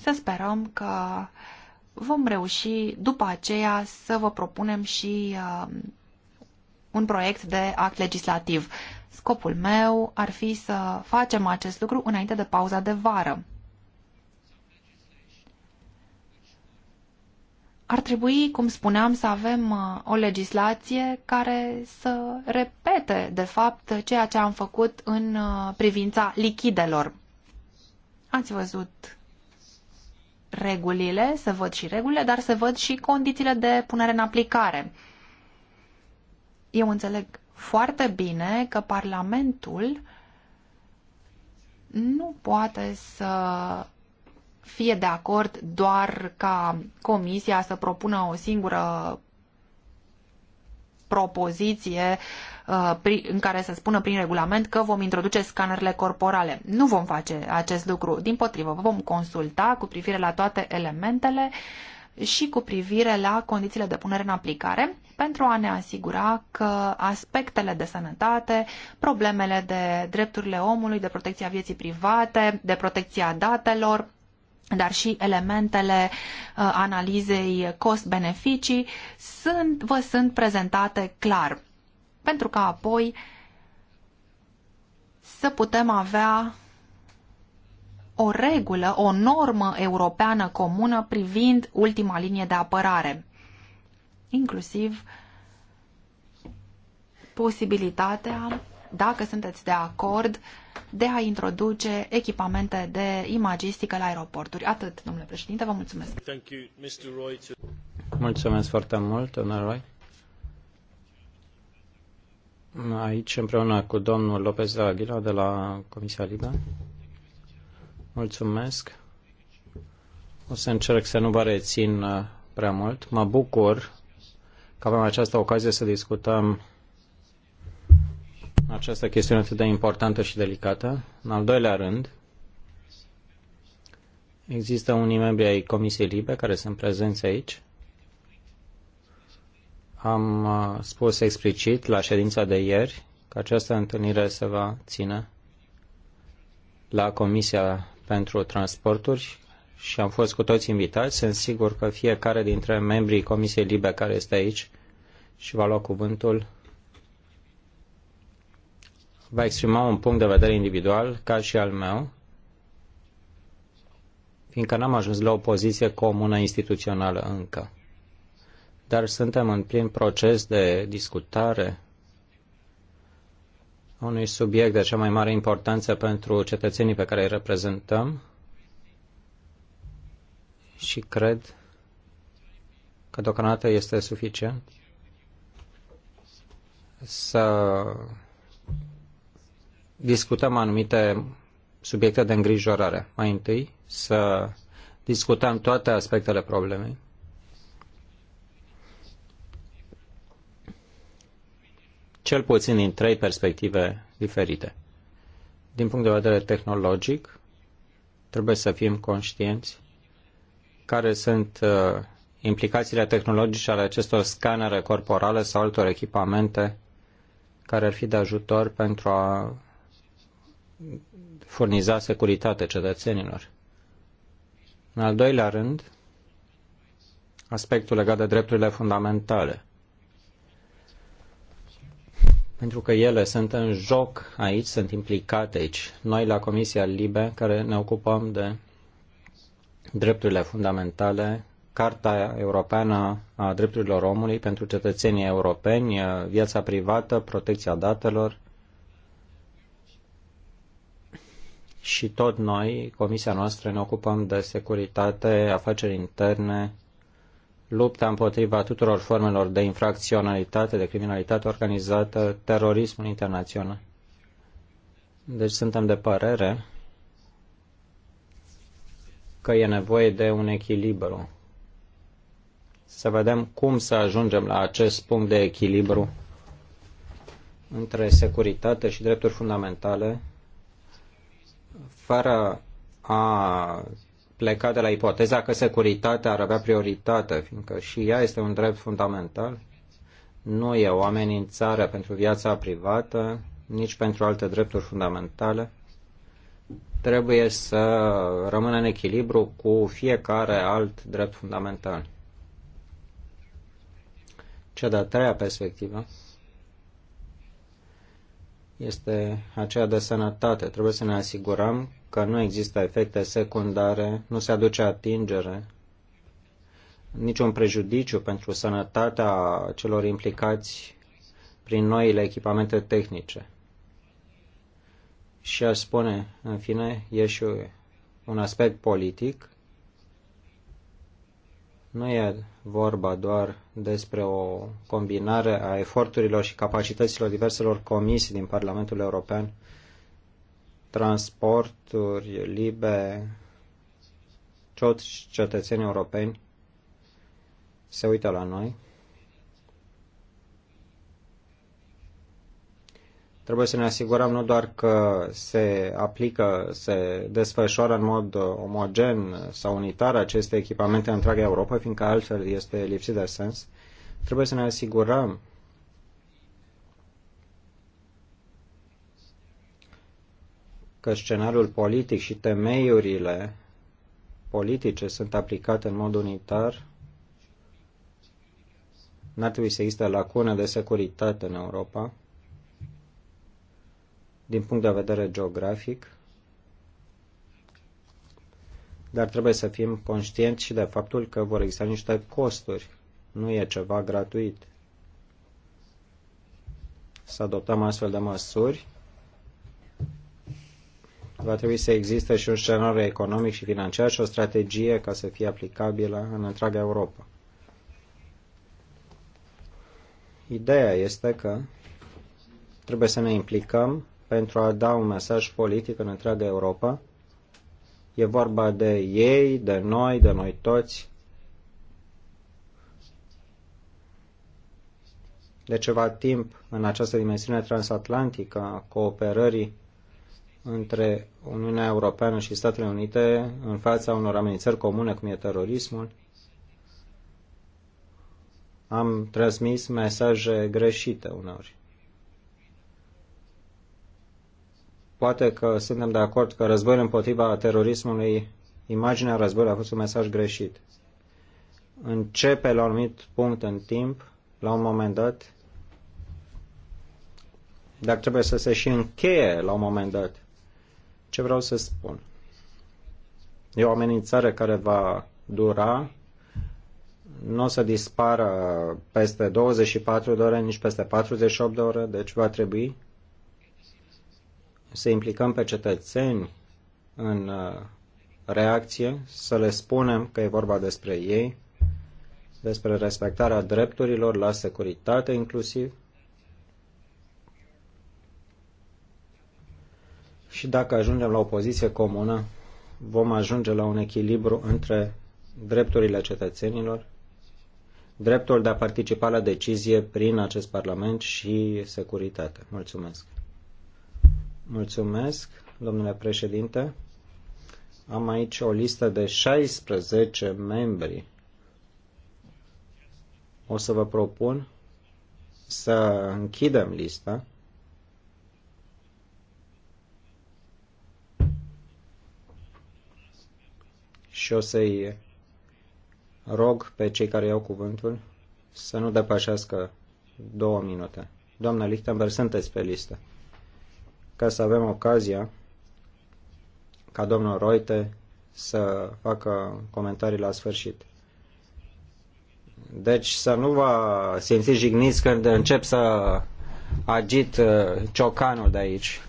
Să sperăm că vom reuși după aceea să vă propunem și uh, un proiect de act legislativ. Scopul meu ar fi să facem acest lucru înainte de pauza de vară. Ar trebui, cum spuneam, să avem uh, o legislație care să repete, de fapt, ceea ce am făcut în uh, privința lichidelor. Ați văzut regulile, se văd și regulile, dar se văd și condițiile de punere în aplicare. Eu înțeleg foarte bine că Parlamentul nu poate să fie de acord doar ca Comisia să propună o singură propoziție uh, în care să spună prin regulament că vom introduce scanerele corporale. Nu vom face acest lucru. Din potrivă, vom consulta cu privire la toate elementele uh, și cu privire la condițiile de punere în aplicare pentru a ne asigura că aspectele de sănătate, problemele de drepturile omului, de protecția vieții private, de protecția datelor, dar și elementele uh, analizei cost-beneficii sunt, vă sunt prezentate clar, pentru ca apoi să putem avea o regulă, o normă europeană comună privind ultima linie de apărare, inclusiv posibilitatea, dacă sunteți de acord, de a introduce echipamente de imagistică la aeroporturi. Atât, domnule președinte, vă mulțumesc. Mulțumesc foarte mult, domnule Roy. Aici, împreună cu domnul López de Aguila de la Comisia Libe. Mulțumesc. O să încerc să nu vă rețin uh, prea mult. Mă bucur că avem această ocazie să discutăm această chestiune atât de importantă și delicată. În al doilea rând, există unii membri ai Comisiei Libe care sunt prezenți aici. Am uh, spus explicit la ședința de ieri că această întâlnire se va ține la Comisia pentru transporturi și am fost cu toți invitați. Sunt sigur că fiecare dintre membrii Comisiei Libe care este aici și va lua cuvântul va exprima un punct de vedere individual, ca și al meu, fiindcă n-am ajuns la o poziție comună instituțională încă. Dar suntem în plin proces de discutare unui subiect de cea mai mare importanță pentru cetățenii pe care îi reprezentăm și cred că deocamdată este suficient să discutăm anumite subiecte de îngrijorare. Mai întâi, să discutăm toate aspectele problemei cel puțin din trei perspective diferite. Din punct de vedere tehnologic, trebuie să fim conștienți care sunt uh, implicațiile tehnologice ale acestor scanere corporale sau altor echipamente care ar fi de ajutor pentru a furniza securitate cetățenilor. În al doilea rând, aspectul legat de drepturile fundamentale pentru că ele sunt în joc aici, sunt implicate aici. Noi la Comisia Libe, care ne ocupăm de drepturile fundamentale, Carta Europeană a Drepturilor Omului pentru cetățenii europeni, viața privată, protecția datelor și tot noi, Comisia noastră, ne ocupăm de securitate, afaceri interne, lupta împotriva tuturor formelor de infracționalitate, de criminalitate organizată, terorismul internațional. Deci suntem de părere că e nevoie de un echilibru. Să vedem cum să ajungem la acest punct de echilibru între securitate și drepturi fundamentale, fără a pleca de la ipoteza că securitatea ar avea prioritate, fiindcă și ea este un drept fundamental. Nu e o amenințare pentru viața privată, nici pentru alte drepturi fundamentale. Trebuie să rămână în echilibru cu fiecare alt drept fundamental. Cea de-a treia perspectivă este aceea de sănătate. Trebuie să ne asigurăm că nu există efecte secundare, nu se aduce atingere, niciun prejudiciu pentru sănătatea celor implicați prin noile echipamente tehnice. Și aș spune, în fine, e și un aspect politic. Nu e vorba doar despre o combinare a eforturilor și capacităților diverselor comisii din Parlamentul European transporturi libere, toți cetățenii europeni se uită la noi. Trebuie să ne asigurăm nu doar că se aplică, se desfășoară în mod omogen sau unitar aceste echipamente în întreaga Europa, fiindcă altfel este lipsit de sens. Trebuie să ne asigurăm că scenariul politic și temeiurile politice sunt aplicate în mod unitar, n-ar trebui să existe lacune de securitate în Europa din punct de vedere geografic, dar trebuie să fim conștienți și de faptul că vor exista niște costuri. Nu e ceva gratuit. Să adoptăm astfel de măsuri va trebui să existe și un scenariu economic și financiar și o strategie ca să fie aplicabilă în întreaga Europa. Ideea este că trebuie să ne implicăm pentru a da un mesaj politic în întreaga Europa. E vorba de ei, de noi, de noi toți. De ceva timp, în această dimensiune transatlantică a cooperării între Uniunea Europeană și Statele Unite în fața unor amenințări comune, cum e terorismul. Am transmis mesaje greșite uneori. Poate că suntem de acord că războiul împotriva terorismului, imaginea războiului a fost un mesaj greșit. Începe la un anumit punct în timp, la un moment dat, dar trebuie să se și încheie la un moment dat. Ce vreau să spun? E o amenințare care va dura, nu o să dispară peste 24 de ore, nici peste 48 de ore, deci va trebui să implicăm pe cetățeni în uh, reacție, să le spunem că e vorba despre ei, despre respectarea drepturilor la securitate inclusiv, și dacă ajungem la o poziție comună, vom ajunge la un echilibru între drepturile cetățenilor, dreptul de a participa la decizie prin acest Parlament și securitate. Mulțumesc. Mulțumesc, domnule președinte. Am aici o listă de 16 membri. O să vă propun să închidem lista. și o să-i rog pe cei care iau cuvântul să nu depășească două minute. Doamna Lichtenberg, sunteți pe listă. Ca să avem ocazia ca domnul Roite să facă comentarii la sfârșit. Deci să nu vă simțiți jigniți când încep să agit uh, ciocanul de aici.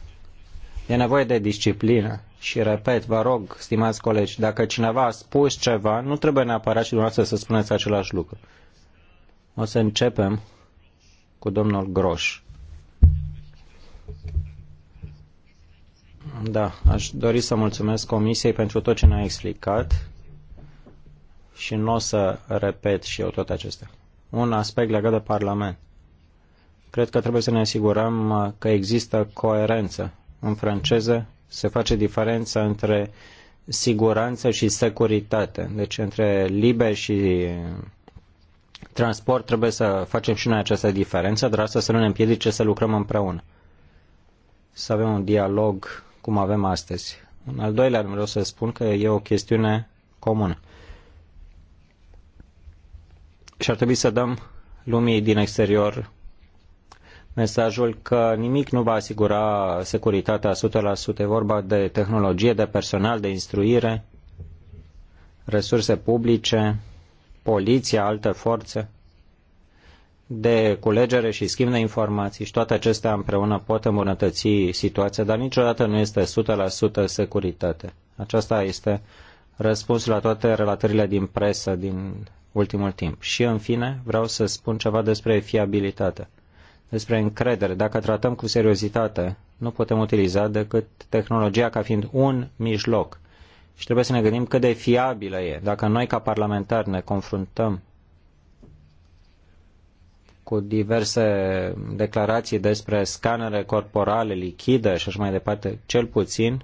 E nevoie de disciplină și repet, vă rog, stimați colegi, dacă cineva a spus ceva, nu trebuie neapărat și dumneavoastră să spuneți același lucru. O să începem cu domnul Groș. Da, aș dori să mulțumesc Comisiei pentru tot ce ne-a explicat și nu o să repet și eu tot acestea. Un aspect legat de Parlament. Cred că trebuie să ne asigurăm că există coerență. În franceză se face diferența între siguranță și securitate. Deci între liber și uh, transport trebuie să facem și noi această diferență, dar asta să nu ne împiedice să lucrăm împreună. Să avem un dialog cum avem astăzi. În al doilea rând vreau să spun că e o chestiune comună. Și ar trebui să dăm lumii din exterior mesajul că nimic nu va asigura securitatea 100%. E vorba de tehnologie, de personal, de instruire, resurse publice, poliția, alte forțe, de culegere și schimb de informații și toate acestea împreună pot îmbunătăți situația, dar niciodată nu este 100% securitate. Aceasta este răspunsul la toate relatările din presă din ultimul timp. Și în fine, vreau să spun ceva despre fiabilitate despre încredere. Dacă tratăm cu seriozitate, nu putem utiliza decât tehnologia ca fiind un mijloc. Și trebuie să ne gândim cât de fiabilă e. Dacă noi ca parlamentari ne confruntăm cu diverse declarații despre scanere corporale lichide și așa mai departe, cel puțin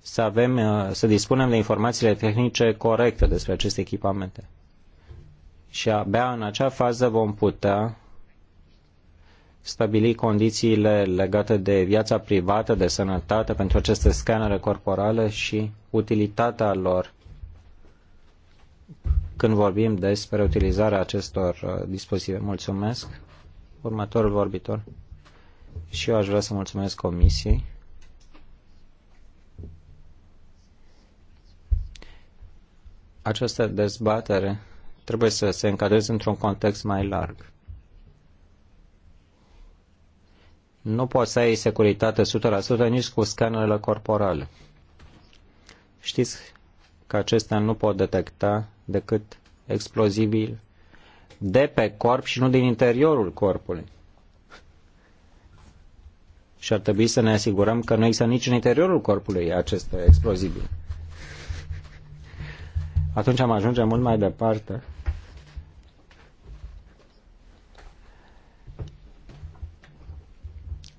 să, avem, uh, să dispunem de informațiile tehnice corecte despre aceste echipamente. Și abia în acea fază vom putea stabili condițiile legate de viața privată, de sănătate pentru aceste scanere corporale și utilitatea lor când vorbim despre utilizarea acestor uh, dispozitive. Mulțumesc. Următorul vorbitor. Și eu aș vrea să mulțumesc comisiei. Această dezbatere trebuie să se încadreze într-un context mai larg. Nu poți să ai securitate 100% nici cu scanerele corporale. Știți că acestea nu pot detecta decât explozibil de pe corp și nu din interiorul corpului. Și ar trebui să ne asigurăm că nu există nici în interiorul corpului acest explozibil. Atunci am ajunge mult mai departe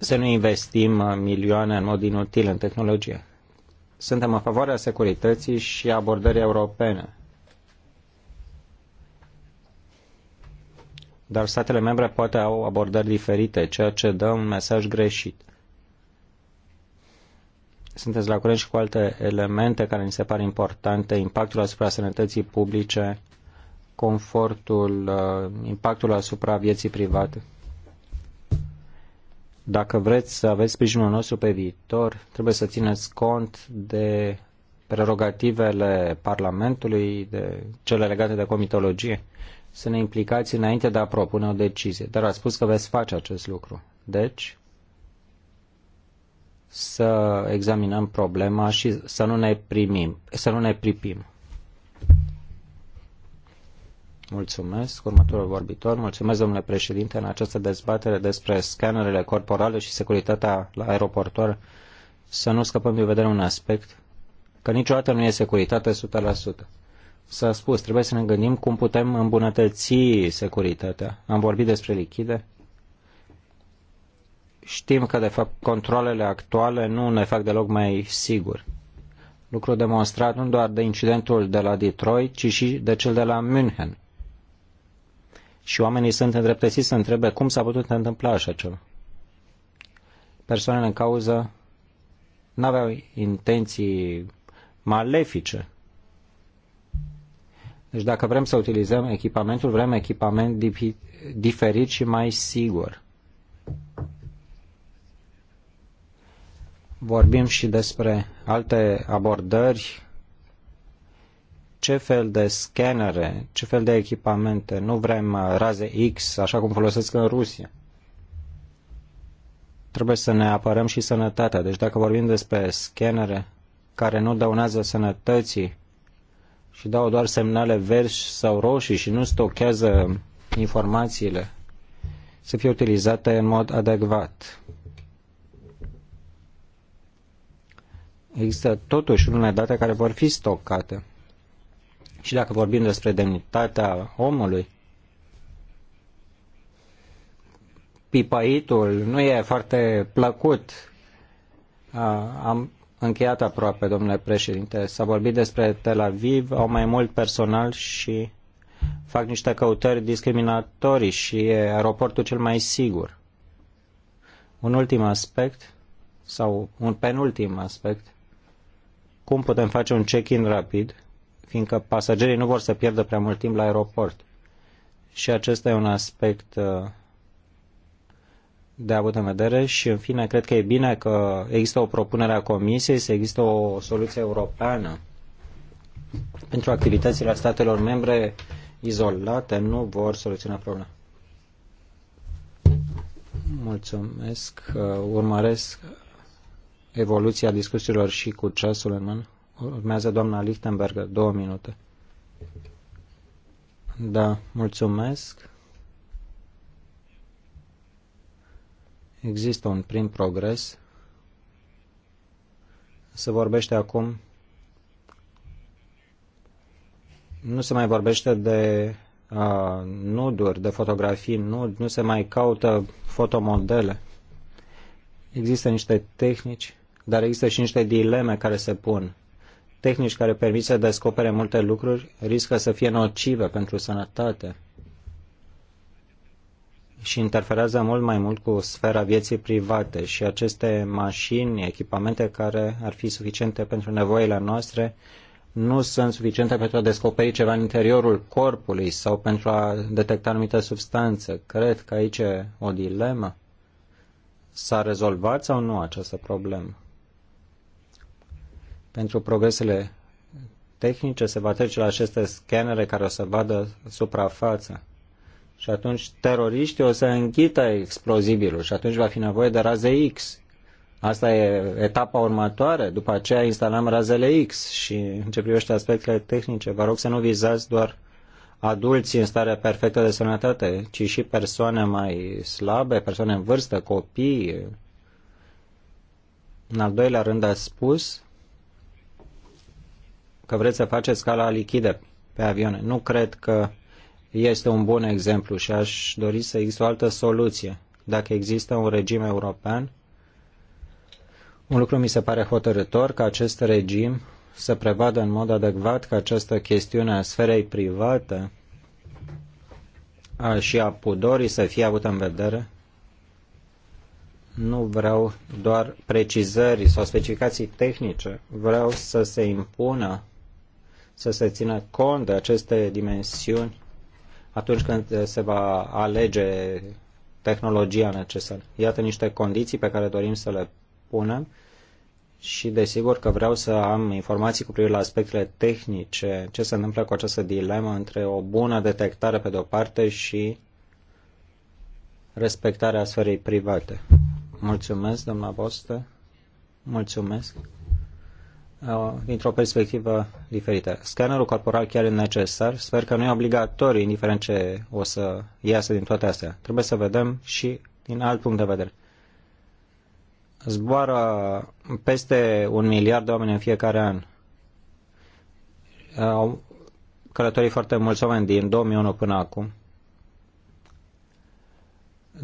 să nu investim uh, milioane în mod inutil în tehnologie. Suntem în favoarea securității și abordării europene. Dar statele membre poate au abordări diferite, ceea ce dă un mesaj greșit. Sunteți la curent și cu alte elemente care ni se par importante, impactul asupra sănătății publice, confortul, uh, impactul asupra vieții private dacă vreți să aveți sprijinul nostru pe viitor, trebuie să țineți cont de prerogativele Parlamentului, de cele legate de comitologie, să ne implicați înainte de a propune o decizie. Dar ați spus că veți face acest lucru. Deci, să examinăm problema și să nu ne primim, să nu ne pripim. Mulțumesc, următorul vorbitor. Mulțumesc, domnule președinte, în această dezbatere despre scanerele corporale și securitatea la aeroportor, să nu scăpăm de vedere un aspect, că niciodată nu e securitate 100%. S-a spus, trebuie să ne gândim cum putem îmbunătăți securitatea. Am vorbit despre lichide. Știm că, de fapt, controlele actuale nu ne fac deloc mai siguri. Lucru demonstrat nu doar de incidentul de la Detroit, ci și de cel de la München și oamenii sunt îndreptățiți să întrebe cum s-a putut întâmpla așa ceva. Persoanele în cauză n-aveau intenții malefice. Deci dacă vrem să utilizăm echipamentul, vrem echipament diferit și mai sigur. Vorbim și despre alte abordări ce fel de scanere, ce fel de echipamente. Nu vrem uh, raze X, așa cum folosesc în Rusia. Trebuie să ne apărăm și sănătatea. Deci dacă vorbim despre scanere care nu dăunează sănătății și dau doar semnale verzi sau roșii și nu stochează informațiile, să fie utilizate în mod adecvat. Există totuși unele date care vor fi stocate și dacă vorbim despre demnitatea omului, pipaitul nu e foarte plăcut. Am încheiat aproape, domnule președinte. S-a vorbit despre Tel Aviv, au mai mult personal și fac niște căutări discriminatorii și e aeroportul cel mai sigur. Un ultim aspect, sau un penultim aspect, cum putem face un check-in rapid fiindcă pasagerii nu vor să pierdă prea mult timp la aeroport. Și acesta e un aspect uh, de avut în vedere și, în fine, cred că e bine că există o propunere a Comisiei, să există o soluție europeană pentru activitățile statelor membre izolate, nu vor soluționa problema. Mulțumesc, uh, urmăresc evoluția discuțiilor și cu ceasul în mână. Urmează doamna Lichtenberger, două minute. Da, mulțumesc. Există un prim progres. Se vorbește acum. Nu se mai vorbește de uh, nuduri, de fotografii nud, nu se mai caută fotomodele. Există niște tehnici, dar există și niște dileme care se pun tehnici care permit să descopere multe lucruri riscă să fie nocive pentru sănătate și interferează mult mai mult cu sfera vieții private și aceste mașini, echipamente care ar fi suficiente pentru nevoile noastre nu sunt suficiente pentru a descoperi ceva în interiorul corpului sau pentru a detecta anumite substanțe. Cred că aici e o dilemă. S-a rezolvat sau nu această problemă? pentru progresele tehnice se va trece la aceste scanere care o să vadă suprafața. Și atunci teroriștii o să închită explozibilul și atunci va fi nevoie de raze X. Asta e etapa următoare. După aceea instalăm razele X și în ce privește aspectele tehnice, vă rog să nu vizați doar adulți în stare perfectă de sănătate, ci și persoane mai slabe, persoane în vârstă, copii. În al doilea rând a spus că vreți să faceți scala lichidă pe avioane. Nu cred că este un bun exemplu și aș dori să există o altă soluție. Dacă există un regim european, un lucru mi se pare hotărător că acest regim să prevadă în mod adecvat că această chestiune a sferei private a și a pudorii să fie avută în vedere. Nu vreau doar precizări sau specificații tehnice, vreau să se impună să se țină cont de aceste dimensiuni atunci când se va alege tehnologia necesară. Iată niște condiții pe care dorim să le punem și desigur că vreau să am informații cu privire la aspectele tehnice, ce se întâmplă cu această dilemă între o bună detectare pe de-o parte și respectarea sferei private. Mulțumesc, doamna Boste. Mulțumesc dintr-o perspectivă diferită. Scannerul corporal chiar e necesar, sper că nu e obligatoriu, indiferent ce o să iasă din toate astea. Trebuie să vedem și din alt punct de vedere. Zboară peste un miliard de oameni în fiecare an. Au călătorit foarte mulți oameni din 2001 până acum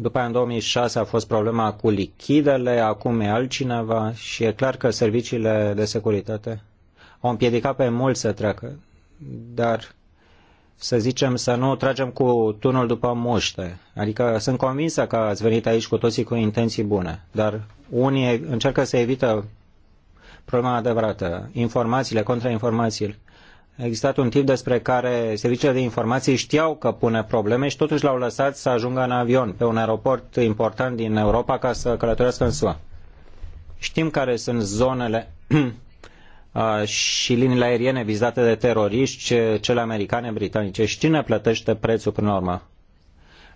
după aia, în 2006 a fost problema cu lichidele, acum e altcineva și e clar că serviciile de securitate au împiedicat pe mulți să treacă, dar să zicem să nu tragem cu tunul după moște. Adică sunt convinsă că ați venit aici cu toții cu intenții bune, dar unii încearcă să evită problema adevărată, informațiile, contrainformațiile. A existat un tip despre care serviciile de informații știau că pune probleme și totuși l-au lăsat să ajungă în avion pe un aeroport important din Europa ca să călătorească în SUA. Știm care sunt zonele și liniile aeriene vizate de teroriști, cele americane, britanice. Și cine plătește prețul până la urmă?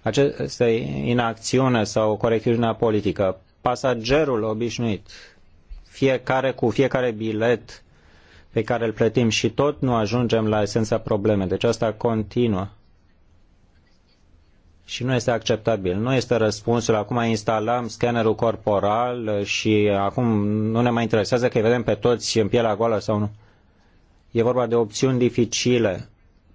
Această inacțiune sau corectiunea politică. Pasagerul obișnuit, fiecare cu fiecare bilet pe care îl plătim și tot nu ajungem la esența problemei. Deci asta continuă. Și nu este acceptabil. Nu este răspunsul. Acum instalăm scannerul corporal și acum nu ne mai interesează că îi vedem pe toți în pielea goală sau nu. E vorba de opțiuni dificile.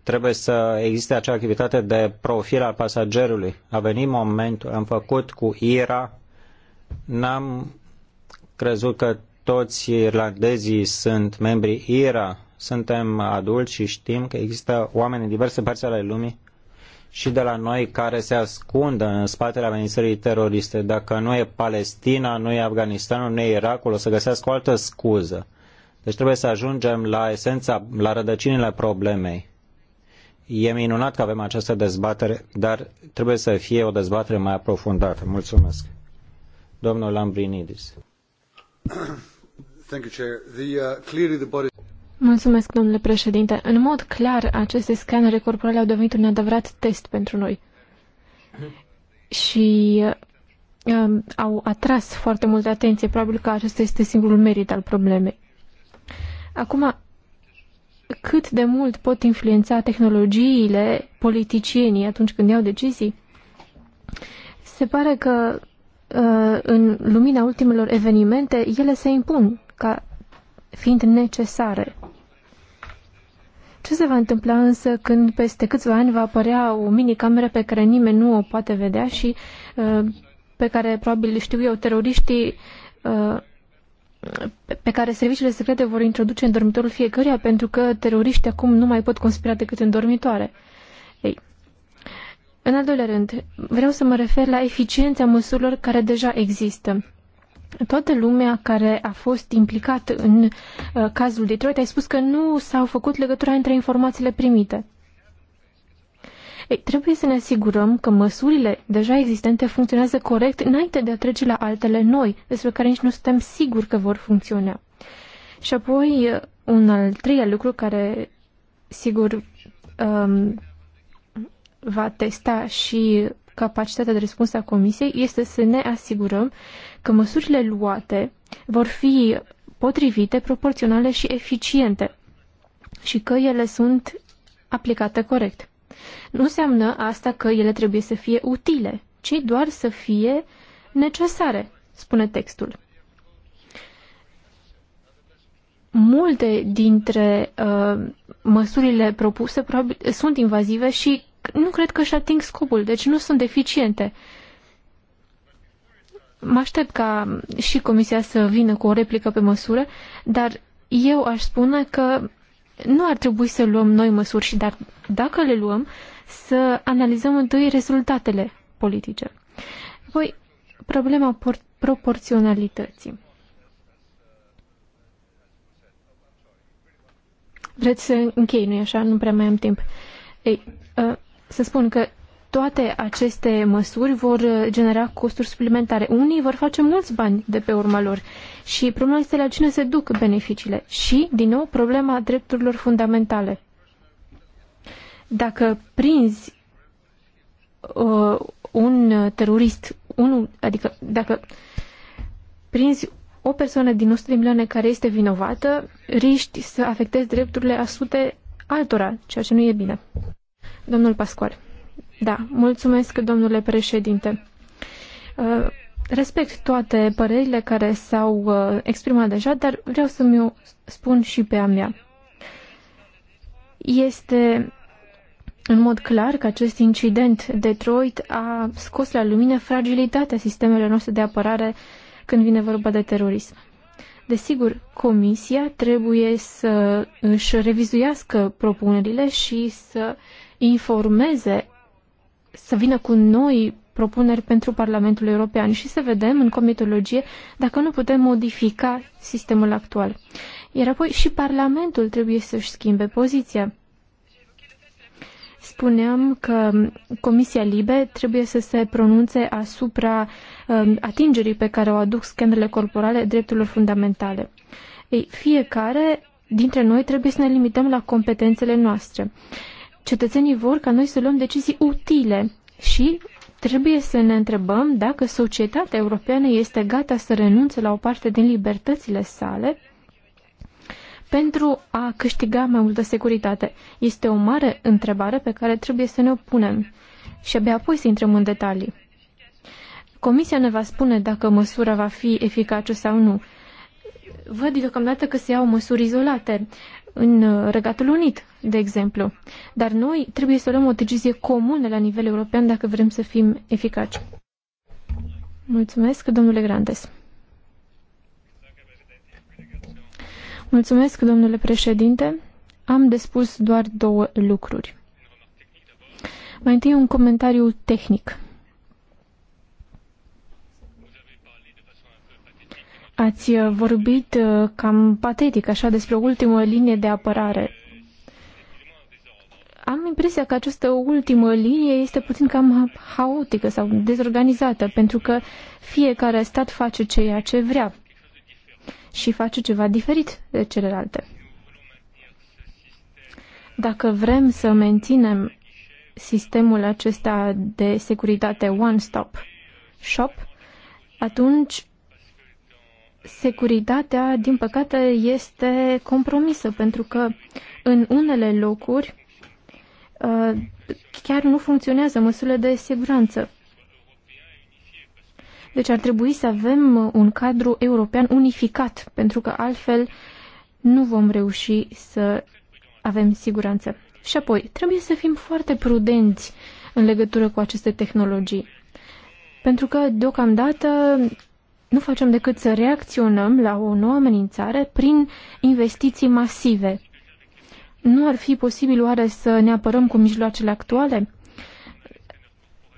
Trebuie să existe acea activitate de profil al pasagerului. A venit momentul, am făcut cu IRA, n-am crezut că toți irlandezii sunt membri IRA, suntem adulți și știm că există oameni în diverse părți ale lumii și de la noi care se ascund în spatele amenințării teroriste. Dacă nu e Palestina, nu e Afganistanul, nu e Irakul, o să găsească o altă scuză. Deci trebuie să ajungem la esența, la rădăcinile problemei. E minunat că avem această dezbatere, dar trebuie să fie o dezbatere mai aprofundată. Mulțumesc. Domnul Lambrinidis. Uh, Mulțumesc, domnule președinte. În mod clar, aceste scanere corporale au devenit un adevărat test pentru noi. Și uh, um, au atras foarte multă atenție. Probabil că acesta este singurul merit al problemei. Acum, cât de mult pot influența tehnologiile politicienii atunci când iau decizii? Se pare că uh, în lumina ultimelor evenimente, ele se impun ca fiind necesare. Ce se va întâmpla însă când peste câțiva ani va apărea o minicameră pe care nimeni nu o poate vedea și uh, pe care probabil știu eu teroriștii uh, pe care serviciile secrete vor introduce în dormitorul fiecăruia pentru că teroriștii acum nu mai pot conspira decât în dormitoare. Ei. În al doilea rând, vreau să mă refer la eficiența măsurilor care deja există toată lumea care a fost implicată în uh, cazul Detroit, ai spus că nu s-au făcut legătura între informațiile primite. Ei, trebuie să ne asigurăm că măsurile deja existente funcționează corect înainte de a trece la altele noi, despre care nici nu suntem siguri că vor funcționa. Și apoi, uh, un al treilea lucru care, sigur, um, va testa și capacitatea de răspuns a Comisiei este să ne asigurăm că măsurile luate vor fi potrivite, proporționale și eficiente și că ele sunt aplicate corect. Nu înseamnă asta că ele trebuie să fie utile, ci doar să fie necesare, spune textul. Multe dintre uh, măsurile propuse probabil, sunt invazive și nu cred că își ating scopul, deci nu sunt eficiente. Uh, mă aștept ca și Comisia să vină cu o replică pe măsură, dar eu aș spune că nu ar trebui să luăm noi măsuri și dar dacă le luăm, să analizăm întâi rezultatele politice. Voi problema proporționalității. Vreți să închei, nu-i așa? Nu prea mai am timp. Ei, ă, să spun că toate aceste măsuri vor genera costuri suplimentare. Unii vor face mulți bani de pe urma lor și problema este la cine se duc beneficiile și, din nou, problema drepturilor fundamentale. Dacă prinzi uh, un terorist, unul, adică dacă prinzi o persoană din 100 de milioane care este vinovată, riști să afectezi drepturile a sute altora, ceea ce nu e bine. Domnul Pascual. Da, mulțumesc, domnule președinte. Uh, respect toate părerile care s-au uh, exprimat deja, dar vreau să mi-o spun și pe a mea. Este în mod clar că acest incident Detroit a scos la lumină fragilitatea sistemelor noastre de apărare când vine vorba de terorism. Desigur, Comisia trebuie să își revizuiască propunerile și să informeze să vină cu noi propuneri pentru Parlamentul European și să vedem în comitologie dacă nu putem modifica sistemul actual. Iar apoi și Parlamentul trebuie să-și schimbe poziția. Spuneam că Comisia Libe trebuie să se pronunțe asupra uh, atingerii pe care o aduc scandalele corporale drepturilor fundamentale. Ei, fiecare dintre noi trebuie să ne limităm la competențele noastre. Uh, Cetățenii vor ca noi să luăm decizii utile și trebuie să ne întrebăm dacă societatea europeană este gata să renunțe la o parte din libertățile sale pentru a câștiga mai multă securitate. Este o mare întrebare pe care trebuie să ne o punem și abia apoi să intrăm în detalii. Comisia ne va spune dacă măsura va fi eficace sau nu. Văd deocamdată că se iau măsuri izolate în Regatul Unit, de exemplu. Dar noi trebuie să luăm o decizie comună la nivel european dacă vrem să fim eficaci. Mulțumesc, domnule Grandes. Mulțumesc, domnule președinte. Am de spus doar două lucruri. Mai întâi un comentariu tehnic. Ați uh, vorbit uh, cam patetic, așa, despre ultimă linie de apărare. Am impresia că această ultimă linie este puțin cam haotică sau dezorganizată, pentru că fiecare stat face ceea ce vrea și face ceva diferit de celelalte. Dacă vrem să menținem sistemul acesta de securitate one-stop shop, atunci securitatea, din păcate, este compromisă, pentru că în unele locuri uh, chiar nu funcționează măsurile de siguranță. Deci ar trebui să avem un cadru european unificat, pentru că altfel nu vom reuși să avem siguranță. Și apoi, trebuie să fim foarte prudenți în legătură cu aceste tehnologii. Pentru că, deocamdată, nu facem decât să reacționăm la o nouă amenințare prin investiții masive. Nu ar fi posibil oare să ne apărăm cu mijloacele actuale?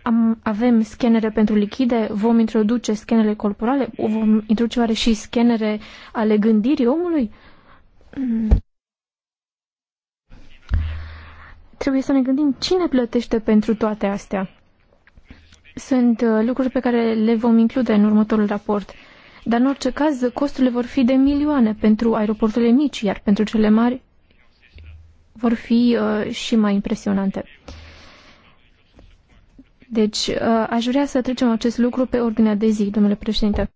Am, avem scanere pentru lichide, vom introduce scanere corporale, vom introduce oare și scanere ale gândirii omului? Trebuie să ne gândim cine plătește pentru toate astea. Sunt uh, lucruri pe care le vom include în următorul raport. Dar în orice caz, costurile vor fi de milioane pentru aeroporturile mici, iar pentru cele mari vor fi uh, și mai impresionante. Deci, uh, aș vrea să trecem acest lucru pe ordinea de zi, domnule președinte.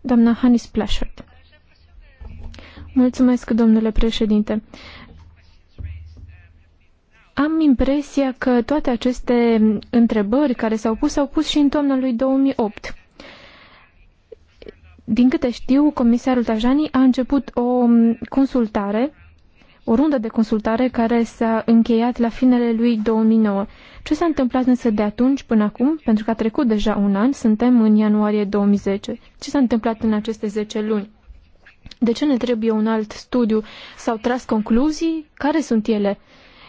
Doamna Hannis Plashert. Mulțumesc, domnule președinte. Am impresia că toate aceste întrebări care s-au pus s-au pus și în toamna lui 2008. Din câte știu, comisarul Tajani a început o consultare, o rundă de consultare care s-a încheiat la finele lui 2009. Ce s-a întâmplat însă de atunci până acum? Pentru că a trecut deja un an, suntem în ianuarie 2010. Ce s-a întâmplat în aceste 10 luni? De ce ne trebuie un alt studiu? S-au tras concluzii? Care sunt ele?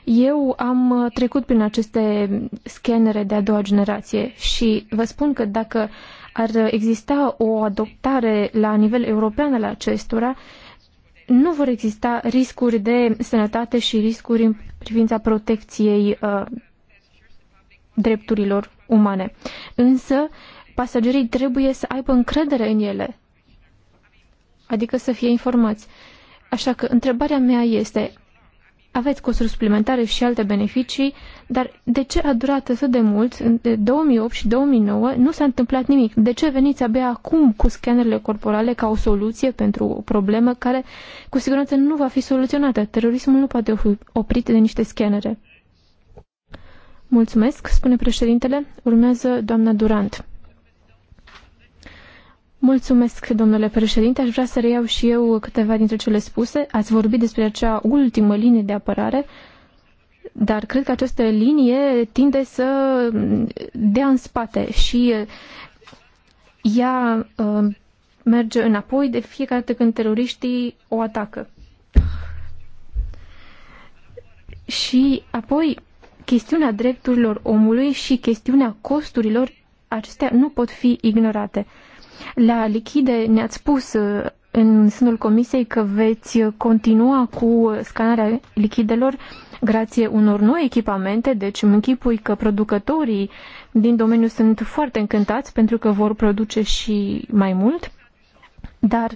Eu am uh, trecut prin aceste scanere de a doua generație și vă spun că dacă ar exista o adoptare la nivel european al acestora, nu vor exista riscuri de sănătate și riscuri în privința protecției uh, drepturilor umane. Însă, pasagerii trebuie să aibă încredere în ele, adică să fie informați. Așa că întrebarea mea este, aveți costuri suplimentare și alte beneficii, dar de ce a durat atât de mult, de 2008 și 2009, nu s-a întâmplat nimic? De ce veniți abia acum cu scanerele corporale ca o soluție pentru o problemă care cu siguranță nu va fi soluționată? Terorismul nu poate fi oprit de niște scanere. Mulțumesc, spune președintele. Urmează doamna Durant. Mulțumesc, domnule președinte. Aș vrea să reiau și eu câteva dintre cele spuse. Ați vorbit despre acea ultimă linie de apărare, dar cred că această linie tinde să dea în spate și uh, ea uh, merge înapoi de fiecare dată când teroriștii o atacă. Și apoi chestiunea drepturilor omului și chestiunea costurilor, acestea nu pot fi ignorate. Uh, la lichide ne-ați spus uh, în sânul comisiei că veți uh, continua cu uh, scanarea lichidelor grație unor noi echipamente, deci îmi închipui că producătorii din domeniu sunt foarte încântați pentru că vor produce și mai mult, dar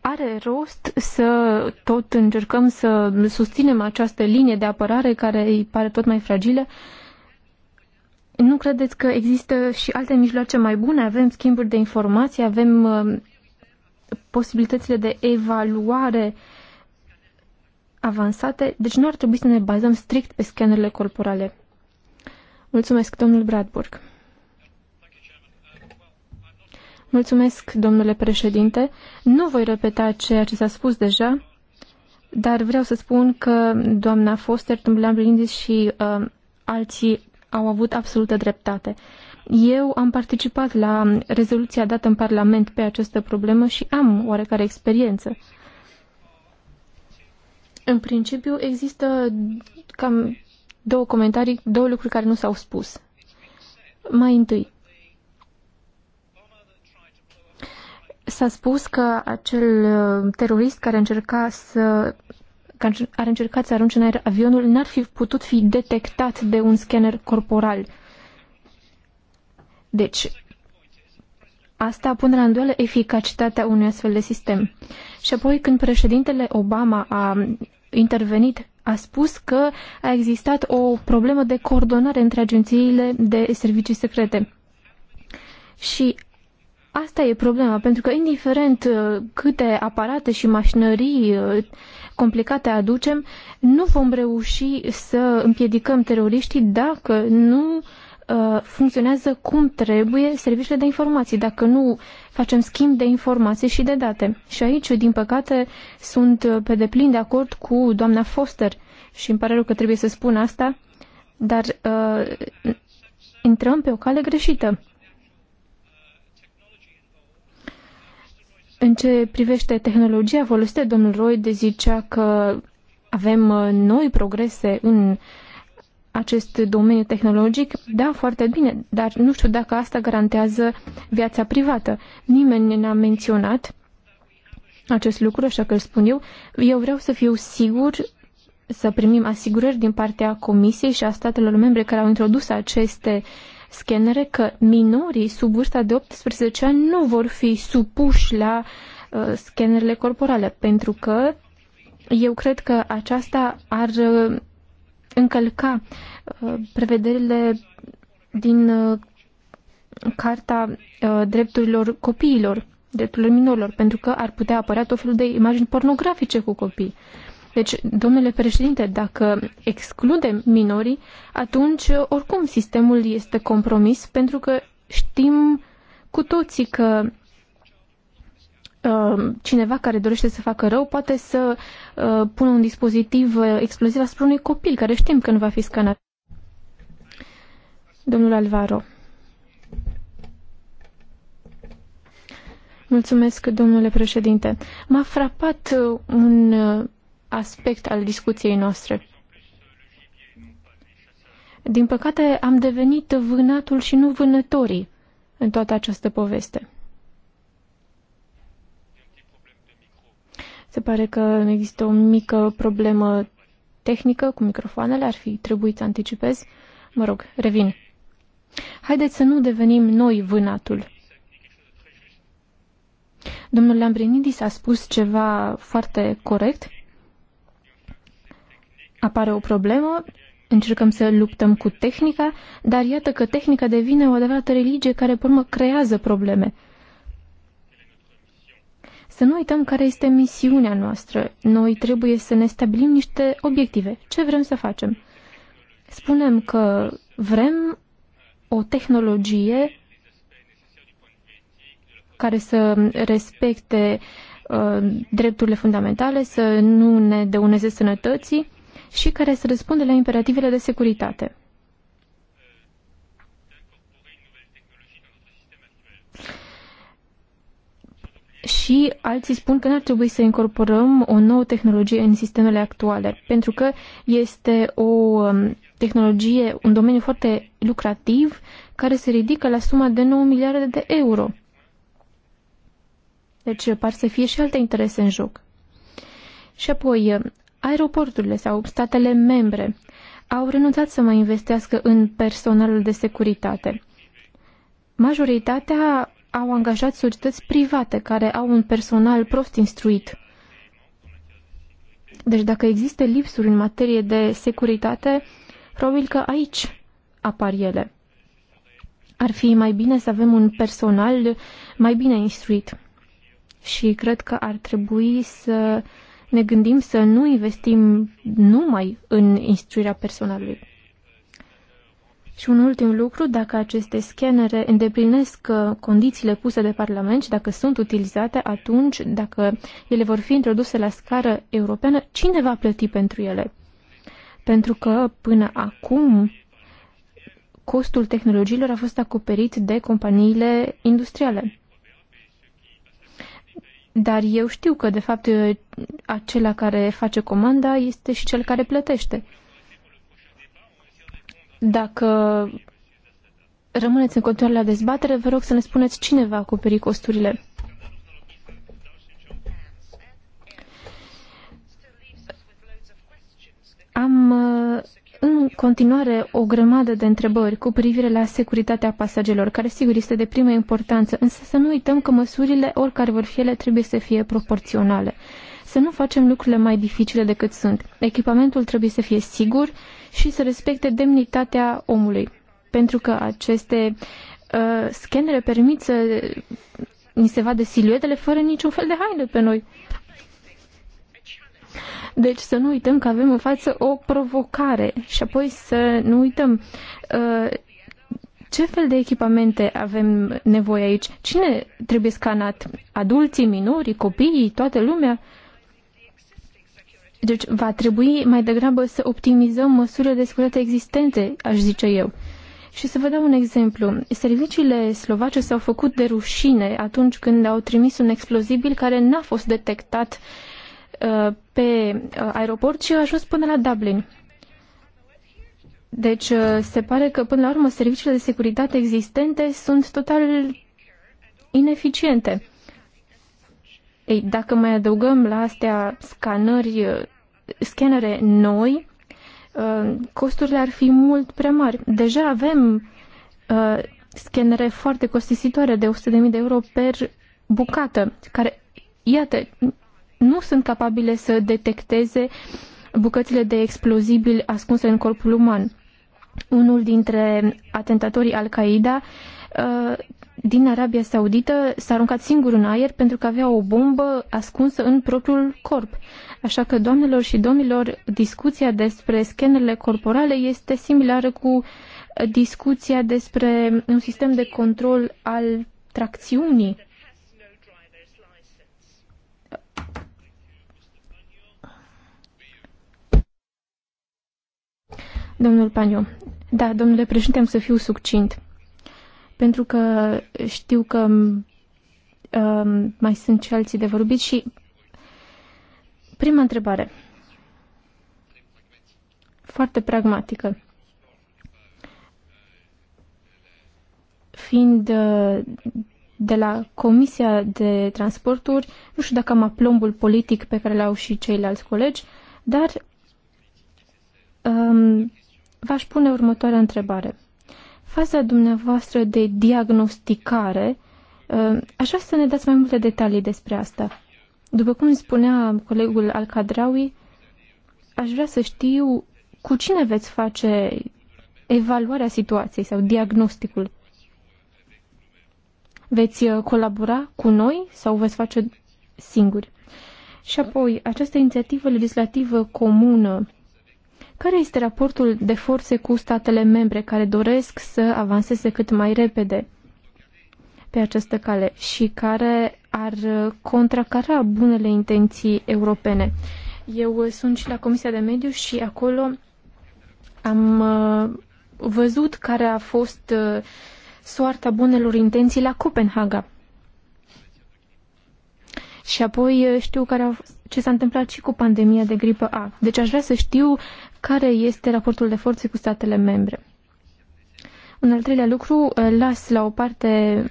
are rost să tot încercăm să susținem această linie de apărare care îi pare tot mai fragilă nu credeți că există și alte mijloace mai bune? Avem schimburi de informații, avem uh, posibilitățile de evaluare avansate, deci nu ar trebui să ne bazăm strict pe scanerele corporale. Mulțumesc, domnul Bradburg. Mulțumesc, domnule președinte. Nu voi repeta ceea ce s-a spus deja, dar vreau să spun că doamna Foster, Tumblan Brindis și uh, alții au avut absolută dreptate. Eu am participat la rezoluția dată în Parlament pe această problemă și am oarecare experiență. În principiu există cam două comentarii, două lucruri care nu s-au spus. Mai întâi, s-a spus că acel uh, terorist care încerca să ar încerca să arunce în aer avionul n-ar fi putut fi detectat de un scanner corporal. Deci, asta pune la îndoială eficacitatea unui astfel de sistem. Și apoi, când președintele Obama a intervenit, a spus că a existat o problemă de coordonare între agențiile de servicii secrete. Și Asta e problema, pentru că indiferent uh, câte aparate și mașinării uh, complicate aducem, nu vom reuși să împiedicăm teroriștii dacă nu uh, funcționează cum trebuie serviciile de informații, dacă nu facem schimb de informații și de date. Și aici, din păcate, sunt pe deplin de acord cu doamna Foster și îmi pare rău că trebuie să spun asta, dar uh, intrăm pe o cale greșită. În ce privește tehnologia folosită, domnul de zicea că avem uh, noi progrese în acest domeniu tehnologic, da, foarte bine, dar nu știu dacă asta garantează viața privată. Nimeni n-a menționat acest lucru, așa că îl spun eu. Eu vreau să fiu sigur să primim asigurări din partea Comisiei și a statelor membre care au introdus aceste uh, scanere că minorii sub vârsta de 18 ani nu vor fi supuși la uh, scanerele corporale, pentru că eu cred că aceasta ar uh, încălca uh, prevederile din uh, Carta uh, Drepturilor Copiilor, Drepturilor Minorilor, pentru că ar putea apărea tot felul de imagini pornografice cu copii. Uh, deci, domnule președinte, dacă excludem minorii, atunci oricum sistemul este compromis pentru că știm cu toții că uh, cineva care dorește să facă rău poate să uh, pună un dispozitiv uh, exploziv asupra unui copil care știm că nu va fi scanat. Domnul Alvaro. Mulțumesc, domnule președinte. M-a frapat uh, un aspect al discuției noastre. Din păcate, am devenit vânatul și nu vânătorii în toată această poveste. Se pare că există o mică problemă tehnică cu microfoanele, ar fi trebuit să anticipez. Mă rog, revin. Haideți să nu devenim noi vânatul. Domnul Lambrinidis a spus ceva foarte corect apare o problemă, încercăm să luptăm cu tehnica, dar iată că tehnica devine o adevărată religie care, pe urmă, creează probleme. Să nu uităm care este misiunea noastră. Noi trebuie să ne stabilim niște obiective. Ce vrem să facem? Spunem că vrem o tehnologie care să respecte uh, drepturile fundamentale, să nu ne dăuneze sănătății, și care să răspundă la imperativele de securitate. Și alții spun că n-ar trebui să incorporăm o nouă tehnologie în sistemele actuale, pentru că este o um, tehnologie, un domeniu foarte lucrativ, care se ridică la suma de 9 miliarde de euro. Deci par să fie și alte interese în joc. Și apoi, Aeroporturile sau statele membre au renunțat să mai investească în personalul de securitate. Majoritatea au angajat societăți private care au un personal prost instruit. Deci dacă există lipsuri în materie de securitate, probabil că aici apar ele. Ar fi mai bine să avem un personal mai bine instruit. Și cred că ar trebui să uh, ne gândim să nu investim numai în instruirea personalului. Și un ultim lucru, dacă aceste scanere îndeplinesc uh, condițiile puse de Parlament și dacă sunt utilizate, atunci, dacă ele vor fi introduse la scară europeană, cine va plăti pentru ele? Pentru că, până acum, costul tehnologiilor a fost acoperit de companiile industriale. Dar eu știu că, de fapt, uh, acela care face comanda este și cel care plătește. Dacă rămâneți în continuare la dezbatere, vă rog să ne spuneți cine va acoperi costurile. Am uh, în continuare o grămadă de întrebări cu privire la securitatea pasagerilor, care sigur este de primă importanță, însă să nu uităm că măsurile, oricare vor fi ele, trebuie să fie proporționale. Să nu facem lucrurile mai dificile decât sunt. Echipamentul trebuie să fie sigur și să respecte demnitatea omului, pentru că aceste uh, scanere permit să ni se vadă siluetele fără niciun fel de haine pe noi. Deci să nu uităm că avem în față o provocare și apoi să nu uităm uh, ce fel de echipamente avem nevoie aici? Cine trebuie scanat? Adulții, minorii, copiii, toată lumea? Deci va trebui mai degrabă să optimizăm măsurile de securitate existente, aș zice eu. Și să vă dau un exemplu. Serviciile slovace s-au făcut de rușine atunci când au trimis un explozibil care n-a fost detectat uh, pe uh, aeroport și a ajuns până la Dublin. Deci uh, se pare că până la urmă serviciile de securitate existente sunt total ineficiente. Ei, dacă mai adăugăm la astea scanări, uh, scanere noi, costurile ar fi mult prea mari. Deja avem scanere foarte costisitoare de 100.000 de euro per bucată, care, iată, nu sunt capabile să detecteze bucățile de explozibil ascunse în corpul uman. Unul dintre atentatorii Al-Qaeda uh, din Arabia Saudită s-a aruncat singur în aer pentru că avea o bombă ascunsă în propriul corp. Așa că, doamnelor și domnilor, discuția despre scanerele corporale este similară cu discuția despre un sistem de control al tracțiunii. Domnul Paniu, da, domnule președinte, am să fiu succint, pentru că știu că um, mai sunt și alții de vorbit și prima întrebare, foarte pragmatică. Fiind uh, de la Comisia de Transporturi, nu știu dacă am aplombul politic pe care l-au și ceilalți colegi, dar um, v-aș pune următoarea întrebare. Faza dumneavoastră de diagnosticare, ă, aș vrea să ne dați mai multe detalii despre asta. După cum spunea colegul Alcadraui, aș vrea să știu cu cine veți face evaluarea situației sau diagnosticul. Veți ă, colabora cu noi sau veți face singuri? Și apoi, această inițiativă legislativă comună care este raportul de forțe cu statele membre care doresc să avanseze cât mai repede pe această cale și care ar contracara bunele intenții europene? Eu uh, sunt și la Comisia de Mediu și acolo am uh, văzut care a fost uh, soarta bunelor intenții la Copenhaga. Și apoi știu care a fost ce s-a întâmplat și cu pandemia de gripă A. Deci aș vrea să știu care este raportul de forțe cu statele membre. Un al treilea lucru, eh, las la o parte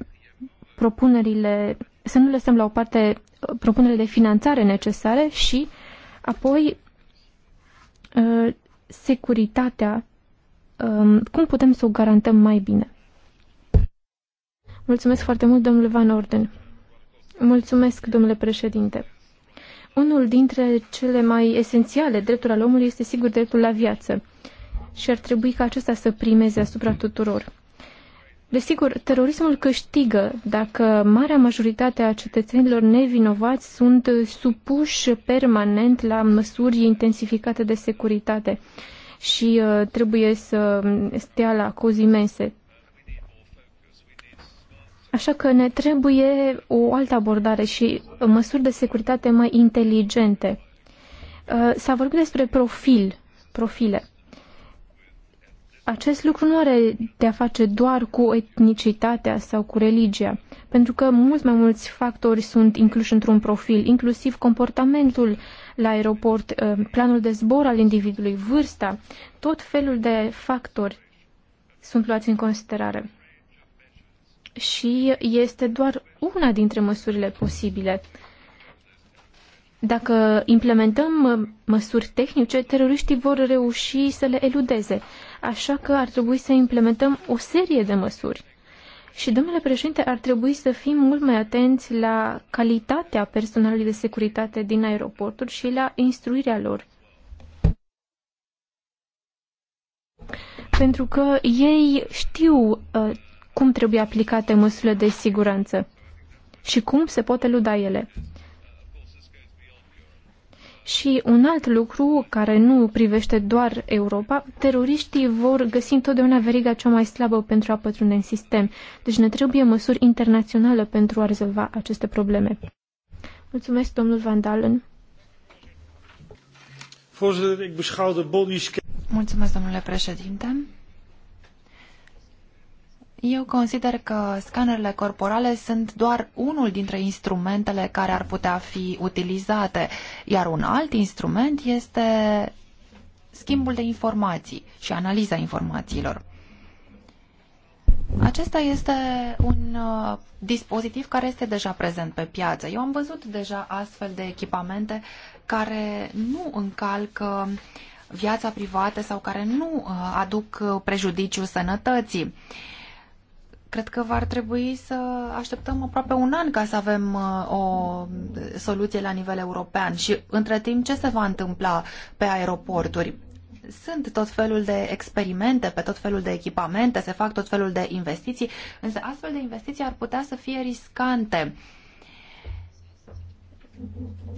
propunerile, să nu lăsăm la o parte eh, propunerile de finanțare necesare și apoi eh, securitatea, ehm, cum putem să o garantăm mai bine. Mulțumesc foarte mult, domnule Van Orden. Mulțumesc, domnule președinte. Unul dintre cele mai esențiale drepturi al omului este sigur dreptul la viață și ar trebui ca acesta să primeze asupra tuturor. Desigur, terorismul câștigă dacă marea majoritate a cetățenilor nevinovați sunt supuși permanent la măsuri intensificate de securitate și uh, trebuie să stea la cozi imense. Așa că ne trebuie o altă abordare și măsuri de securitate mai inteligente. Uh, s-a vorbit despre profil, profile. Acest lucru nu are de a face doar cu etnicitatea sau cu religia, pentru că mulți, mai mulți factori sunt incluși într-un profil, inclusiv comportamentul la aeroport, uh, planul de zbor al individului, vârsta, tot felul de factori sunt luați în considerare și este doar una dintre măsurile posibile. Dacă implementăm măsuri tehnice, teroriștii vor reuși să le eludeze, așa că ar trebui să implementăm o serie de măsuri. Și, domnule președinte, ar trebui să fim mult mai atenți la calitatea personalului de securitate din aeroporturi și la instruirea lor. Pentru că ei știu uh, cum trebuie aplicate măsurile de siguranță și cum se pot eluda ele. Și un alt lucru care nu privește doar Europa, teroriștii vor găsi întotdeauna veriga cea mai slabă pentru a pătrunde în sistem. Deci ne trebuie măsuri internaționale pentru a rezolva aceste probleme. Mulțumesc, domnul Van Dalen. Mulțumesc, domnule președinte. Eu consider că scanerele corporale sunt doar unul dintre instrumentele care ar putea fi utilizate, iar un alt instrument este schimbul de informații și analiza informațiilor. Acesta este un uh, dispozitiv care este deja prezent pe piață. Eu am văzut deja astfel de echipamente care nu încalcă viața privată sau care nu uh, aduc uh, prejudiciu sănătății. Uh, Cred că va trebui să așteptăm aproape un an ca să avem uh, o uh, soluție la nivel european. Și între timp, ce se va întâmpla pe aeroporturi? Sunt tot felul de experimente pe tot felul de echipamente, se fac tot felul de investiții, însă astfel de investiții ar putea să fie riscante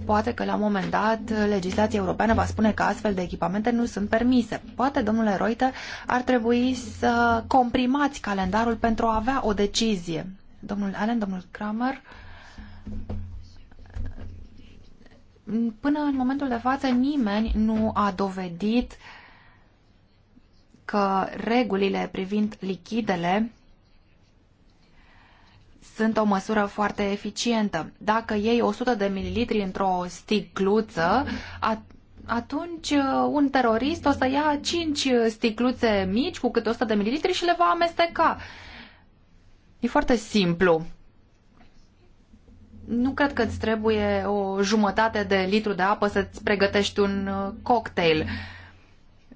Poate că la un moment dat legislația europeană va spune că astfel de echipamente nu sunt permise. Poate, domnule Reuter, ar trebui să comprimați calendarul pentru a avea o decizie. Domnul Allen, domnul Kramer, până în momentul de față nimeni nu a dovedit că regulile privind lichidele sunt o măsură foarte eficientă. Dacă iei 100 de mililitri într-o sticluță, atunci uh, un terorist o să ia 5 uh, sticluțe mici cu câte 100 de mililitri și le va amesteca. E foarte simplu. Nu cred că îți trebuie o jumătate de litru de apă să-ți pregătești un uh, cocktail. Uh,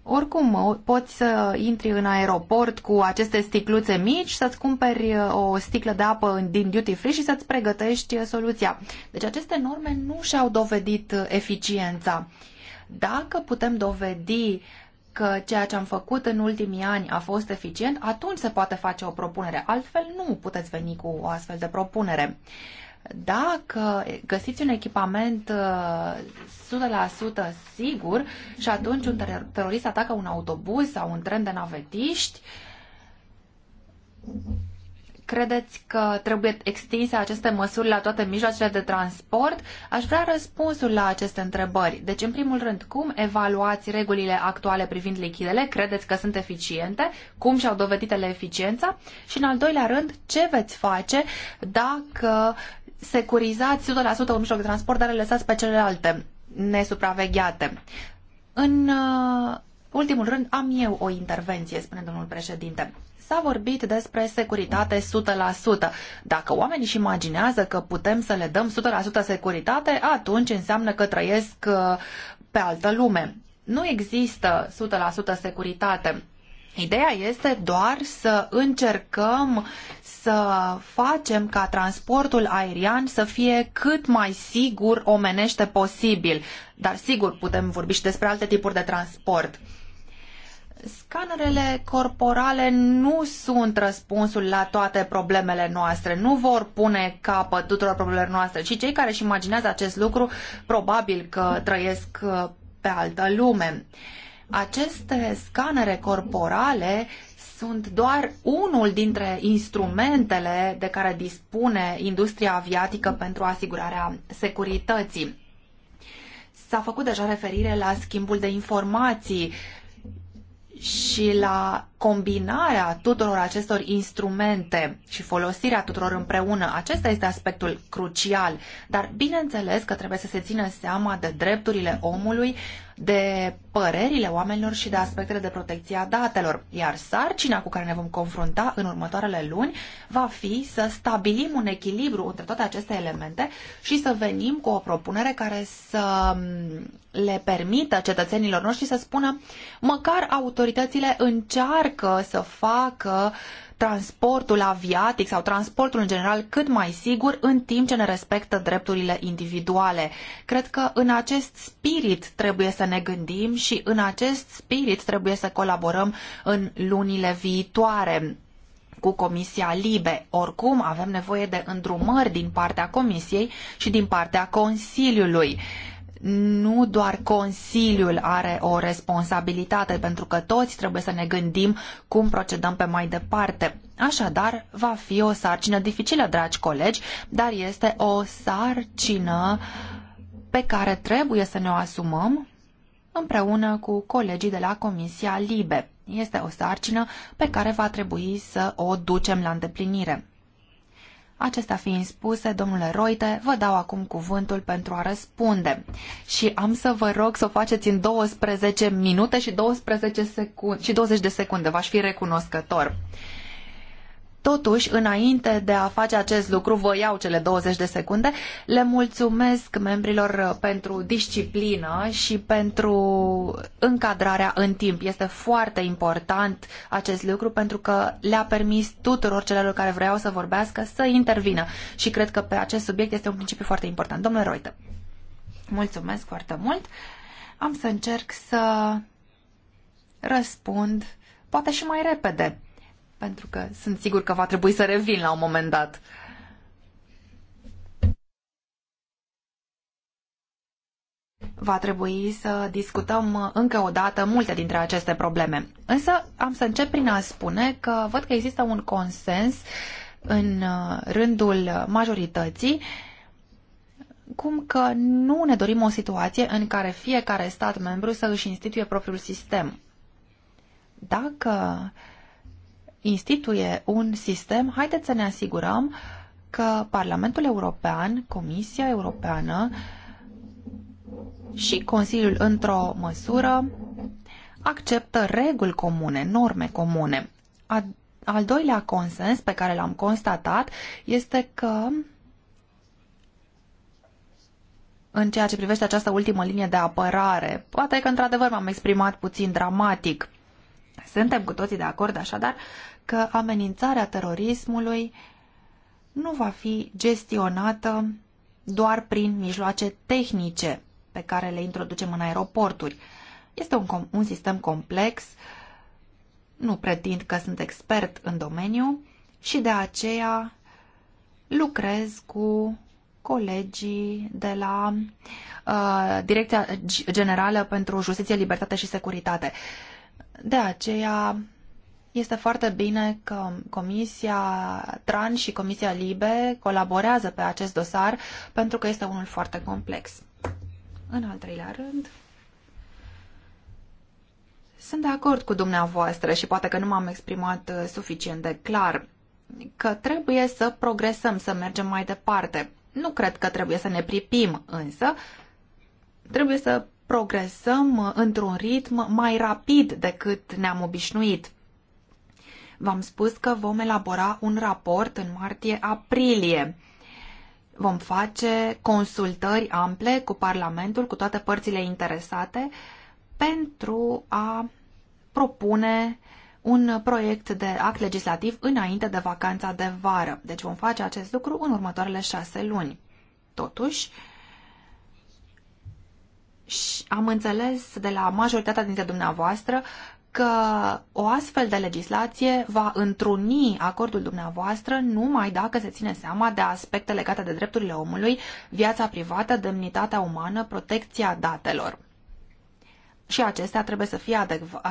oricum, poți să intri în aeroport cu aceste sticluțe mici, să-ți cumperi uh, o sticlă de apă din duty free și să-ți pregătești uh, soluția. Deci aceste norme nu și-au dovedit uh, eficiența. Dacă putem dovedi că ceea ce am făcut în ultimii ani a fost eficient, atunci se poate face o propunere. Altfel nu puteți veni cu o astfel de propunere. Dacă găsiți un echipament 100% uh, sigur și atunci un terorist atacă un autobuz sau un tren de navetiști, credeți că trebuie extinse aceste măsuri la toate mijloacele de transport? Aș vrea răspunsul la aceste întrebări. Deci, în primul rând, cum evaluați regulile actuale privind lichidele? Credeți că sunt eficiente? Cum și-au dovedit ele eficiența? Și, în al doilea rând, ce veți face dacă securizați 100% un mijloc de transport, dar le lăsați pe celelalte nesupravegheate. În uh, ultimul rând, am eu o intervenție, spune domnul președinte. S-a vorbit despre securitate 100%. Dacă oamenii își imaginează că putem să le dăm 100% securitate, atunci înseamnă că trăiesc uh, pe altă lume. Nu există 100% securitate. Ideea este doar să încercăm să facem ca transportul aerian să fie cât mai sigur omenește posibil. Dar sigur putem vorbi și despre alte tipuri de transport. Scanerele corporale nu sunt răspunsul la toate problemele noastre, nu vor pune capăt tuturor problemelor noastre și cei care își imaginează acest lucru probabil că trăiesc uh, pe altă lume. Uh, aceste scanere corporale sunt doar unul dintre instrumentele de care dispune industria aviatică pentru asigurarea securității. S-a făcut deja referire la schimbul de informații și la combinarea tuturor acestor instrumente și folosirea tuturor împreună. Acesta este aspectul crucial, dar bineînțeles că trebuie să se țină seama de drepturile omului, de părerile oamenilor și de aspectele de protecție a datelor, iar sarcina cu care ne vom confrunta în următoarele luni va fi să stabilim un echilibru între toate aceste elemente și să venim cu o propunere care să le permită cetățenilor noștri să spună măcar autoritățile încearcă să facă uh, transportul aviatic sau transportul în general cât mai sigur în timp ce ne respectă drepturile individuale. Cred că în acest spirit trebuie să ne gândim și în acest spirit trebuie să colaborăm în lunile viitoare cu Comisia Libe. Oricum, avem nevoie de îndrumări din partea Comisiei și din partea Consiliului nu doar Consiliul are o responsabilitate, pentru că toți trebuie să ne gândim cum procedăm pe mai departe. Așadar, va fi o sarcină dificilă, dragi colegi, dar este o sarcină pe care trebuie să ne o asumăm împreună cu colegii de la Comisia Libe. Este o sarcină pe care va trebui să o ducem la îndeplinire. Acestea fiind spuse, domnule Roite, vă dau acum cuvântul pentru a răspunde. Și am să vă rog să o faceți în 12 minute și, 12 secunde, și 20 de secunde. V-aș fi recunoscător. Totuși, înainte de a face acest lucru, vă iau cele 20 de secunde, le mulțumesc membrilor pentru disciplină și pentru încadrarea în timp. Este foarte important acest lucru pentru că le-a permis tuturor celor care vreau să vorbească să intervină și cred că pe acest subiect este un principiu foarte important. Domnule Roită, mulțumesc foarte mult. Am să încerc să răspund poate și mai repede pentru că sunt sigur că va trebui să revin la un moment dat. Va trebui să discutăm încă o dată multe dintre aceste probleme. Însă am să încep prin a spune că văd că există un consens în uh, rândul majorității cum că nu ne dorim o situație în care fiecare stat membru să își instituie propriul sistem. Dacă uh, instituie un sistem, haideți să ne asigurăm că Parlamentul European, Comisia Europeană și Consiliul într-o măsură acceptă reguli comune, norme comune. al doilea consens pe care l-am constatat este că în ceea ce privește această ultimă linie de apărare, poate că într-adevăr m-am exprimat puțin dramatic. Suntem cu toții de acord așadar că amenințarea terorismului nu va fi gestionată doar prin mijloace tehnice pe care le introducem în aeroporturi. Este un, com- un sistem complex, nu pretind că sunt expert în domeniu și de aceea lucrez cu colegii de la uh, Direcția Generală pentru Justiție, Libertate și Securitate. De aceea este foarte bine că Comisia TRAN și Comisia LIBE colaborează pe acest dosar pentru că este unul foarte complex. În al treilea rând, sunt de acord cu dumneavoastră și poate că nu m-am exprimat uh, suficient de clar că trebuie să progresăm, să mergem mai departe. Nu cred că trebuie să ne pripim, însă trebuie să progresăm uh, într-un ritm mai rapid decât ne-am obișnuit V-am spus că vom elabora un raport în martie-aprilie. Vom face consultări ample cu Parlamentul, cu toate părțile interesate, pentru a propune un proiect de act legislativ înainte de vacanța de vară. Deci vom face acest lucru în următoarele șase luni. Totuși, am înțeles de la majoritatea dintre dumneavoastră că o astfel de legislație va întruni acordul dumneavoastră numai dacă se ține seama de aspecte legate de drepturile omului, viața privată, demnitatea umană, protecția datelor. Și acestea trebuie să fie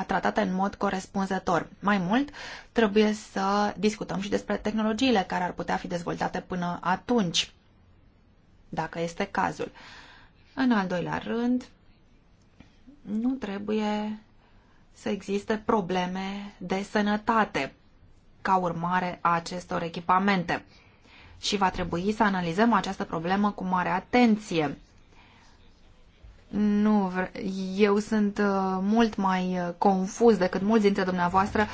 tratate în mod corespunzător. Mai mult, trebuie să discutăm și despre tehnologiile care ar putea fi dezvoltate până atunci, dacă este cazul. În al doilea rând, nu trebuie să existe probleme de sănătate ca urmare a acestor echipamente. Și va trebui să analizăm această problemă cu mare atenție. Nu, eu sunt uh, mult mai uh, confuz decât mulți dintre dumneavoastră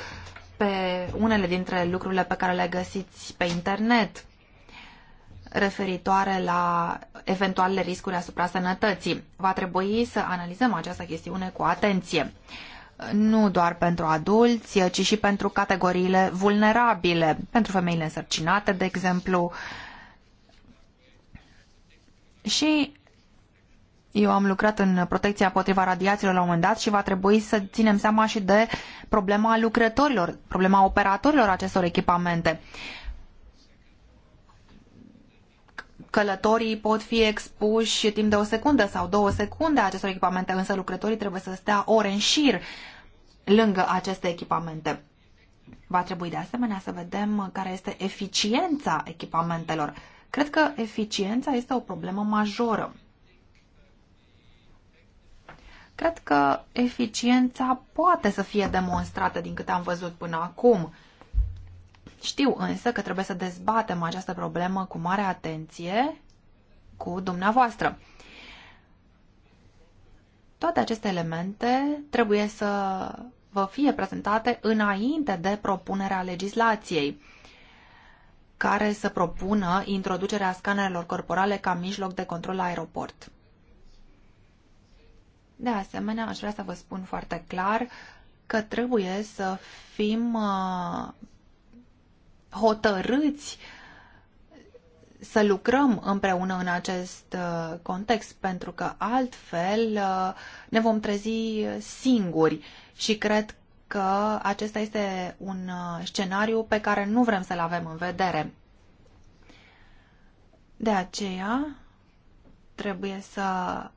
pe unele dintre lucrurile pe care le găsiți pe internet referitoare la eventualele riscuri asupra sănătății. Va trebui să analizăm această chestiune cu atenție nu doar pentru adulți, ci și pentru categoriile vulnerabile, pentru femeile însărcinate, de exemplu. Și eu am lucrat în protecția împotriva radiațiilor la un moment dat și va trebui să ținem seama și de problema lucrătorilor, problema operatorilor acestor echipamente călătorii pot fi expuși timp de o secundă sau două secunde acestor echipamente, însă lucrătorii trebuie să stea ore în șir lângă aceste echipamente. Va trebui de asemenea să vedem care este eficiența echipamentelor. Cred că eficiența este o problemă majoră. Cred că eficiența poate să fie demonstrată din câte am văzut până acum. Știu însă că trebuie să dezbatem această problemă cu mare atenție cu dumneavoastră. Toate aceste elemente trebuie să vă fie prezentate înainte de propunerea legislației care să propună introducerea scanerelor corporale ca mijloc de control la aeroport. De asemenea, aș vrea să vă spun foarte clar că trebuie să fim uh, hotărâți să lucrăm împreună în acest uh, context, pentru că altfel uh, ne vom trezi singuri și cred că acesta este un uh, scenariu pe care nu vrem să-l avem în vedere. De aceea trebuie să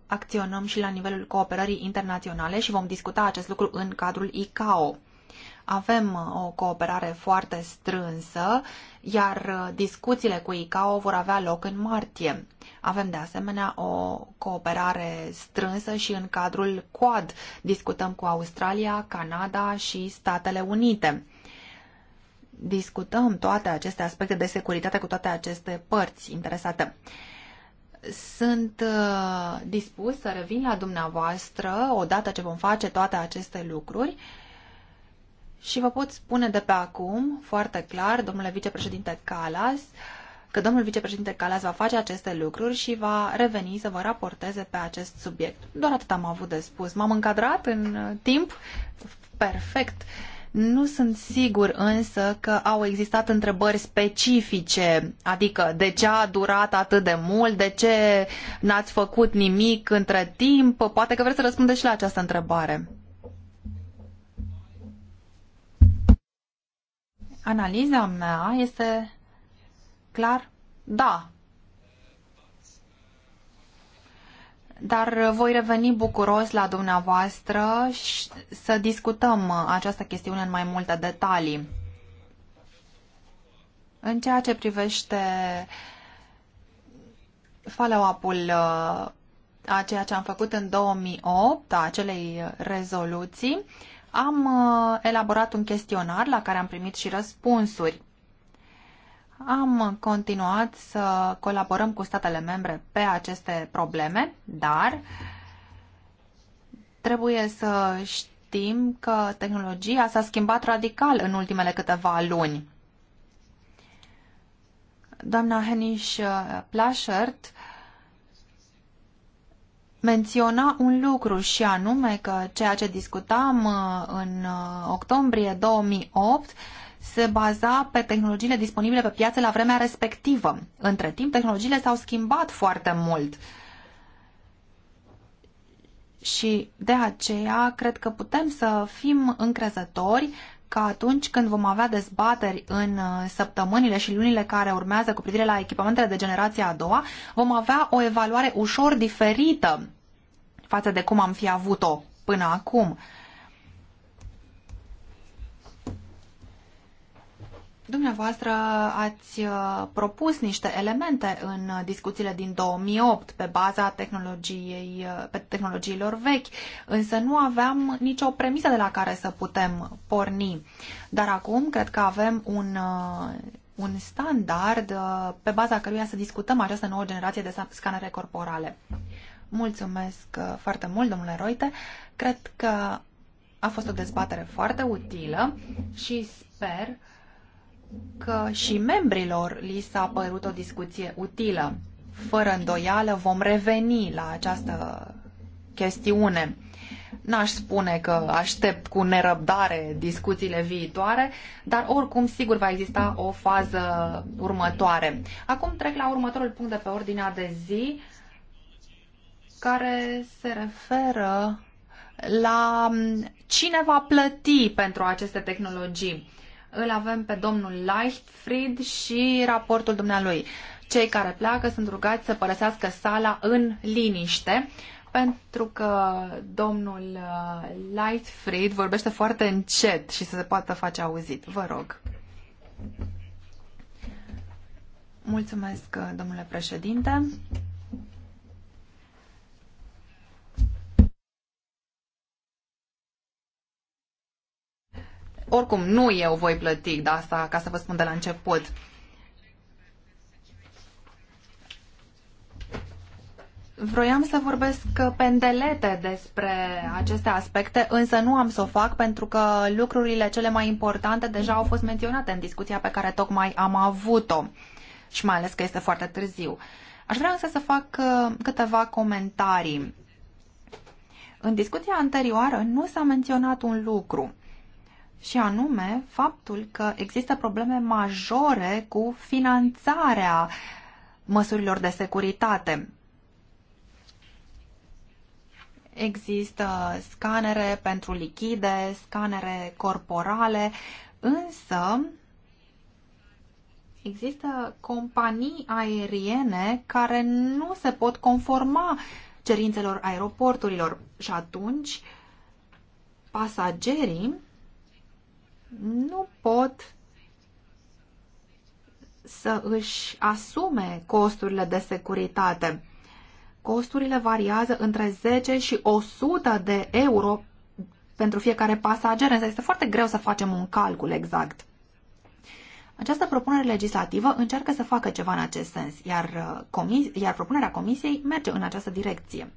acționăm și la nivelul cooperării internaționale și vom discuta acest lucru în cadrul ICAO. Avem uh, o cooperare foarte strânsă, iar uh, discuțiile cu ICAO vor avea loc în martie. Avem de asemenea o cooperare strânsă și în cadrul Quad. Discutăm cu Australia, Canada și Statele Unite discutăm toate aceste aspecte de securitate cu toate aceste părți interesate. Sunt uh, dispus să revin la dumneavoastră odată ce vom face toate aceste lucruri și vă pot spune de pe acum, foarte clar, domnule vicepreședinte Calas, că domnul vicepreședinte Calas va face aceste lucruri și va reveni să vă raporteze pe acest subiect. Doar atât am avut de spus. M-am încadrat în uh, timp? Perfect. Nu sunt sigur însă că au existat întrebări specifice, adică de ce a durat atât de mult, de ce n-ați făcut nimic între timp. Poate că vreți să răspundeți și la această întrebare. Analiza mea este clar da. Dar voi reveni bucuros la dumneavoastră și să discutăm această chestiune în mai multe detalii. În ceea ce privește follow-up-ul uh, a ceea ce am făcut în 2008, a acelei rezoluții, am uh, elaborat un chestionar la care am primit și răspunsuri. Am continuat să colaborăm cu statele membre pe aceste probleme, dar trebuie să știm că tehnologia s-a schimbat radical în ultimele câteva luni. Doamna Henish Plashert menționa un lucru și anume că ceea ce discutam uh, în uh, octombrie 2008 se baza pe tehnologiile disponibile pe piață la vremea respectivă. Între timp, tehnologiile s-au schimbat foarte mult. Și de aceea cred că putem să fim încrezători ca atunci când vom avea dezbateri în uh, săptămânile și lunile care urmează cu privire la echipamentele de generația a doua, vom avea o evaluare ușor diferită față de cum am fi avut-o până acum. Dumneavoastră ați uh, propus niște elemente în uh, discuțiile din 2008 pe baza tehnologiei, uh, pe tehnologiilor vechi, însă nu aveam nicio premisă de la care să putem porni. Dar acum cred că avem un, un standard pe baza căruia să discutăm această nouă generație de scanere corporale. Mulțumesc foarte mult, domnule Roite. Cred că a fost o dezbatere foarte utilă și sper că și membrilor li s-a părut o discuție utilă. Fără îndoială vom reveni la această chestiune. N-aș spune că aștept cu nerăbdare discuțiile viitoare, dar oricum sigur va exista o fază următoare. Acum trec la următorul punct de pe ordinea de zi, care se referă la cine va plăti pentru aceste tehnologii îl avem pe domnul Leichtfried și raportul dumnealui. Cei care pleacă sunt rugați să părăsească sala în liniște, pentru că domnul uh, Leichtfried vorbește foarte încet și să se poată face auzit. Vă rog. Mulțumesc, uh, domnule președinte. Oricum, nu eu voi plăti, de da, asta ca să vă spun de la început. Vroiam să vorbesc pendelete despre aceste aspecte, însă nu am să o fac pentru că lucrurile cele mai importante deja au fost menționate în discuția pe care tocmai am avut-o și mai ales că este foarte târziu. Aș vrea însă să fac uh, câteva comentarii. În discuția anterioară nu s-a menționat un lucru și anume faptul că există probleme majore cu finanțarea măsurilor de securitate. Există scanere pentru lichide, scanere corporale, însă există companii aeriene care nu se pot conforma cerințelor aeroporturilor și atunci pasagerii nu pot să își asume costurile de securitate. Costurile variază între 10 și 100 de euro pentru fiecare pasager, însă este foarte greu să facem un calcul exact. Această propunere legislativă încearcă să facă ceva în acest sens, iar, uh, comis- iar propunerea Comisiei merge în această direcție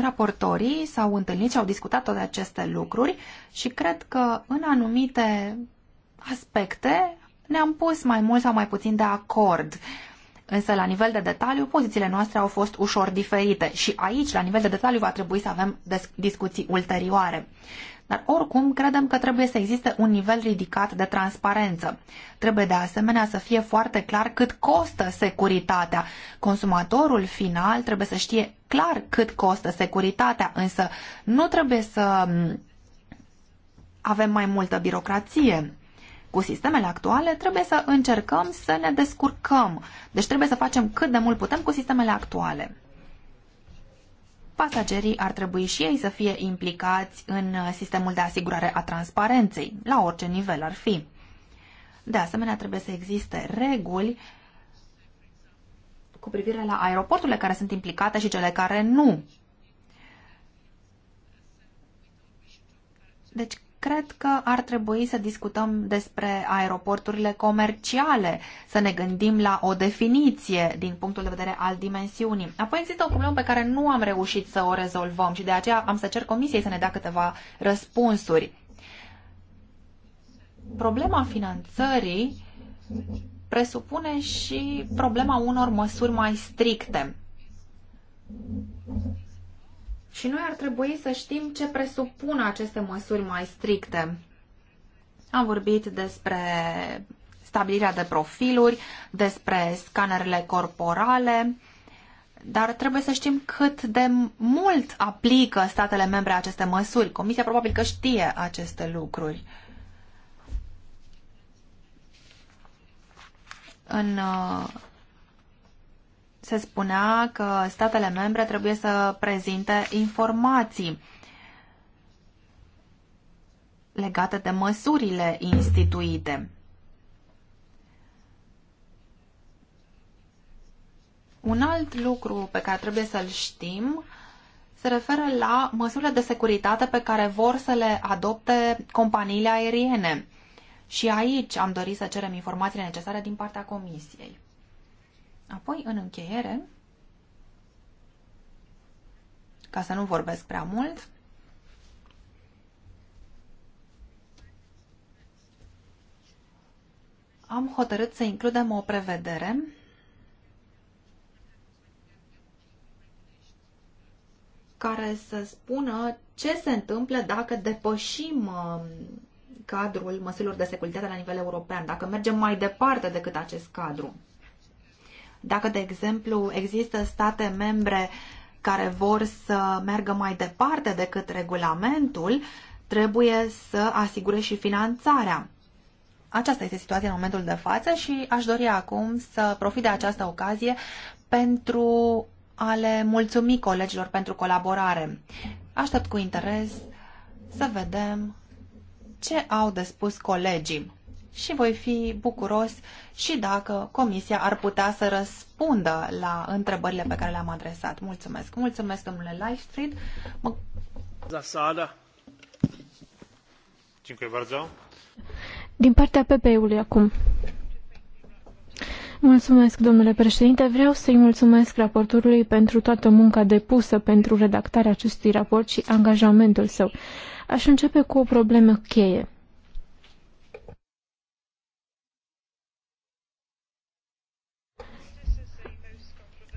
raportorii s-au întâlnit și au discutat toate aceste lucruri și cred că în anumite aspecte ne-am pus mai mult sau mai puțin de acord. Însă, la nivel de detaliu, pozițiile noastre au fost ușor diferite și aici, la nivel de detaliu, va trebui să avem discuții ulterioare. Dar oricum, credem că trebuie să existe un nivel ridicat de transparență. Trebuie de asemenea să fie foarte clar cât costă securitatea. Consumatorul final trebuie să știe clar cât costă securitatea, însă nu trebuie să mm, avem mai multă birocrație. Cu sistemele actuale trebuie să încercăm să ne descurcăm. Deci trebuie să facem cât de mult putem cu sistemele actuale pasagerii ar trebui și ei să fie implicați în uh, sistemul de asigurare a transparenței, la orice nivel ar fi. De asemenea, trebuie să existe reguli cu privire la aeroporturile care sunt implicate și cele care nu. Deci, Cred că ar trebui să discutăm despre aeroporturile comerciale, să ne gândim la o definiție din punctul de vedere al dimensiunii. Apoi există o problemă pe care nu am reușit să o rezolvăm și de aceea am să cer comisiei să ne dea câteva răspunsuri. Problema finanțării presupune și problema unor măsuri mai stricte. Și noi ar trebui să știm ce presupun aceste măsuri mai stricte. Am vorbit despre stabilirea de profiluri, despre scanerele corporale, dar trebuie să știm cât de mult aplică statele membre aceste măsuri. Comisia probabil că știe aceste lucruri. În uh, se spunea că statele membre trebuie să prezinte informații legate de măsurile instituite. Un alt lucru pe care trebuie să-l știm se referă la măsurile de securitate pe care vor să le adopte companiile aeriene. Și aici am dorit să cerem informațiile necesare din partea Comisiei. Apoi, în încheiere, ca să nu vorbesc prea mult, am hotărât să includem o prevedere care să spună ce se întâmplă dacă depășim um, cadrul măsurilor de securitate la nivel european, dacă mergem mai departe decât acest cadru. Dacă, de exemplu, există state membre care vor să meargă mai departe decât regulamentul, trebuie să asigure și finanțarea. Aceasta este situația în momentul de față și aș dori acum să profit de această ocazie pentru a le mulțumi colegilor pentru colaborare. Aștept cu interes să vedem ce au de spus colegii și voi fi bucuros și dacă comisia ar putea să răspundă la întrebările pe care le-am adresat. Mulțumesc. Mulțumesc, domnule Leichtfried. Mă... Zasada. Din partea ppe ului acum. Mulțumesc, domnule președinte. Vreau să-i mulțumesc raportorului pentru toată munca depusă pentru redactarea acestui raport și angajamentul său. Aș începe cu o problemă cheie.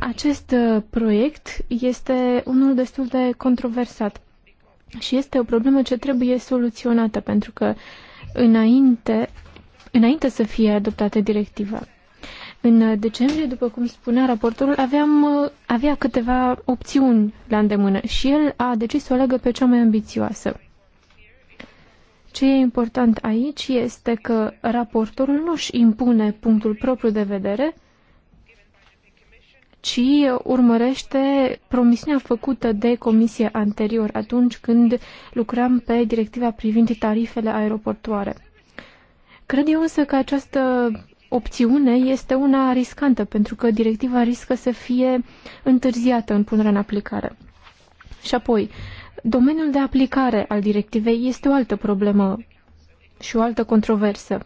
Acest uh, proiect este unul destul de controversat și este o problemă ce trebuie soluționată pentru că înainte, înainte să fie adoptată directiva, în uh, decembrie, după cum spunea raportorul, aveam, uh, avea câteva opțiuni la îndemână și el a decis să o legă pe cea mai ambițioasă. Ce e important aici este că raportorul nu își impune punctul propriu de vedere, ci urmărește promisiunea făcută de comisie anterior atunci când lucram pe directiva privind tarifele aeroportoare. Cred eu însă că această opțiune este una riscantă, pentru că directiva riscă să fie întârziată în punerea în aplicare. Și apoi, domeniul de aplicare al directivei este o altă problemă și o altă controversă.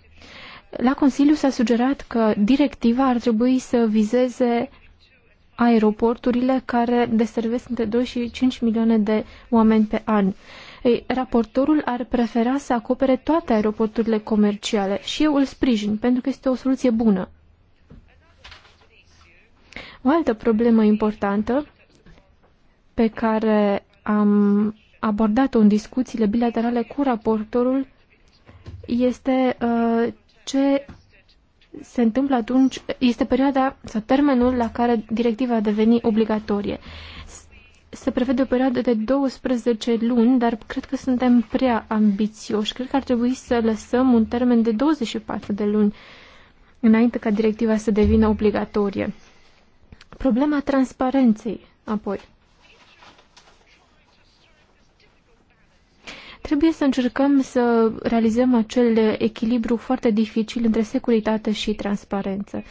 La Consiliu s-a sugerat că directiva ar trebui să vizeze aeroporturile care deservesc între 2 și 5 milioane de oameni pe an. Ei, raportorul ar prefera să acopere toate aeroporturile comerciale și eu îl sprijin pentru că este o soluție bună. O altă problemă importantă pe care am abordat-o în discuțiile bilaterale cu raportorul este uh, ce se întâmplă atunci, este perioada sau termenul la care directiva a deveni obligatorie. Se prevede o perioadă de 12 luni, dar cred că suntem prea ambițioși. Cred că ar trebui să lăsăm un termen de 24 de luni înainte ca directiva să devină obligatorie. Problema transparenței, apoi. Trebuie să încercăm să realizăm acel echilibru foarte dificil între securitate și transparență.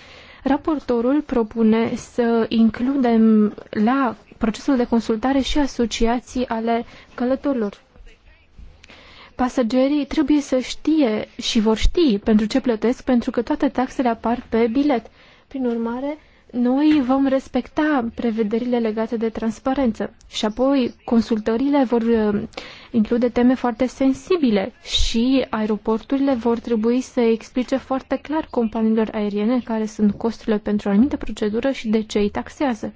Raportorul propune să includem la procesul de consultare și asociații ale călătorilor. Pasagerii trebuie să știe și vor ști pentru ce plătesc, pentru că toate taxele apar pe bilet. Prin urmare, noi vom respecta prevederile legate de transparență și apoi consultările vor uh, include teme foarte sensibile și aeroporturile vor trebui să explice foarte clar companiilor aeriene care sunt costurile pentru o anumită procedură și de ce îi taxează.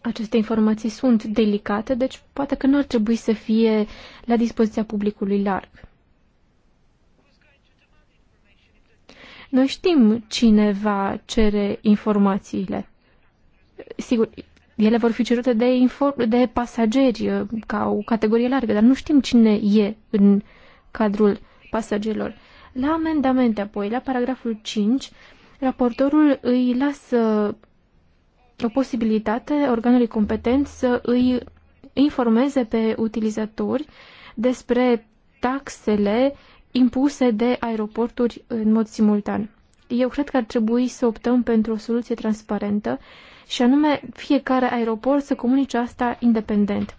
Aceste informații sunt delicate, deci poate că nu ar trebui să fie la dispoziția publicului larg. Noi știm cine va cere informațiile. Sigur, ele vor fi cerute de, de pasageri uh, ca o categorie largă, dar nu știm cine e în cadrul pasagerilor. La amendamente, apoi, la paragraful 5, raportorul îi lasă o posibilitate organului competent să îi informeze pe utilizatori despre taxele impuse de aeroporturi în mod simultan. Eu cred că ar trebui să optăm pentru o soluție transparentă și anume fiecare aeroport să comunice asta independent.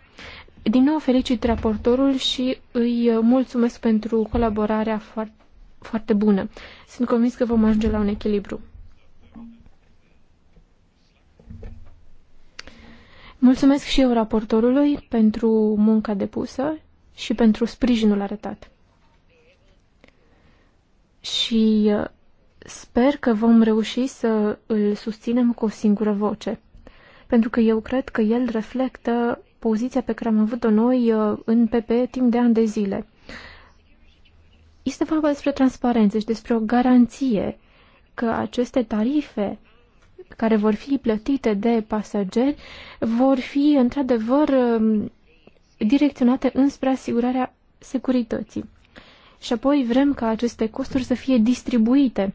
Din nou felicit raportorul și îi mulțumesc pentru colaborarea foarte, foarte bună. Sunt convins că vom ajunge la un echilibru. Mulțumesc și eu raportorului pentru munca depusă și pentru sprijinul arătat și uh, sper că vom reuși să îl susținem cu o singură voce. Pentru că eu cred că el reflectă poziția pe care am avut-o noi uh, în PP timp de ani de zile. Este vorba despre transparență și despre o garanție că aceste tarife care vor fi plătite de pasageri vor fi într-adevăr um, direcționate înspre asigurarea securității și apoi vrem ca aceste costuri să fie distribuite.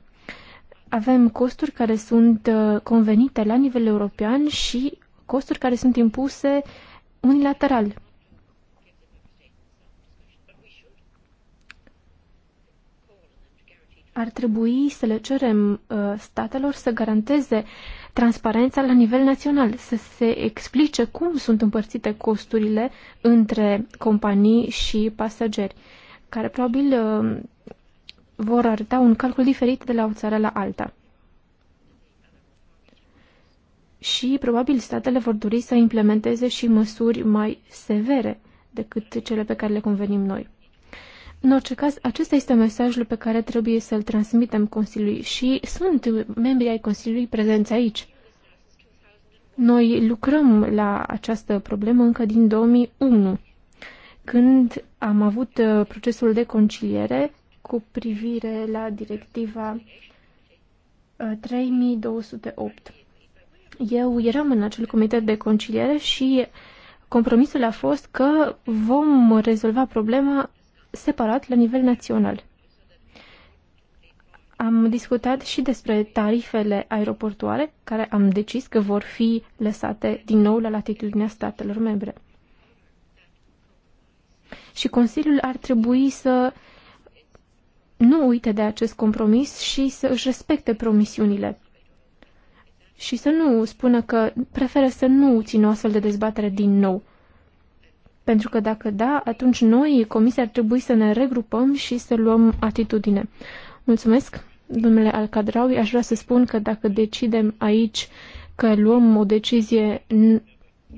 Avem costuri care sunt uh, convenite la nivel european și costuri care sunt impuse unilateral. Ar trebui să le cerem uh, statelor să garanteze transparența la nivel național, să se explice cum sunt împărțite costurile între companii și pasageri care probabil uh, vor arăta un calcul diferit de la o țară la alta. Și probabil statele vor dori să implementeze și măsuri mai severe decât cele pe care le convenim noi. În orice caz, acesta este mesajul pe care trebuie să-l transmitem Consiliului și sunt membrii ai Consiliului prezenți aici. Noi lucrăm la această problemă încă din 2001, când am avut uh, procesul de conciliere cu privire la directiva 3208. Uh, Eu eram în acel comitet de conciliere și compromisul a fost că vom rezolva problema separat la nivel național. Am discutat și despre tarifele aeroportoare, care am decis că vor fi lăsate din nou la latitudinea statelor membre. Și Consiliul ar trebui să nu uite de acest compromis și să își respecte promisiunile. Și să nu spună că preferă să nu țină o astfel de dezbatere din nou. Pentru că dacă da, atunci noi, Comisia, ar trebui să ne regrupăm și să luăm atitudine. Mulțumesc, domnule Alcadraui. Aș vrea să spun că dacă decidem aici că luăm o decizie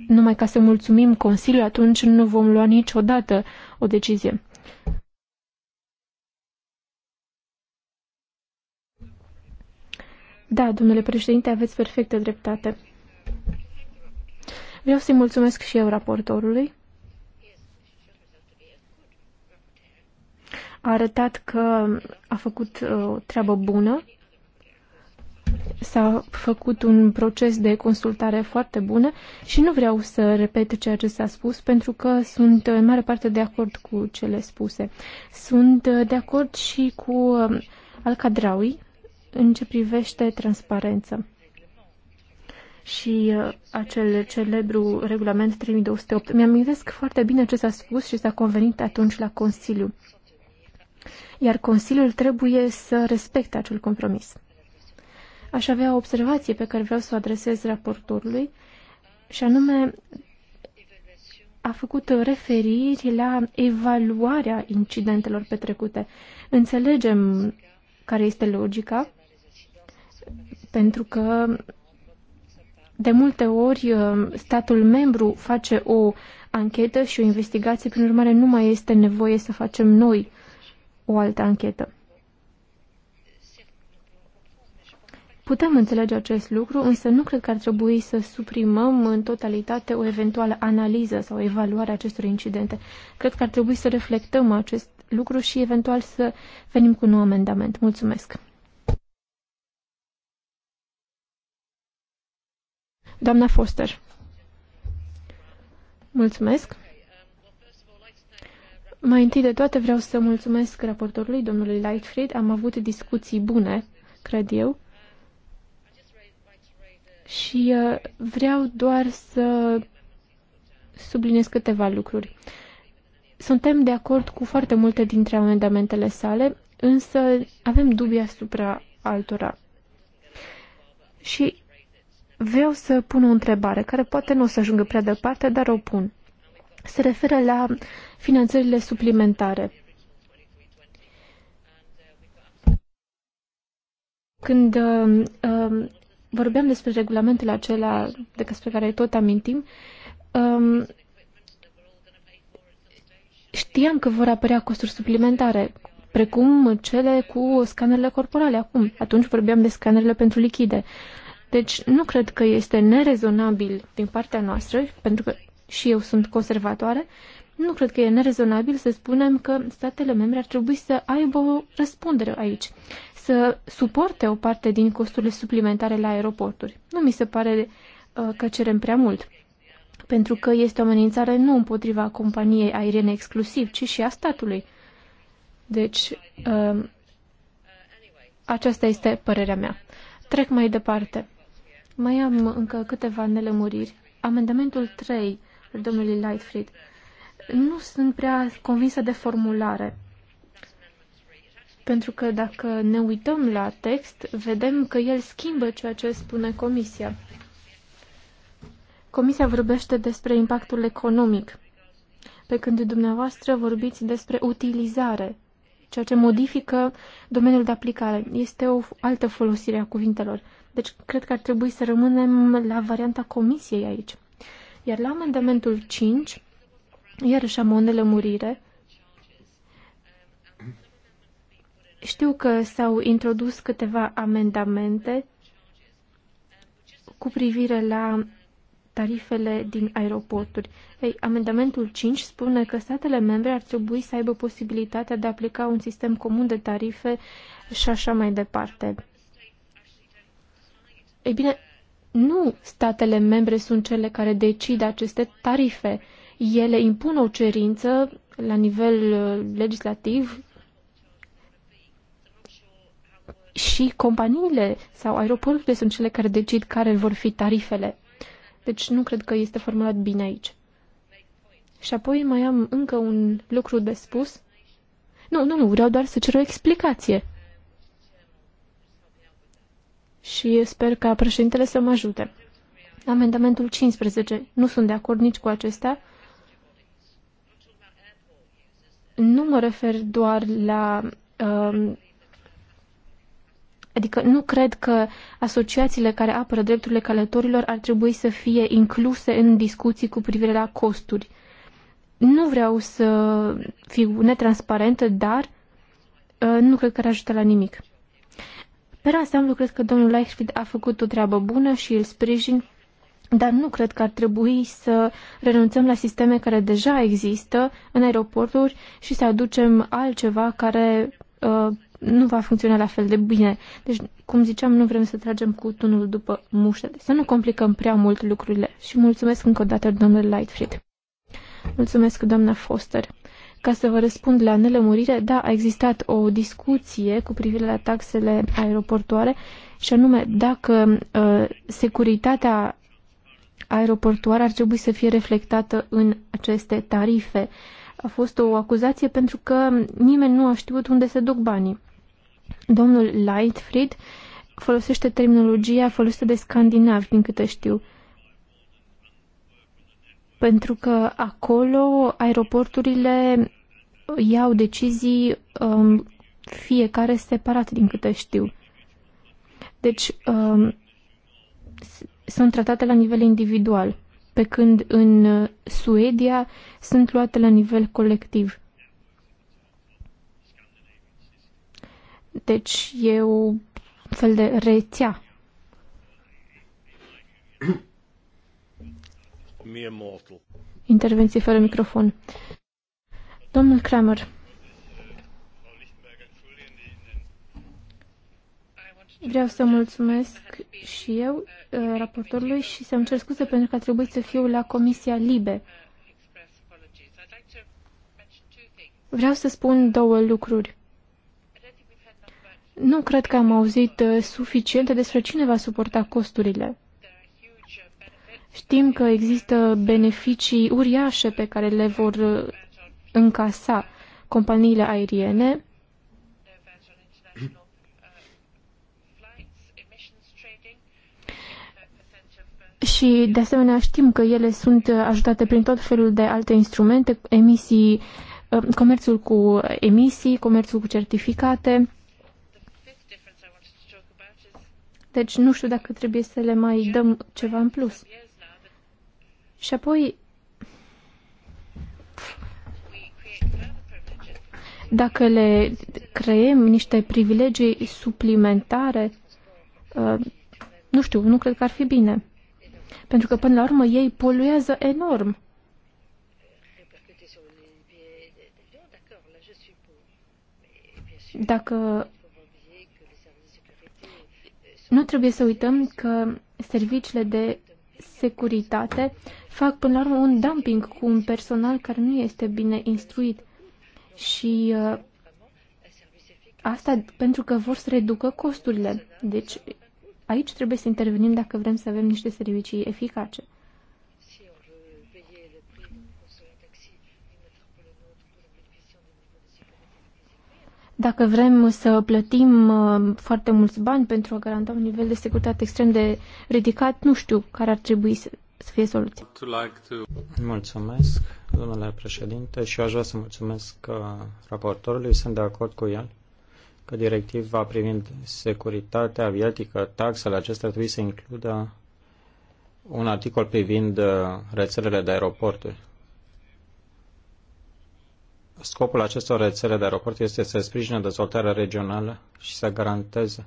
numai ca să mulțumim Consiliul, atunci nu vom lua niciodată o decizie. Da, domnule președinte, aveți perfectă dreptate. Vreau să-i mulțumesc și eu raportorului. A arătat că a făcut uh, o treabă bună S-a făcut un proces de consultare foarte bună și nu vreau să repet ceea ce s-a spus, pentru că sunt în mare parte de acord cu cele spuse. Sunt de acord și cu um, Alcadraui în ce privește transparență și uh, acel celebru regulament 3208. Mi-amintesc am foarte bine ce s-a spus și s-a convenit atunci la Consiliu. Iar Consiliul trebuie să respecte acel compromis aș avea o observație pe care vreau să o adresez raportorului, și anume a făcut referiri la evaluarea incidentelor petrecute. Înțelegem care este logica, pentru că de multe ori uh, statul membru face o anchetă și o investigație, prin urmare nu mai este nevoie să facem noi o altă anchetă. Putem înțelege acest lucru, însă nu cred că ar trebui să suprimăm în totalitate o eventuală analiză sau evaluare a acestor incidente. Cred că ar trebui să reflectăm acest lucru și eventual să venim cu un nou amendament. Mulțumesc! Doamna Foster. Mulțumesc. Mai întâi de toate vreau să mulțumesc raportorului, domnului Lightfried. Am avut discuții bune, cred eu și uh, vreau doar să subliniez câteva lucruri. Suntem de acord cu foarte multe dintre amendamentele sale, însă avem dubii asupra altora. Și vreau să pun o întrebare, care poate nu o să ajungă prea departe, dar o pun. Se referă la finanțările suplimentare. Când uh, uh vorbeam despre regulamentele acelea despre care tot amintim, um, știam că vor apărea costuri suplimentare, precum cele cu scanerele corporale acum. Atunci vorbeam de scanerele pentru lichide. Deci nu cred că este nerezonabil din partea noastră, pentru că și eu sunt conservatoare, nu cred că e nerezonabil să spunem că statele membre ar trebui să aibă o răspundere aici să suporte o parte din costurile suplimentare la aeroporturi. Nu mi se pare uh, că cerem prea mult, pentru că este o amenințare nu împotriva companiei aeriene exclusiv, ci și a statului. Deci, uh, aceasta este părerea mea. Trec mai departe. Mai am încă câteva nelămuriri. Amendamentul 3 al domnului Lightfried. Nu sunt prea convinsă de formulare. Pentru că dacă ne uităm la text, vedem că el schimbă ceea ce spune Comisia. Comisia vorbește despre impactul economic, pe când dumneavoastră vorbiți despre utilizare, ceea ce modifică domeniul de aplicare. Este o altă folosire a cuvintelor. Deci, cred că ar trebui să rămânem la varianta Comisiei aici. Iar la amendamentul 5, iarăși am o nelămurire, Știu că s-au introdus câteva amendamente cu privire la tarifele din aeroporturi. Ei, amendamentul 5 spune că statele membre ar trebui să aibă posibilitatea de a aplica un sistem comun de tarife și așa mai departe. Ei bine, nu statele membre sunt cele care decid aceste tarife. Ele impun o cerință la nivel uh, legislativ și companiile sau aeroporturile sunt cele care decid care vor fi tarifele. Deci nu cred că este formulat bine aici. Și apoi mai am încă un lucru de spus. Nu, nu, nu, vreau doar să cer o explicație. Și sper ca președintele să mă ajute. Amendamentul 15. Nu sunt de acord nici cu acestea. Nu mă refer doar la um, Adică nu cred că asociațiile care apără drepturile călătorilor ar trebui să fie incluse în discuții cu privire la costuri. Nu vreau să fiu netransparentă, dar uh, nu cred că ar ajuta la nimic. Pe ansamblu, cred că domnul Leichfried a făcut o treabă bună și îl sprijin, dar nu cred că ar trebui să renunțăm la sisteme care deja există în aeroporturi și să aducem altceva care uh, nu va funcționa la fel de bine. Deci, cum ziceam, nu vrem să tragem cu tunul după muște, deci să nu complicăm prea mult lucrurile. Și mulțumesc încă o dată, domnule Lightfried. Mulțumesc, doamna Foster. Ca să vă răspund la nelămurire, da, a existat o discuție cu privire la taxele aeroportoare și anume dacă uh, securitatea aeroportoară ar trebui să fie reflectată în aceste tarife. A fost o acuzație pentru că nimeni nu a știut unde se duc banii. Domnul Lightfried folosește terminologia folosită de scandinavi, din câte știu. Pentru că acolo aeroporturile iau decizii um, fiecare separat, din câte știu. Deci, um, sunt tratate la nivel individual, pe când în Suedia sunt luate la nivel colectiv. Deci e o fel de rețea. Intervenție fără microfon. Domnul Kramer. Vreau să mulțumesc și eu uh, raportorului și să-mi cer scuze pentru că a trebuit să fiu la Comisia Libe. Vreau să spun două lucruri. Nu cred că am auzit uh, suficiente despre cine va suporta costurile. Știm că există beneficii uriașe pe care le vor uh, încasa companiile aeriene, Și, de asemenea, știm că ele sunt uh, ajutate prin tot felul de alte instrumente, emisii, comerțul cu emisii, comerțul cu certificate. Deci nu știu dacă trebuie să le mai dăm ceva în plus. Și apoi, dacă le creem niște privilegii suplimentare, uh, nu știu, nu cred că ar fi bine. Pentru că, până la urmă, ei poluează enorm. Dacă nu trebuie să uităm că serviciile de securitate fac până la urmă un dumping cu un personal care nu este bine instruit și uh, asta pentru că vor să reducă costurile. Deci aici trebuie să intervenim dacă vrem să avem niște servicii eficace. Dacă vrem să plătim uh, foarte mulți bani pentru a garanta un nivel de securitate extrem de ridicat, nu știu care ar trebui să, să fie soluția. Mulțumesc, domnule președinte, și aș vrea să mulțumesc uh, raportorului. Sunt de acord cu el că directiva privind securitatea aviatică, taxele acestea trebuie să includă un articol privind uh, rețelele de aeroporturi. Scopul acestor rețele de aeroport este să sprijine dezvoltarea regională și să garanteze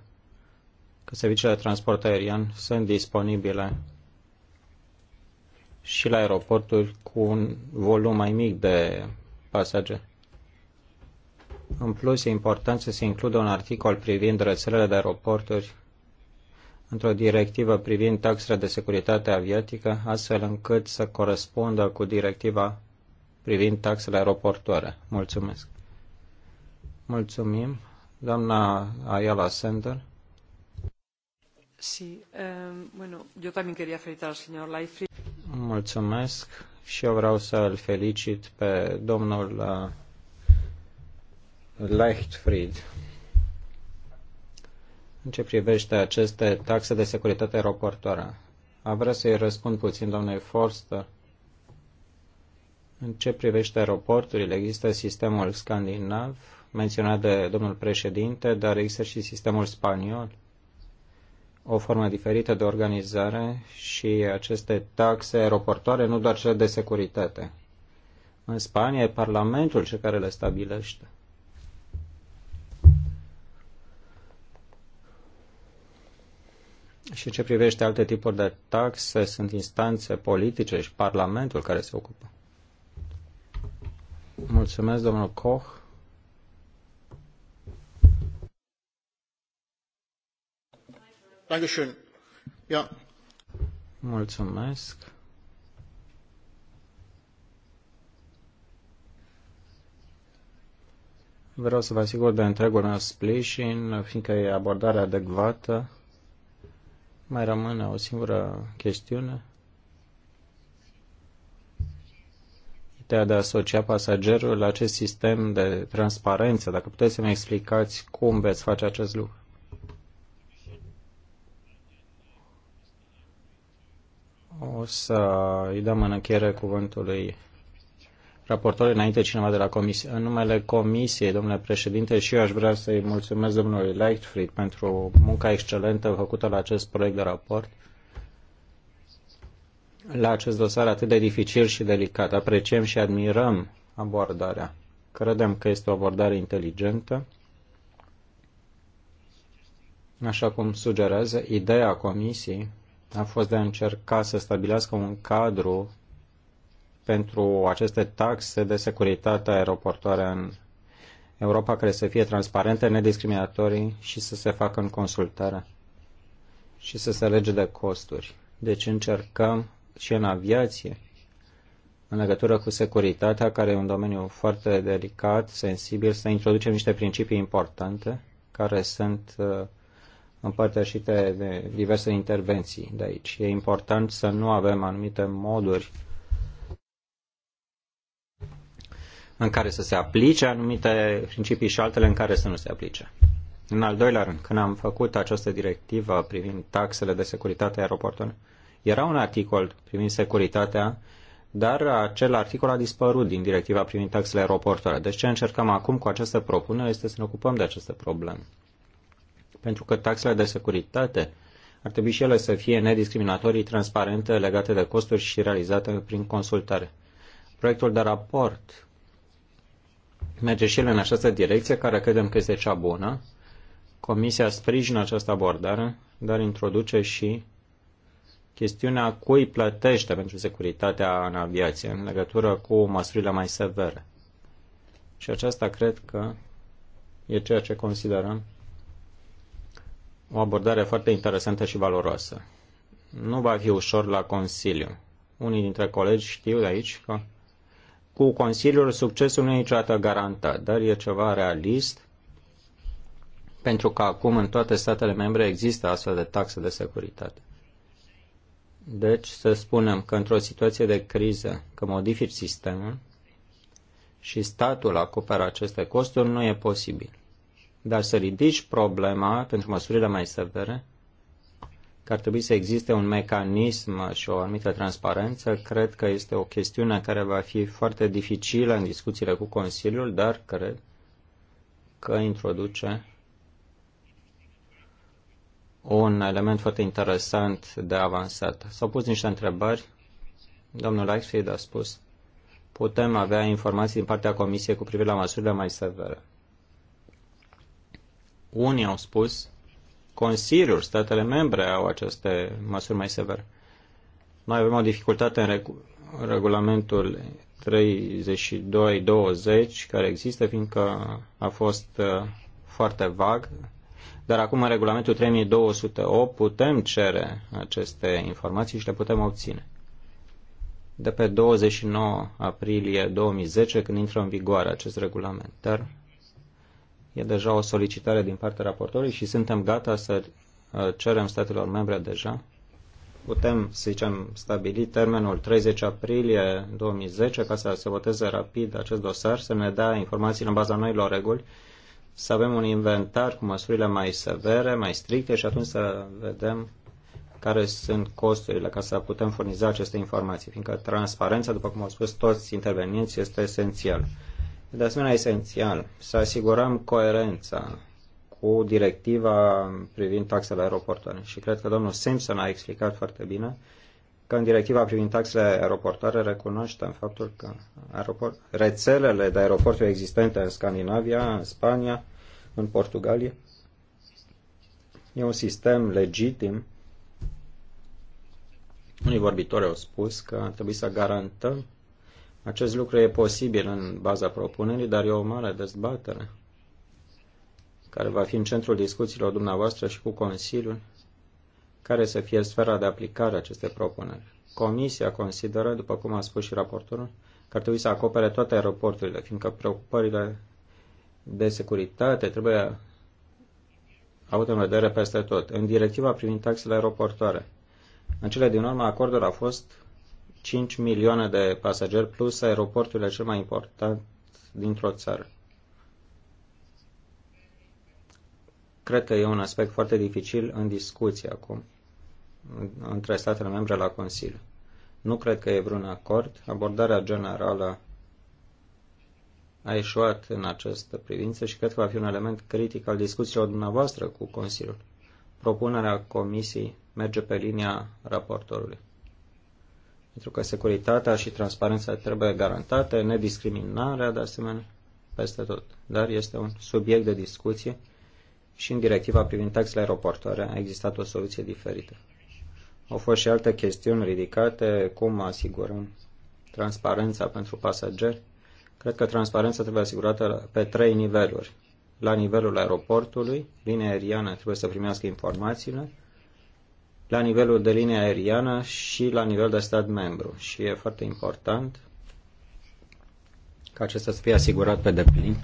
că serviciile de transport aerian sunt disponibile și la aeroporturi cu un volum mai mic de pasageri. În plus, e important să se includă un articol privind rețelele de aeroporturi într-o directivă privind taxele de securitate aviatică, astfel încât să corespundă cu directiva privind taxele aeroportoare. Mulțumesc. Mulțumim. Doamna Ayala Sender. Sí, eh, bueno, yo también quería felicitar al señor Leifried. Mulțumesc și eu vreau să îl felicit pe domnul uh, Leichtfried. În ce privește aceste taxe de securitate aeroportoare, a vrea să-i răspund puțin domnule Forster în ce privește aeroporturile, există sistemul scandinav, menționat de domnul președinte, dar există și sistemul spaniol, o formă diferită de organizare și aceste taxe aeroportoare, nu doar cele de securitate. În Spania e Parlamentul cel care le stabilește. Și în ce privește alte tipuri de taxe, sunt instanțe politice și Parlamentul care se ocupă. Mulțumesc, domnul Koch. Dankeschön. Ja. Mulțumesc. Vreau să vă asigur de întregul meu sprijin, fiindcă e abordarea adecvată. Mai rămâne o singură chestiune. putea de a asocia pasagerul la acest sistem de transparență? Dacă puteți să mi explicați cum veți face acest lucru. O să îi dăm în încheiere cuvântului raportorului înainte cineva de la comisie. În numele comisiei, domnule președinte, și eu aș vrea să-i mulțumesc domnului Lightfried pentru munca excelentă făcută la acest proiect de raport la acest dosar atât de dificil și delicat. Apreciem și admirăm abordarea. Credem că este o abordare inteligentă. Așa cum sugerează, ideea comisiei a fost de a încerca să stabilească un cadru pentru aceste taxe de securitate aeroportoare în Europa care să fie transparente, nediscriminatorii și să se facă în consultare și să se lege de costuri. Deci încercăm și în aviație, în legătură cu securitatea, care e un domeniu foarte delicat, sensibil, să introducem niște principii importante care sunt uh, împărtășite de diverse intervenții de aici. E important să nu avem anumite moduri în care să se aplice anumite principii și altele în care să nu se aplice. În al doilea rând, când am făcut această directivă privind taxele de securitate aeroportului, era un articol privind securitatea, dar acel articol a dispărut din directiva privind taxele aeroportoare. Deci ce încercăm acum cu această propunere este să ne ocupăm de aceste probleme. Pentru că taxele de securitate ar trebui și ele să fie nediscriminatorii, transparente, legate de costuri și realizate prin consultare. Proiectul de raport merge și el în această direcție, care credem că este cea bună. Comisia sprijină această abordare, dar introduce și chestiunea cui plătește pentru securitatea în aviație în legătură cu măsurile mai severe. Și aceasta cred că e ceea ce considerăm o abordare foarte interesantă și valoroasă. Nu va fi ușor la Consiliu. Unii dintre colegi știu de aici că cu Consiliul succesul nu e niciodată garantat, dar e ceva realist pentru că acum în toate statele membre există astfel de taxe de securitate. Deci să spunem că într-o situație de criză, că modifici sistemul și statul acoperă aceste costuri, nu e posibil. Dar să ridici problema pentru măsurile mai severe, că ar trebui să existe un mecanism și o anumită transparență, cred că este o chestiune care va fi foarte dificilă în discuțiile cu Consiliul, dar cred că introduce un element foarte interesant de avansat. S-au pus niște întrebări. Domnul Eichfried a spus, putem avea informații din partea Comisiei cu privire la măsurile mai severe. Unii au spus, Consiliul, statele membre au aceste măsuri mai severe. Noi avem o dificultate în regu regulamentul 32-20 care există, fiindcă a fost uh, foarte vag, dar acum, în regulamentul 3208, putem cere aceste informații și le putem obține. De pe 29 aprilie 2010, când intră în vigoare acest regulament. Dar e deja o solicitare din partea raportorului și suntem gata să uh, cerem statelor membre deja. Putem, să zicem, stabili termenul 30 aprilie 2010 ca să se voteze rapid acest dosar, să ne dea informații în baza noilor reguli să avem un inventar cu măsurile mai severe, mai stricte și atunci să vedem care sunt costurile ca să putem furniza aceste informații, fiindcă transparența, după cum au spus toți intervenienți, este esențial. De asemenea, esențial să asigurăm coerența cu directiva privind taxele aeroportoare. Și cred că domnul Simpson a explicat foarte bine că în directiva privind taxele aeroportoare recunoaștem faptul că aeroport, rețelele de aeroporturi existente în Scandinavia, în Spania, în Portugalia, e un sistem legitim. Unii vorbitori au spus că ar trebui să garantăm acest lucru e posibil în baza propunerii, dar e o mare dezbatere care va fi în centrul discuțiilor dumneavoastră și cu Consiliul care să fie sfera de aplicare a acestei propuneri. Comisia consideră, după cum a spus și raportorul, că ar trebui să acopere toate aeroporturile, fiindcă preocupările de securitate trebuie avut în vedere peste tot. În directiva privind taxele aeroportoare, în cele din urmă, acordul a fost 5 milioane de pasageri plus aeroporturile cel mai important dintr-o țară. Cred că e un aspect foarte dificil în discuție acum între statele membre la Consiliu. Nu cred că e vreun acord. Abordarea generală a eșuat în această privință și cred că va fi un element critic al discuțiilor dumneavoastră cu Consiliul. Propunerea Comisiei merge pe linia raportorului. Pentru că securitatea și transparența trebuie garantate, nediscriminarea de asemenea, peste tot. Dar este un subiect de discuție și în directiva privind taxele aeroportoare a existat o soluție diferită. Au fost și alte chestiuni ridicate, cum asigurăm transparența pentru pasageri. Cred că transparența trebuie asigurată pe trei niveluri. La nivelul aeroportului, linia aeriană trebuie să primească informațiile, la nivelul de linie aeriană și la nivel de stat membru. Și e foarte important ca acesta să fie asigurat pe deplin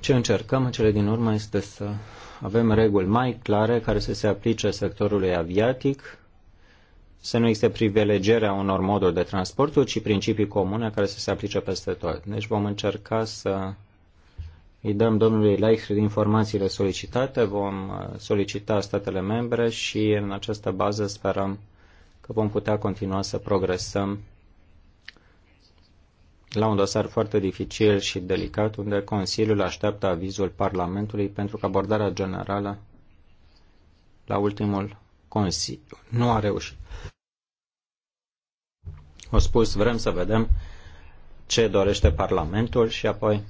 ce încercăm în cele din urmă este să avem reguli mai clare care să se aplice sectorului aviatic, să nu existe privilegierea unor moduri de transport, ci principii comune care să se aplice peste tot. Deci vom încerca să îi dăm domnului Leichfried informațiile solicitate, vom uh, solicita statele membre și în această bază sperăm că vom putea continua să progresăm la un dosar foarte dificil și delicat, unde Consiliul așteaptă avizul Parlamentului pentru că abordarea generală la ultimul Consiliu nu a reușit. O spus, vrem să vedem ce dorește Parlamentul și apoi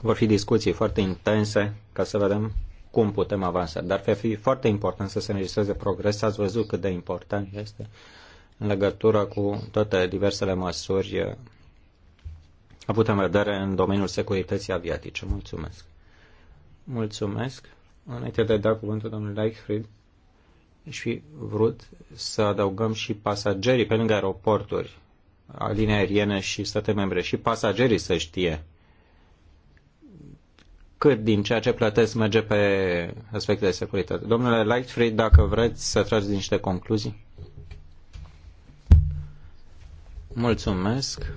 vor fi discuții foarte intense ca să vedem cum putem avansa. Dar va fi foarte important să se înregistreze progres. Ați văzut cât de important este în legătură cu toate diversele măsuri avut în vedere în domeniul securității aviatice. Mulțumesc. Mulțumesc. Înainte de a da cuvântul domnului Leichfried, și vrut să adăugăm și pasagerii pe lângă aeroporturi, linii aeriene și state membre, și pasagerii să știe cât din ceea ce plătesc merge pe aspecte de securitate. Domnule Lightfried, dacă vreți să trageți niște concluzii. Mulțumesc.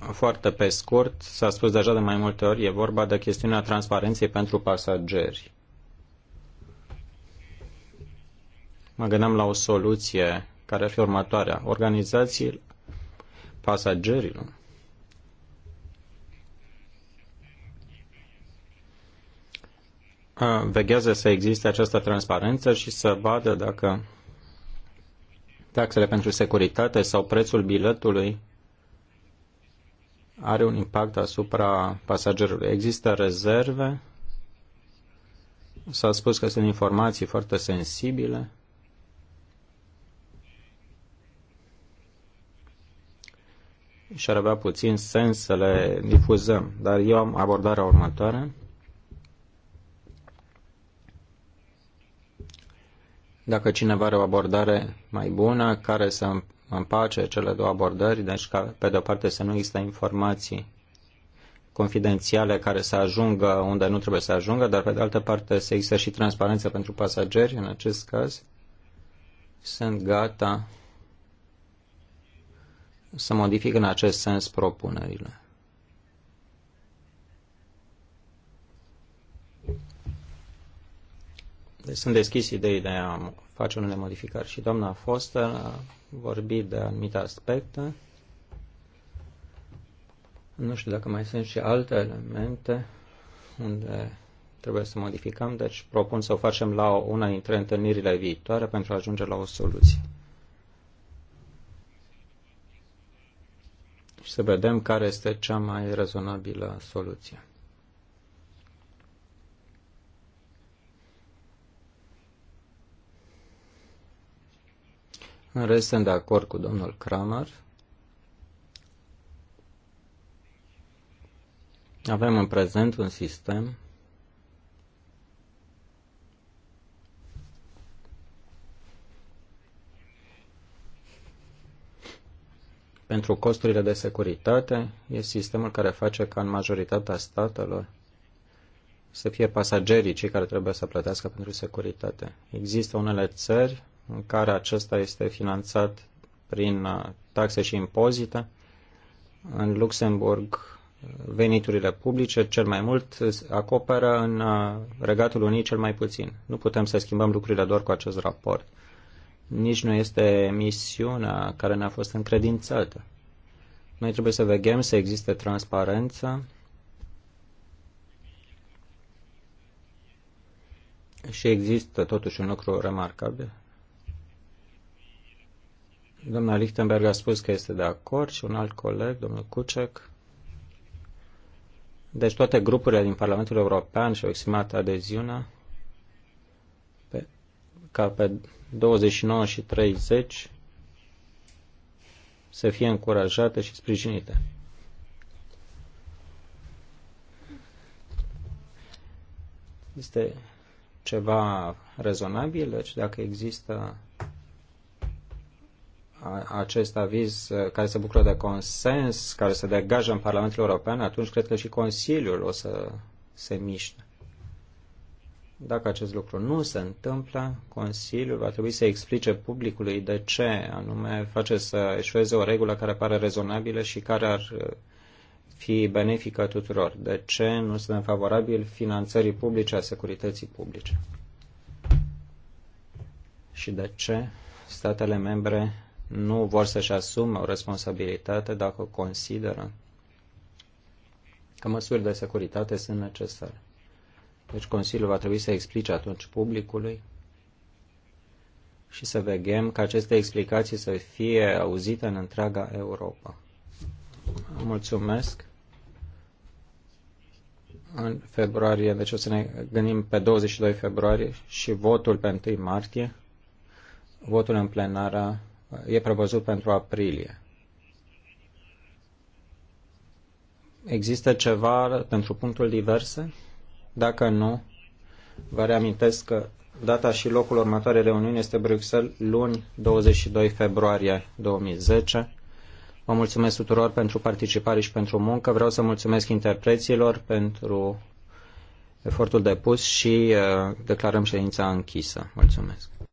Foarte pe scurt, s-a spus deja de mai multe ori, e vorba de chestiunea transparenței pentru pasageri. Mă gândeam la o soluție care ar fi următoarea. Organizații pasagerilor veghează să existe această transparență și să vadă dacă taxele pentru securitate sau prețul biletului are un impact asupra pasagerului. Există rezerve, s-a spus că sunt informații foarte sensibile. și ar avea puțin sens să le difuzăm. Dar eu am abordarea următoare. Dacă cineva are o abordare mai bună, care să în pace cele două abordări, deci ca, pe de-o parte să nu există informații confidențiale care să ajungă unde nu trebuie să ajungă, dar pe de altă parte să există și transparență pentru pasageri în acest caz. Sunt gata să modific în acest sens propunerile. Deci sunt deschis idei de a face unele modificări. Și doamna Foster a vorbit de anumite aspecte. Nu știu dacă mai sunt și alte elemente unde trebuie să modificăm, deci propun să o facem la una dintre întâlnirile viitoare pentru a ajunge la o soluție. Și să vedem care este cea mai rezonabilă soluție. În rest, sunt de acord cu domnul Kramer. Avem în prezent un sistem pentru costurile de securitate e sistemul care face ca în majoritatea statelor să fie pasagerii cei care trebuie să plătească pentru securitate. Există unele țări în care acesta este finanțat prin uh, taxe și impozite. În Luxemburg, uh, veniturile publice cel mai mult uh, acoperă în Regatul Unii cel mai puțin. Nu putem să schimbăm lucrurile doar cu acest raport. Nici nu este misiunea care ne-a fost încredințată. Noi trebuie să vegem să existe transparență și există totuși un lucru remarcabil. Doamna Lichtenberg a spus că este de acord și un alt coleg, domnul Kucek. Deci toate grupurile din Parlamentul European și-au exprimat adeziunea pe, ca pe 29 și 30 să fie încurajate și sprijinite. Este ceva rezonabil, deci dacă există acest aviz uh, care se bucură de consens, care se degajă în Parlamentul European, atunci cred că și Consiliul o să se miște. Dacă acest lucru nu se întâmplă, Consiliul va trebui să explice publicului de ce anume face să eșueze o regulă care pare rezonabilă și care ar uh, fi benefică tuturor. De ce nu suntem favorabili finanțării publice a securității publice? Și de ce statele membre nu vor să-și asume o responsabilitate dacă consideră că măsuri de securitate sunt necesare. Deci Consiliul va trebui să explice atunci publicului și să vegem că aceste explicații să fie auzite în întreaga Europa. Mulțumesc! În februarie, deci o să ne gândim pe 22 februarie și votul pe 1 martie, votul în plenară e prevăzut pentru aprilie. Există ceva pentru punctul diverse? Dacă nu, vă reamintesc că data și locul următoarei reuniuni este Bruxelles, luni 22 februarie 2010. Vă mulțumesc tuturor pentru participare și pentru muncă. Vreau să mulțumesc interpreților pentru efortul depus și uh, declarăm ședința închisă. Mulțumesc.